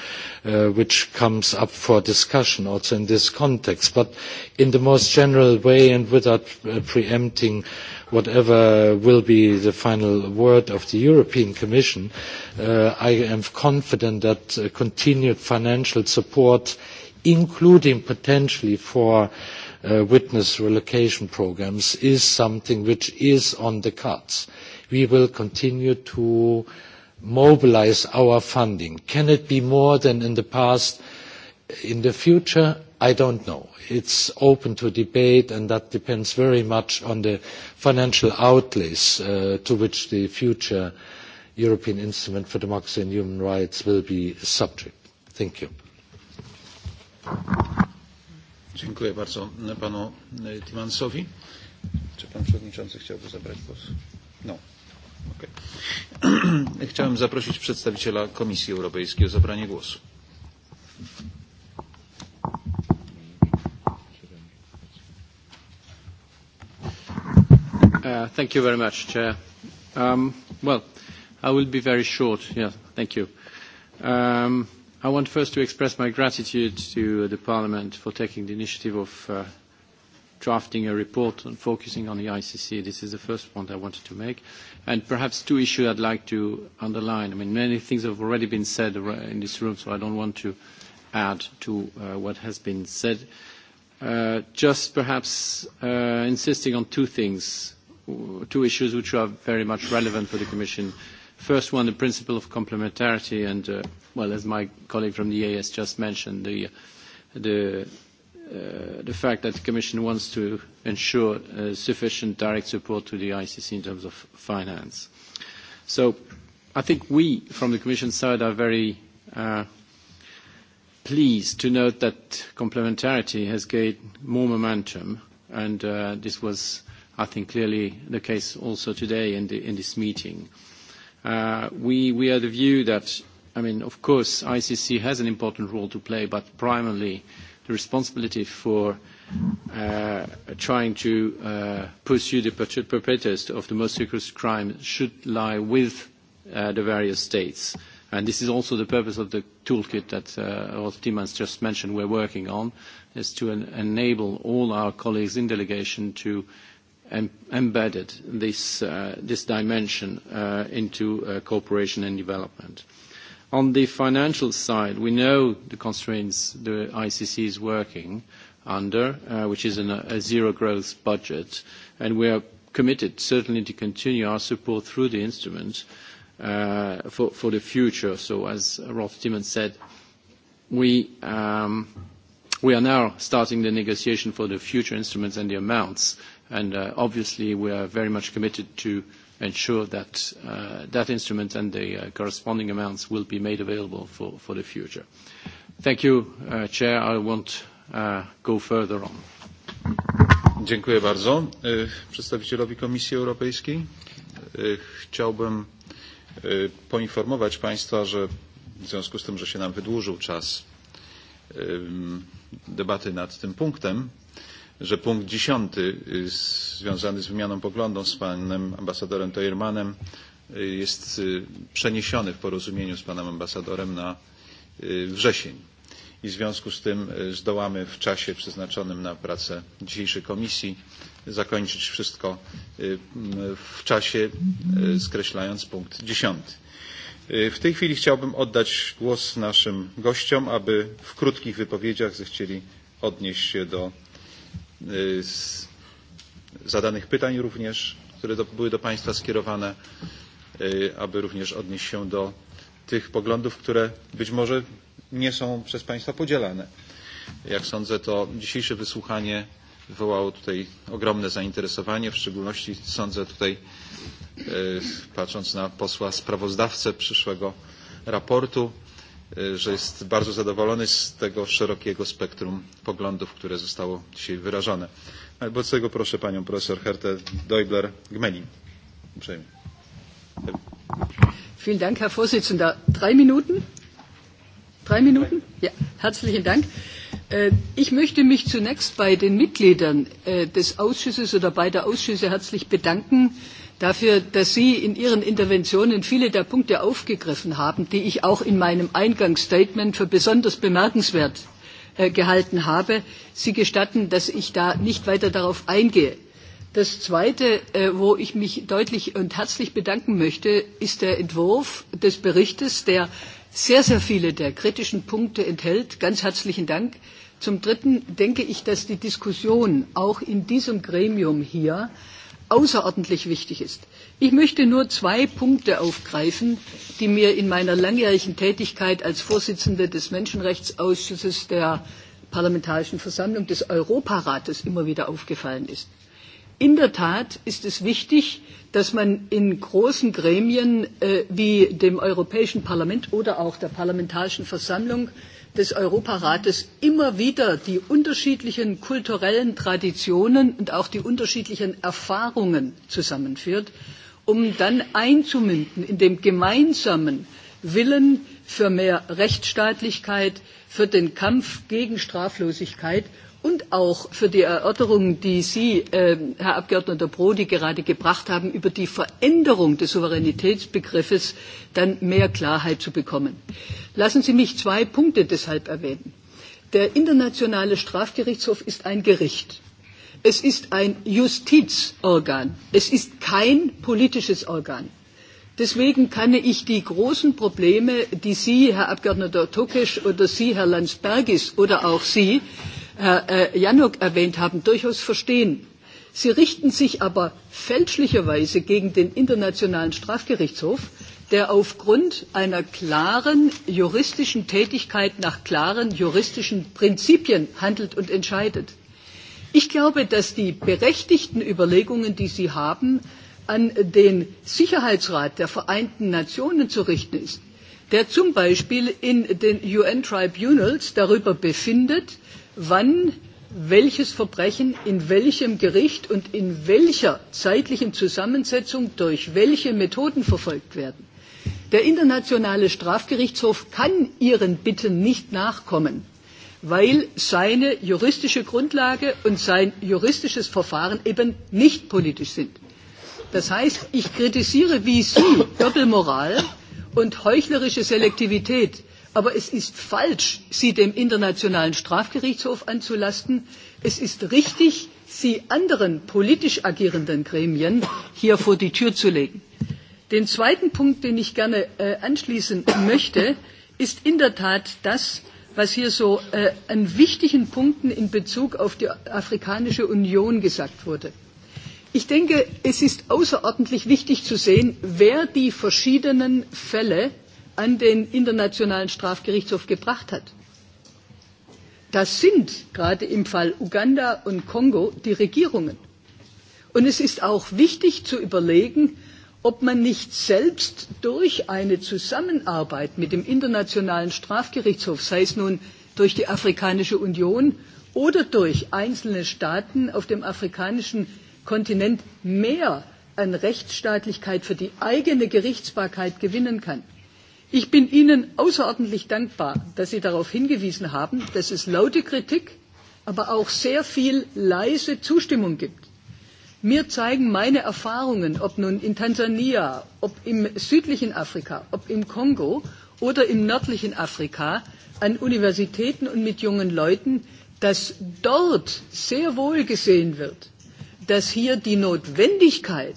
uh, which comes up for discussion also in this context. But in the most general way and without uh, preempting whatever will be the final word of the European Commission, uh, I am confident that uh, continued financial support, including potentially for uh, witness relocation programs, is something which is on the cards. Uh, we will continue to mobilize our funding. Can it be more than in the past? In the future, I don't know. It's open to debate, and that depends very much on the financial outlays uh, to which the future European Instrument for Democracy and Human Rights will be subject. Thank you. Dziękuję bardzo panu Timansowi. Czy pan przewodniczący chciałby zabrać głos? No. Okay. Chciałem zaprosić przedstawiciela Komisji Europejskiej o zabranie głosu. Uh, thank you very much, Chair. Um, well, I will be very short. Yeah, thank you. Um, I want first to express my gratitude to the Parliament for taking the initiative of uh, drafting a report and focusing on the ICC. This is the first point I wanted to make. And perhaps two issues I'd like to underline. I mean, many things have already been said in this room, so I don't want to add to uh, what has been said. Uh, just perhaps uh, insisting on two things, two issues which are very much relevant for the Commission. First one, the principle of complementarity, and, uh, well, as my colleague from the EAS just mentioned, the, the uh, the fact that the Commission wants to ensure uh, sufficient direct support to the ICC in terms of finance. So I think we, from the Commission side, are very uh, pleased to note that complementarity has gained more momentum, and uh, this was, I think, clearly the case also today in, the, in this meeting. Uh, we, we are the view that, I mean, of course, ICC has an important role to play, but primarily uh, the responsibility for uh, trying to uh, pursue the perpetrators of the most serious crime should lie with uh, the various states. And this is also the purpose of the toolkit that uh, Rolf Tiemans just mentioned we're working on, is to en enable all our colleagues in delegation to em embedded this, uh, this dimension uh, into uh, cooperation and development. Uh, On the financial side, we know the constraints the ICC is working under, uh, which is an, a zero growth budget, and we are committed certainly to continue our support through the instrument uh, for, for the future. So as Rolf Timmermans said, we, um, we are now starting the negotiation for the future instruments and the amounts, and uh, obviously we are very much committed to uh, ensure that uh, that instrument and the uh, corresponding amounts will be made available for, for the future. Thank you, uh, Chair. I won't uh, go further on. Dziękuję bardzo przedstawicielowi Komisji Europejskiej. Chciałbym poinformować Państwa, że w związku z tym, że się nam wydłużył czas debaty nad tym punktem, że punkt dziesiąty związany z wymianą poglądów z panem ambasadorem Toirmanem jest przeniesiony w porozumieniu z panem ambasadorem na wrzesień. I w związku z tym zdołamy w czasie przeznaczonym na pracę dzisiejszej komisji zakończyć wszystko w czasie, skreślając punkt dziesiąty. W tej chwili chciałbym oddać głos naszym gościom, aby w krótkich wypowiedziach zechcieli odnieść się do zadanych pytań również, które do, były do Państwa skierowane, aby również odnieść się do tych poglądów, które być może nie są przez Państwa podzielane. Jak sądzę, to dzisiejsze wysłuchanie wywołało tutaj ogromne zainteresowanie, w szczególności sądzę tutaj, patrząc na posła sprawozdawcę przyszłego raportu, E, że jest bardzo zadowolony z tego szerokiego spektrum poglądów, które zostało dzisiaj wyrażone. Wobec tego proszę panią profesor Hertę Deubler-Gmelin. Uprzejmie. Vielen Dank, Herr Vorsitzender. Drei Minuten? Drei Minuten? Ja, herzlichen Dank. Äh, ich möchte mich zunächst bei den Mitgliedern äh, des Ausschusses oder beider Ausschüsse herzlich bedanken, äh, dafür, dass Sie in Ihren Interventionen viele der Punkte aufgegriffen haben, die ich auch in meinem Eingangsstatement für besonders bemerkenswert äh, gehalten habe. Sie gestatten, dass ich da nicht weiter darauf eingehe. Das Zweite, äh, wo ich mich deutlich und herzlich bedanken möchte, ist der Entwurf des Berichtes, der sehr, sehr viele der kritischen Punkte enthält. Ganz herzlichen Dank. Zum Dritten denke ich, dass die Diskussion auch in diesem Gremium hier äh, außerordentlich wichtig ist. Ich möchte nur zwei Punkte aufgreifen, die mir in meiner langjährigen Tätigkeit als Vorsitzende des Menschenrechtsausschusses der Parlamentarischen Versammlung des Europarates immer wieder aufgefallen ist. In der Tat ist es wichtig, dass man in großen Gremien äh, wie dem Europäischen Parlament oder auch der Parlamentarischen Versammlung äh, des Europarates immer wieder die unterschiedlichen kulturellen Traditionen und auch die unterschiedlichen Erfahrungen zusammenführt, um dann einzumünden in dem gemeinsamen Willen für mehr Rechtsstaatlichkeit, für den Kampf gegen Straflosigkeit und auch für die Erörterung, die Sie, äh, Herr Abgeordneter Prodi, gerade gebracht haben, über die Veränderung des Souveränitätsbegriffes dann mehr Klarheit zu bekommen. Lassen Sie mich zwei Punkte deshalb erwähnen. Der Internationale Strafgerichtshof ist ein Gericht. Es ist ein Justizorgan. Es ist kein politisches Organ. Deswegen kann ich die großen Probleme, die Sie, Herr Abgeordneter Tokesch oder Sie, Herr Landsbergis oder auch Sie, äh, Herr äh, Januk erwähnt haben, durchaus verstehen. Sie richten sich aber fälschlicherweise gegen den Internationalen Strafgerichtshof, der aufgrund einer klaren juristischen Tätigkeit nach klaren juristischen Prinzipien handelt und entscheidet. Ich glaube, dass die berechtigten Überlegungen, die Sie haben, an den Sicherheitsrat der Vereinten Nationen zu richten ist, der zum Beispiel in den UN Tribunals darüber befindet, wann welches Verbrechen in welchem Gericht und in welcher zeitlichen Zusammensetzung durch welche Methoden verfolgt werden. Der Internationale Strafgerichtshof kann ihren Bitten nicht nachkommen, weil seine juristische Grundlage und sein juristisches Verfahren eben nicht politisch sind. Das heißt, ich kritisiere wie Sie Doppelmoral und heuchlerische Selektivität Aber es ist falsch, sie dem Internationalen Strafgerichtshof anzulasten. Es ist richtig, sie anderen politisch agierenden Gremien hier vor die Tür zu legen. Den zweiten Punkt, den ich gerne äh, anschließen möchte, ist in der Tat das, was hier so äh, an wichtigen Punkten in Bezug auf die Afrikanische Union gesagt wurde. Ich denke, es ist außerordentlich wichtig zu sehen, wer die verschiedenen Fälle an den Internationalen Strafgerichtshof gebracht hat. Das sind gerade im Fall Uganda und Kongo die Regierungen. Und es ist auch wichtig zu überlegen, ob man nicht selbst durch eine Zusammenarbeit mit dem Internationalen Strafgerichtshof, sei es nun durch die Afrikanische Union oder durch einzelne Staaten auf dem afrikanischen Kontinent mehr an Rechtsstaatlichkeit für die eigene Gerichtsbarkeit gewinnen kann. Ich bin Ihnen außerordentlich dankbar, dass Sie darauf hingewiesen haben, dass es laute Kritik, aber auch sehr viel leise Zustimmung gibt. Mir zeigen meine Erfahrungen, ob nun in Tansania, ob im südlichen Afrika, ob im Kongo oder im nördlichen Afrika, an Universitäten und mit jungen Leuten, dass dort sehr wohl gesehen wird, dass hier die Notwendigkeit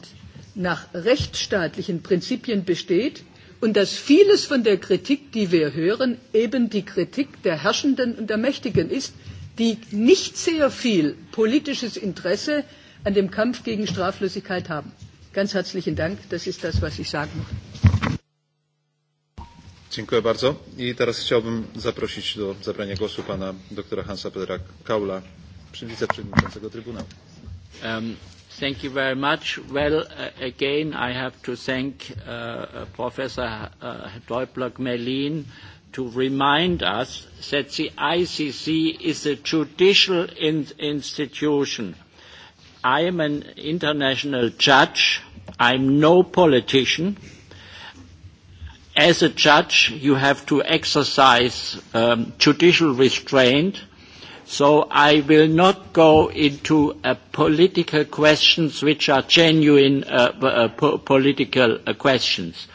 nach rechtsstaatlichen Prinzipien besteht, und dass vieles von der Kritik, die wir hören, eben die Kritik der Herrschenden und der Mächtigen ist, die nicht sehr viel politisches Interesse an dem Kampf gegen Straflosigkeit haben. Ganz herzlichen Dank. Das ist das, was ich sagen möchte. Dziękuję bardzo. I teraz chciałbym zaprosić do zabrania głosu pana doktora Hansa Pedra Kaula, wiceprzewodniczącego Trybunału. Um, Thank you very much. Well, uh, again, I have to thank uh, uh Professor uh, Deublock-Melin to remind us that the ICC is a judicial in institution. I am an international judge. I'm no politician. As a judge, you have to exercise um, judicial restraint – So I will not go into uh, political questions which are genuine uh, uh, po political uh, questions.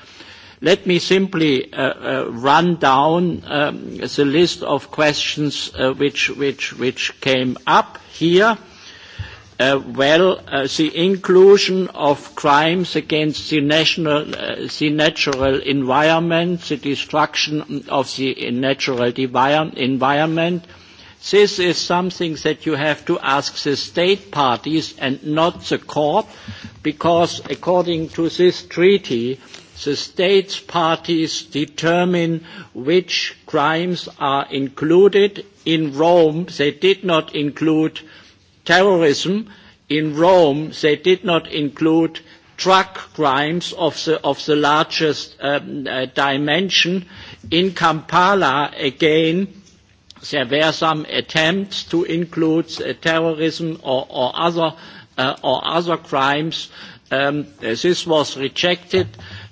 Let me simply uh, uh, run down um, the list of questions uh, which, which, which came up here. Uh, well, uh, the inclusion of crimes against the, national, uh, the natural environment, the destruction of the natural environment, This is something that you have to ask the state parties and not the court, because according to this treaty, the states parties determine which crimes are included. In Rome, they did not include terrorism. In Rome, they did not include drug crimes of the, of the largest um, uh, dimension. In Kampala, again, there were some attempts to include uh, terrorism or, or, other, uh, or other crimes. Um, this was rejected.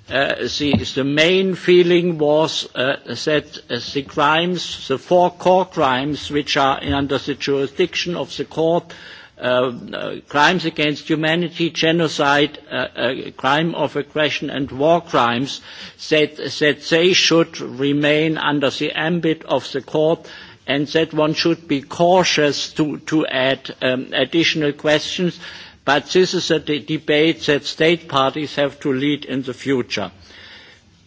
Uh, the, the main feeling was uh, that uh, the crimes, the four core crimes which are under the jurisdiction of the court, uh, uh, crimes against humanity, genocide, uh, uh, crime of aggression and war crimes, that, that they should remain under the ambit of the court and that one should be cautious to, to add um, additional questions. But this is a de- debate that state parties have to lead in the future.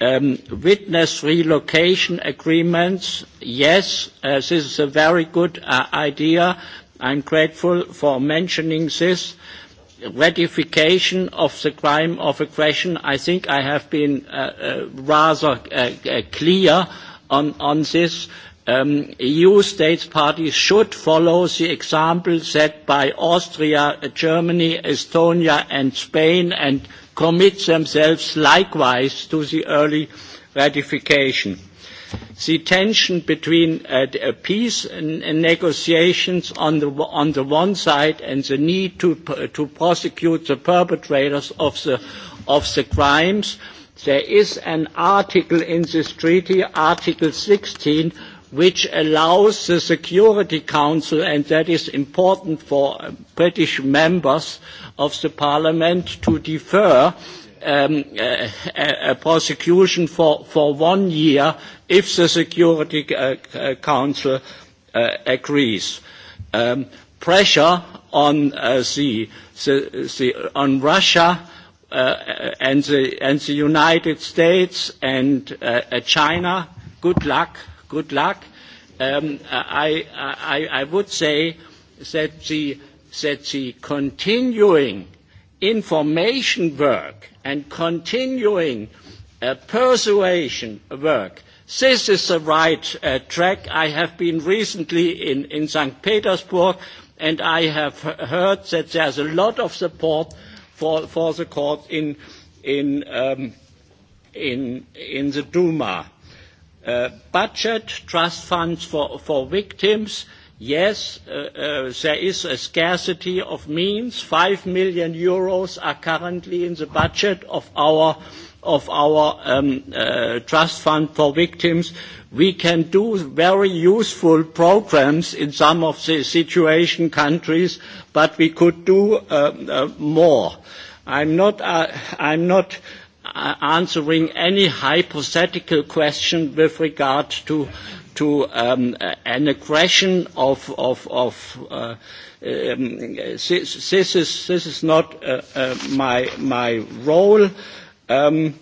Um, witness relocation agreements, yes, uh, this is a very good uh, idea. I'm grateful for mentioning this. Ratification of the crime of aggression, I think I have been uh, uh, rather uh, uh, clear on, on this. Uh, um, EU states parties should follow the example set by Austria, Germany, Estonia and Spain and commit themselves likewise to the early ratification. The tension between uh, uh peace and, and uh, negotiations on the, on the one side and the need to, uh, to prosecute the perpetrators of the, of the crimes, there is an article in this treaty, Article 16, which allows the Security Council, and that is important for uh, British members of the Parliament, to defer um, a, a prosecution for, for one year if the Security uh, uh, Council uh, agrees. Um, pressure on uh, the, the, the on Russia uh, and the and the United States and uh, China. Good luck good luck. Um, I, I, I would say that the, that the continuing information work and continuing uh, persuasion work, this is the right uh, track. I have been recently in, in St. Petersburg and I have heard that there's a lot of support for, for the court in, in, um, in, in the Duma. Uh, budget trust funds for, for victims, yes, uh, uh, there is a scarcity of means. 5 million euros are currently in the budget of our, of our um, uh, trust fund for victims. We can do very useful programs in some of the situation countries, but we could do uh, uh, more. I'm not, uh, I'm not uh, answering any hypothetical question with regard to to um, an aggression of of of uh, um, this, this is this is not uh, uh, my my role. Um,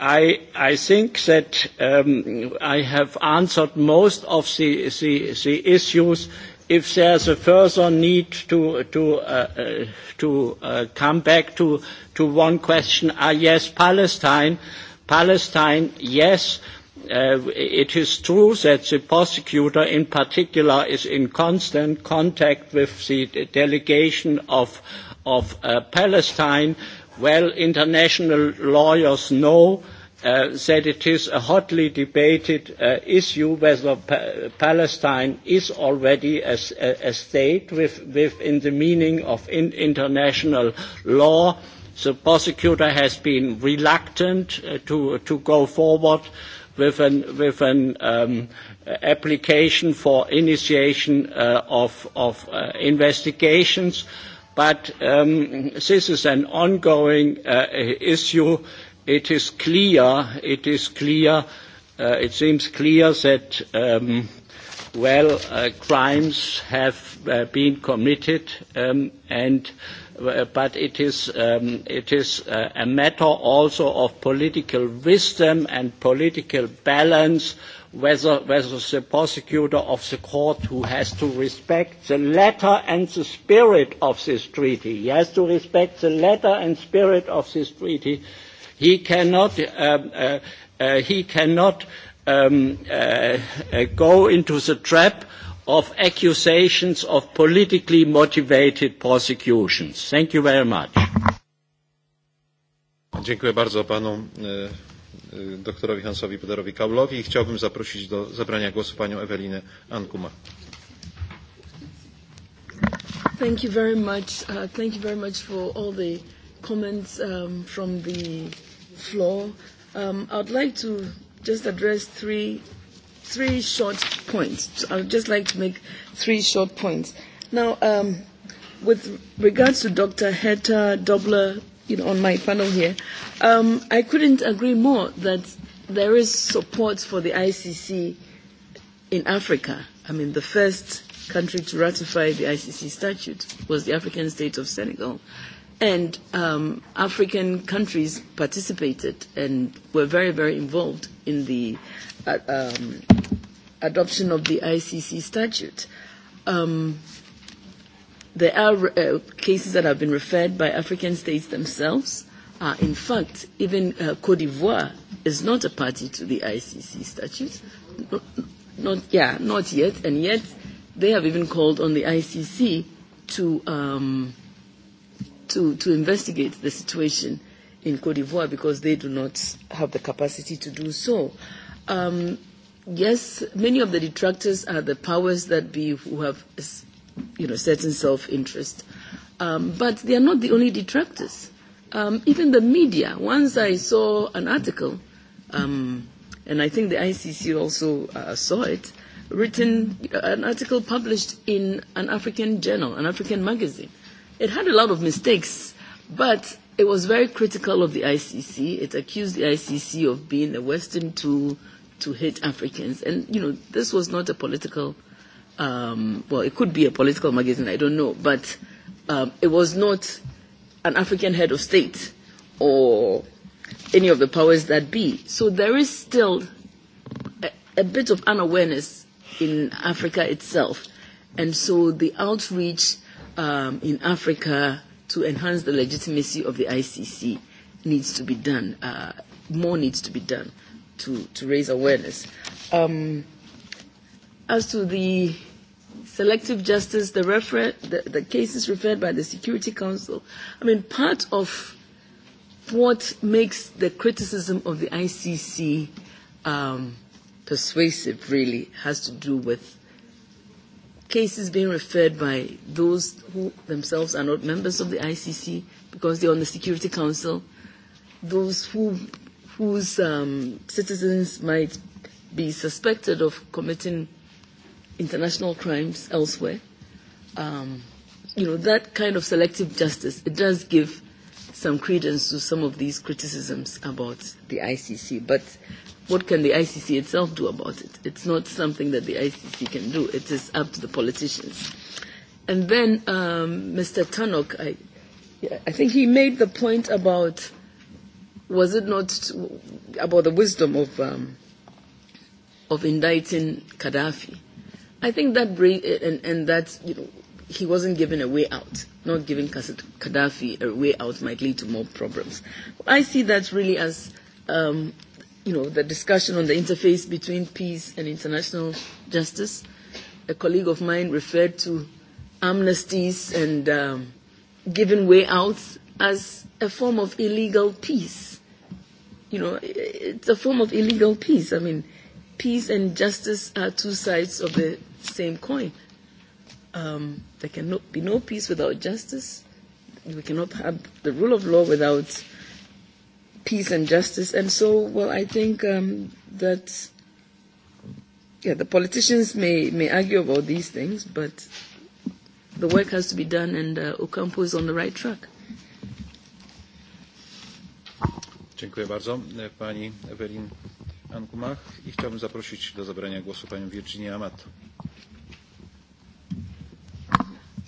I I think that um, I have answered most of the the, the issues uh, if there's a further need to, to, uh, uh, to uh, come back to, to one question, ah, yes, Palestine, Palestine, yes, uh, it is true that the prosecutor in particular is in constant contact with the delegation of, of uh, Palestine. Well, international lawyers know uh, uh, that it is a hotly debated uh, issue whether pa- Palestine is already a, a, a state with, within the meaning of in- international law. The prosecutor has been reluctant uh, to, to go forward with an, with an um, application for initiation uh, of, of uh, investigations. But um, this is an ongoing uh, issue it is clear, it is clear, uh, it seems clear that, um, well, uh, crimes have uh, been committed, um, and uh, but it is, um, it is uh, a matter also of political wisdom and political balance whether, whether the prosecutor of the court who has to respect the letter and the spirit of this treaty, he has to respect the letter and spirit of this treaty, uh, He cannot, um, uh, uh, he cannot um, uh, uh, go into the trap of accusations of politically motivated prosecutions. Thank you very much. Dziękuję bardzo panu y, e, e, doktorowi Hansowi Puderowi Kaulowi i chciałbym zaprosić do zabrania głosu panią Ewelinę Ankuma. Thank you very much. Uh, thank you very much for all the comments um, from the floor, um, I'd like to just address three, three short points. I'd just like to make three short points. Now, um, with regards to Dr. Heta Dobler, you know, on my panel here, um, I couldn't agree more that there is support for the ICC in Africa. I mean, the first country to ratify the ICC statute was the African state of Senegal. And um, African countries participated and were very, very involved in the uh, um, adoption of the ICC statute. Um, there are uh, cases that have been referred by African states themselves. Uh, in fact, even uh, Cote d'Ivoire is not a party to the ICC statute. Not, not, yeah, not yet. And yet, they have even called on the ICC to. Um, to, to investigate the situation in Cote d'Ivoire because they do not have the capacity to do so. Um, yes, many of the detractors are the powers that be who have you know, certain self-interest. Um, but they are not the only detractors. Um, even the media. Once I saw an article, um, and I think the ICC also uh, saw it, written, uh, an article published in an African journal, an African magazine, uh, It had a lot of mistakes, but it was very critical of the ICC. It accused the ICC of being a Western tool to hate Africans. And, you know, this was not a political, um, well, it could be a political magazine, I don't know, but um, it was not an African head of state or any of the powers that be. So there is still a, a bit of unawareness in Africa itself. And so the outreach um, in Africa to enhance the legitimacy of the ICC needs to be done. Uh, more needs to be done to, to raise awareness. Um, as to the selective justice, the, refer- the, the cases referred by the Security Council, I mean, part of what makes the criticism of the ICC um, persuasive really has to do with cases being referred by those who themselves are not members of the ICC because they're on the Security Council, those who, whose um, citizens might be suspected of committing international crimes elsewhere. Um, you know, that kind of selective justice, it does give some credence to some of these criticisms about the ICC. But what can the ICC itself do about it? It's not something that the ICC can do. It is up to the politicians. And then um, Mr. Tannock, I, yeah, I think he made the point about, was it not about the wisdom of, um, of indicting Gaddafi? I think that, and, and that, you know, he wasn't given a way out. Not giving Gaddafi a way out might lead to more problems. I see that really as um, you know, the discussion on the interface between peace and international justice. A colleague of mine referred to amnesties and um, giving way out as a form of illegal peace. You know, it's a form of illegal peace. I mean, peace and justice are two sides of the same coin. Um, there cannot be no peace without justice. We cannot have the rule of law without peace and justice. And so, well, I think um, that yeah, the politicians may, may argue about these things, but the work has to be done, and uh, Ocampo is on the right track. Dziękuję bardzo. Pani Ewelin Ankumach i chciałbym zaprosić do zabrania głosu panią Virginię Amato.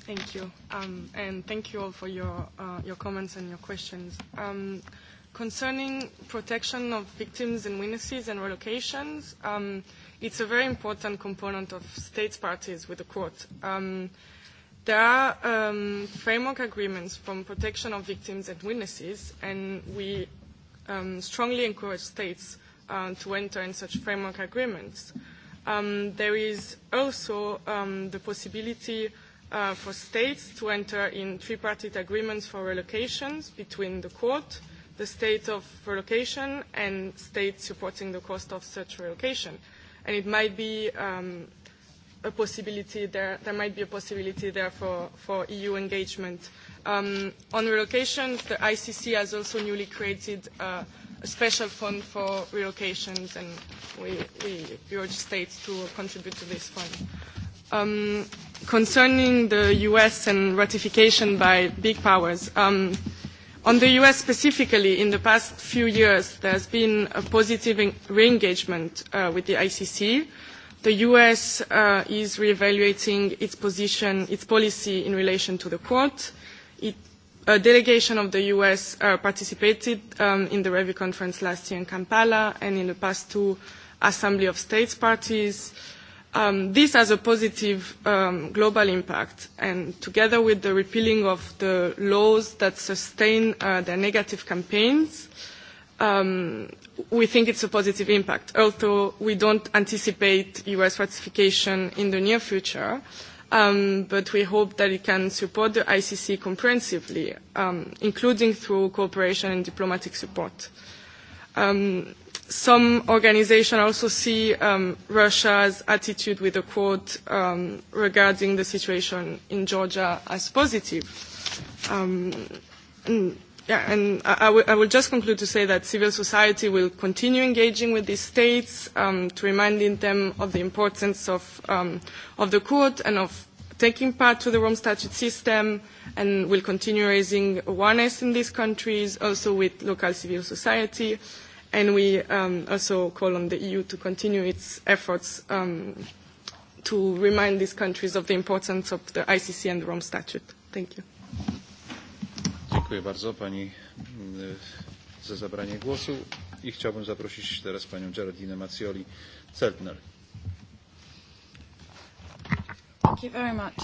Thank you. Um, and thank you all for your, uh, your comments and your questions. Um, Concerning protection of victims and witnesses and relocations, um, it's a very important component of states parties with the court. Um, there are um, framework agreements from protection of victims and witnesses, and we um, strongly encourage states uh, to enter in such framework agreements. Um, there is also um, the possibility uh, for states to enter in tripartite agreements for relocations between the court, uh, the state of relocation and states supporting the cost of such relocation. And it might be um, a possibility there, there might be a possibility there for, for EU engagement. Um, on relocation, the ICC has also newly created uh, a special fund for relocations, and we, we urge states to contribute to this fund. Um, concerning the US and ratification by big powers, um, uh, On the US specifically, in the past few years, there's been a positive re-engagement uh, with the ICC. The US uh, is reevaluating its position, its policy in relation to the court. It, a delegation of the US uh, participated um, in the review conference last year in Kampala and in the past two Assembly of States parties. Uh, Um, this has a positive um, global impact, and together with the repealing of the laws that sustain uh, their negative campaigns, um, we think it's a positive impact, although we don't anticipate US ratification in the near future. Um, but we hope that it can support the ICC comprehensively, um, including through cooperation and diplomatic support. Um, some organizations also see um, Russia's attitude with a quote um, regarding the situation in Georgia as positive. Um, and, yeah, and I, I, w- I will just conclude to say that civil society will continue engaging with these states um, to reminding them of the importance of, um, of the court and of taking part to the Rome Statute system and will continue raising awareness in these countries, also with local civil society. Uh, and we um, also call on the EU to continue its efforts um, to remind these countries of the importance of the ICC and the Rome Statute. Thank you. Dziękuję bardzo Pani e, za zabranie głosu i chciałbym zaprosić teraz Panią Geraldine Macioli Celtner. Thank you very much.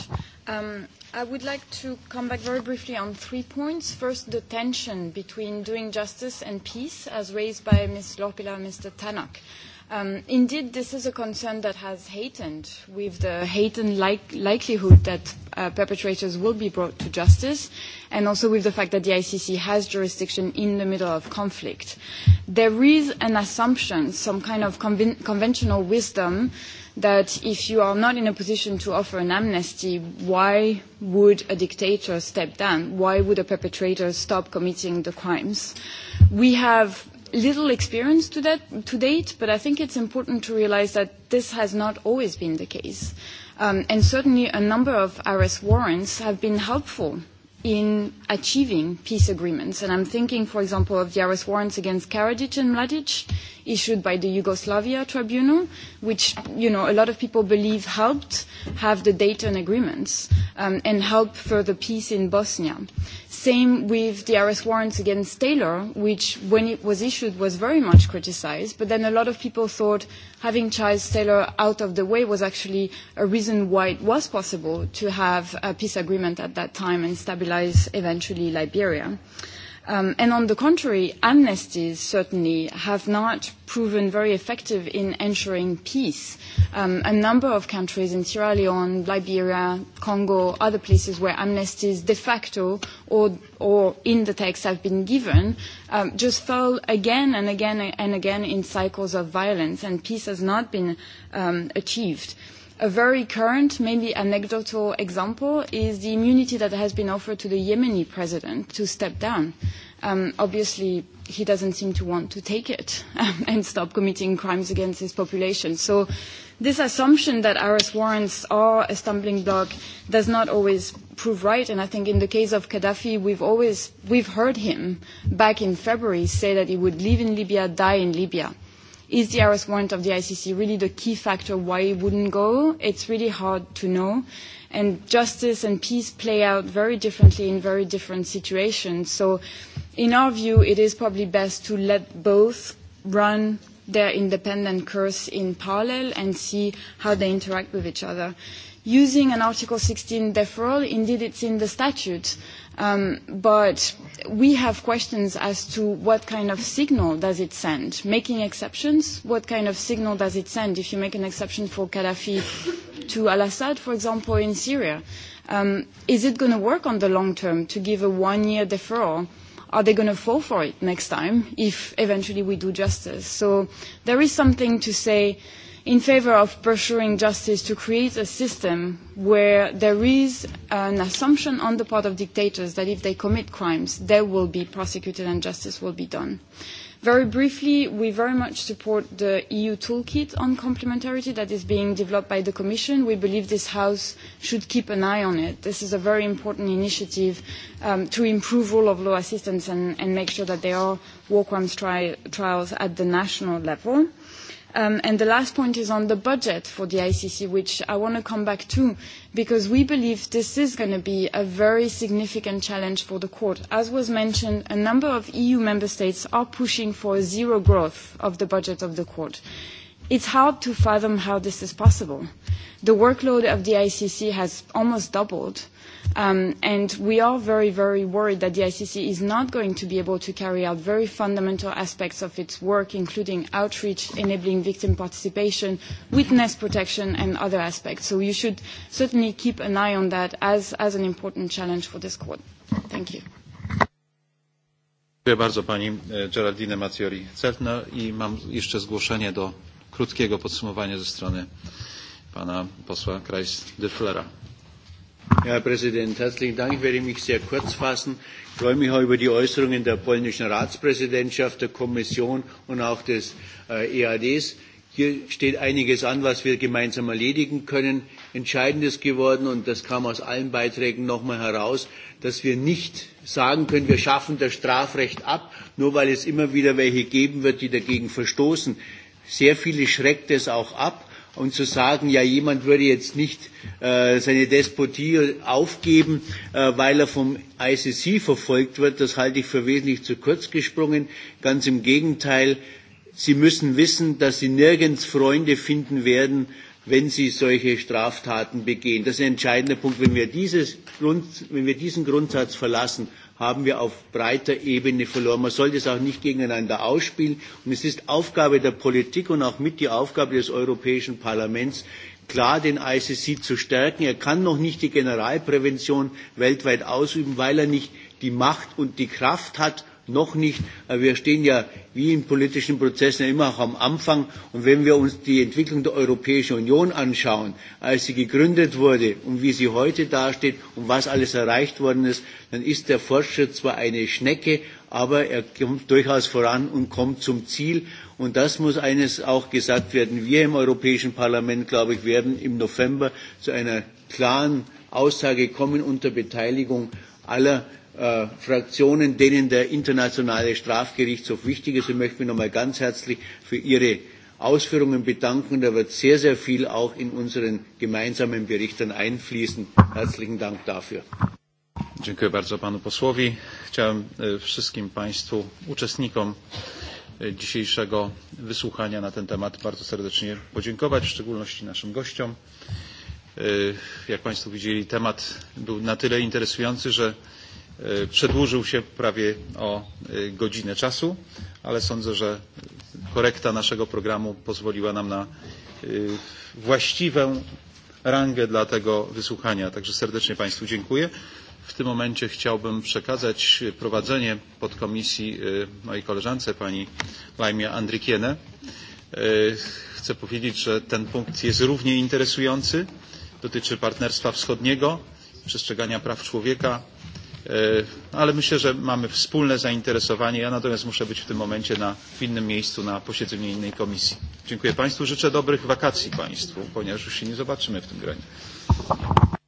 Um, I would like to come back very briefly on three points. First, the tension between doing justice and peace, as raised by Ms. Lorpila and Mr. Tannock. Uh, Um, indeed, this is a concern that has heightened with the heightened like, likelihood that uh, perpetrators will be brought to justice, and also with the fact that the ICC has jurisdiction in the middle of conflict. There is an assumption, some kind of conven- conventional wisdom, that if you are not in a position to offer an amnesty, why would a dictator step down? Why would a perpetrator stop committing the crimes? We have little experience to, that, to date, but I think it's important to realize that this has not always been the case. Um, and certainly a number of arrest warrants have been helpful in achieving peace agreements. And I'm thinking, for example, of the arrest warrants against Karadzic and Mladic issued by the Yugoslavia Tribunal, which, you know, a lot of people believe helped have the Dayton agreements um, and help further peace in Bosnia. Same with the arrest warrants against Taylor, which, when it was issued, was very much criticized. But then a lot of people thought having Charles Taylor out of the way was actually a reason why it was possible to have a peace agreement at that time and stabilize eventually Liberia. Uh, Um, and on the contrary, amnesties certainly have not proven very effective in ensuring peace. Um, a number of countries in Sierra Leone, Liberia, Congo, other places where amnesties de facto or, or in the text have been given, um, just fell again and again and again in cycles of violence, and peace has not been um, achieved. Uh, A very current, maybe anecdotal example is the immunity that has been offered to the Yemeni president to step down. Um, obviously, he doesn't seem to want to take it um, and stop committing crimes against his population. So this assumption that arrest warrants are a stumbling block does not always prove right. And I think in the case of Gaddafi, we've always we've heard him back in February say that he would live in Libya, die in Libya. Is the arrest warrant of the ICC really the key factor why it wouldn't go? It's really hard to know. And justice and peace play out very differently in very different situations. So in our view, it is probably best to let both run their independent course in parallel and see how they interact with each other. Using an Article 16 deferral, indeed it's in the statute, um, but we have questions as to what kind of signal does it send. Making exceptions, what kind of signal does it send if you make an exception for Gaddafi to al-Assad, for example, in Syria? Um, is it going to work on the long term to give a one-year deferral? are they going to fall for it next time if eventually we do justice? So there is something to say in favor of pursuing justice to create a system where there is an assumption on the part of dictators that if they commit crimes, they will be prosecuted and justice will be done. Uh, Very briefly, we very much support the EU toolkit on complementarity that is being developed by the Commission. We believe this House should keep an eye on it. This is a very important initiative um, to improve rule of law assistance and, and make sure that there are war crimes tri trials at the national level. Um, and the last point is on the budget for the ICC, which I want to come back to because we believe this is going to be a very significant challenge for the court. As was mentioned, a number of EU member states are pushing for zero growth of the budget of the court. It's hard to fathom how this is possible. The workload of the ICC has almost doubled Um, and we are very, very worried that the ICC is not going to be able to carry out very fundamental aspects of its work, including outreach, enabling victim participation, witness protection, and other aspects. So you should certainly keep an eye on that as, as an important challenge for this court. Thank you. Dziękuję bardzo pani e, Geraldine Maciori-Celtner i mam jeszcze zgłoszenie do krótkiego podsumowania ze strony pana posła Kreis-Dyflera. Herr Präsident, herzlichen Dank. Ich werde mich sehr kurz fassen. Ich freue mich auch über die Äußerungen der polnischen Ratspräsidentschaft, der Kommission und auch des äh, EADs. Hier steht einiges an, was wir gemeinsam erledigen können. Entscheidend ist geworden, und das kam aus allen Beiträgen nochmal heraus, dass wir nicht sagen können, wir schaffen das Strafrecht ab, nur weil es immer wieder welche geben wird, die dagegen verstoßen. Sehr viele schreckt es auch ab und zu sagen, ja, jemand würde jetzt nicht äh, seine Despotie aufgeben, äh, weil er vom ICC verfolgt wird, das halte ich für wesentlich zu kurz gesprungen. Ganz im Gegenteil, Sie müssen wissen, dass Sie nirgends Freunde finden werden, wenn sie solche Straftaten begehen. Das ist ein entscheidender Punkt. Wenn wir, dieses Grund, wenn wir diesen Grundsatz verlassen, haben wir auf breiter Ebene verloren. Man soll das auch nicht gegeneinander ausspielen. Und es ist Aufgabe der Politik und auch mit die Aufgabe des Europäischen Parlaments, klar den ICC zu stärken. Er kann noch nicht die Generalprävention weltweit ausüben, weil er nicht die Macht und die Kraft hat, noch nicht. Aber wir stehen ja wie in politischen Prozessen immer auch am Anfang. Und wenn wir uns die Entwicklung der Europäischen Union anschauen, als sie gegründet wurde und wie sie heute dasteht und was alles erreicht worden ist, dann ist der Fortschritt zwar eine Schnecke, aber er kommt durchaus voran und kommt zum Ziel. Und das muss eines auch gesagt werden. Wir im Europäischen Parlament, glaube ich, werden im November zu einer klaren Aussage kommen unter Beteiligung aller äh, Fraktionen, denen der internationale Strafgerichtshof wichtig ist. Ich möchte mich nochmal ganz herzlich für Ihre Ausführungen bedanken. Da wird sehr, sehr viel auch in unseren gemeinsamen Bericht dann einfließen. Herzlichen Dank dafür. Dziękuję bardzo panu posłowi. Chciałem e, wszystkim państwu uczestnikom e, dzisiejszego wysłuchania na ten temat bardzo serdecznie podziękować, w szczególności naszym gościom. E, jak państwo widzieli, temat był na tyle interesujący, że E, przedłużył się prawie o e, godzinę czasu, ale sądzę, że korekta naszego programu pozwoliła nam na e, właściwą rangę dla tego wysłuchania. Także serdecznie Państwu dziękuję. W tym momencie chciałbym przekazać prowadzenie podkomisji mojej koleżance, pani Lajmie Andrikiene. Chcę powiedzieć, że ten punkt jest równie interesujący. Dotyczy partnerstwa wschodniego, przestrzegania praw człowieka, E, ale myślę, że mamy wspólne zainteresowanie. Ja natomiast muszę być w tym momencie na, w innym miejscu na posiedzeniu innej komisji. Dziękuję Państwu. Życzę dobrych wakacji Państwu, ponieważ już się nie zobaczymy w tym gronie.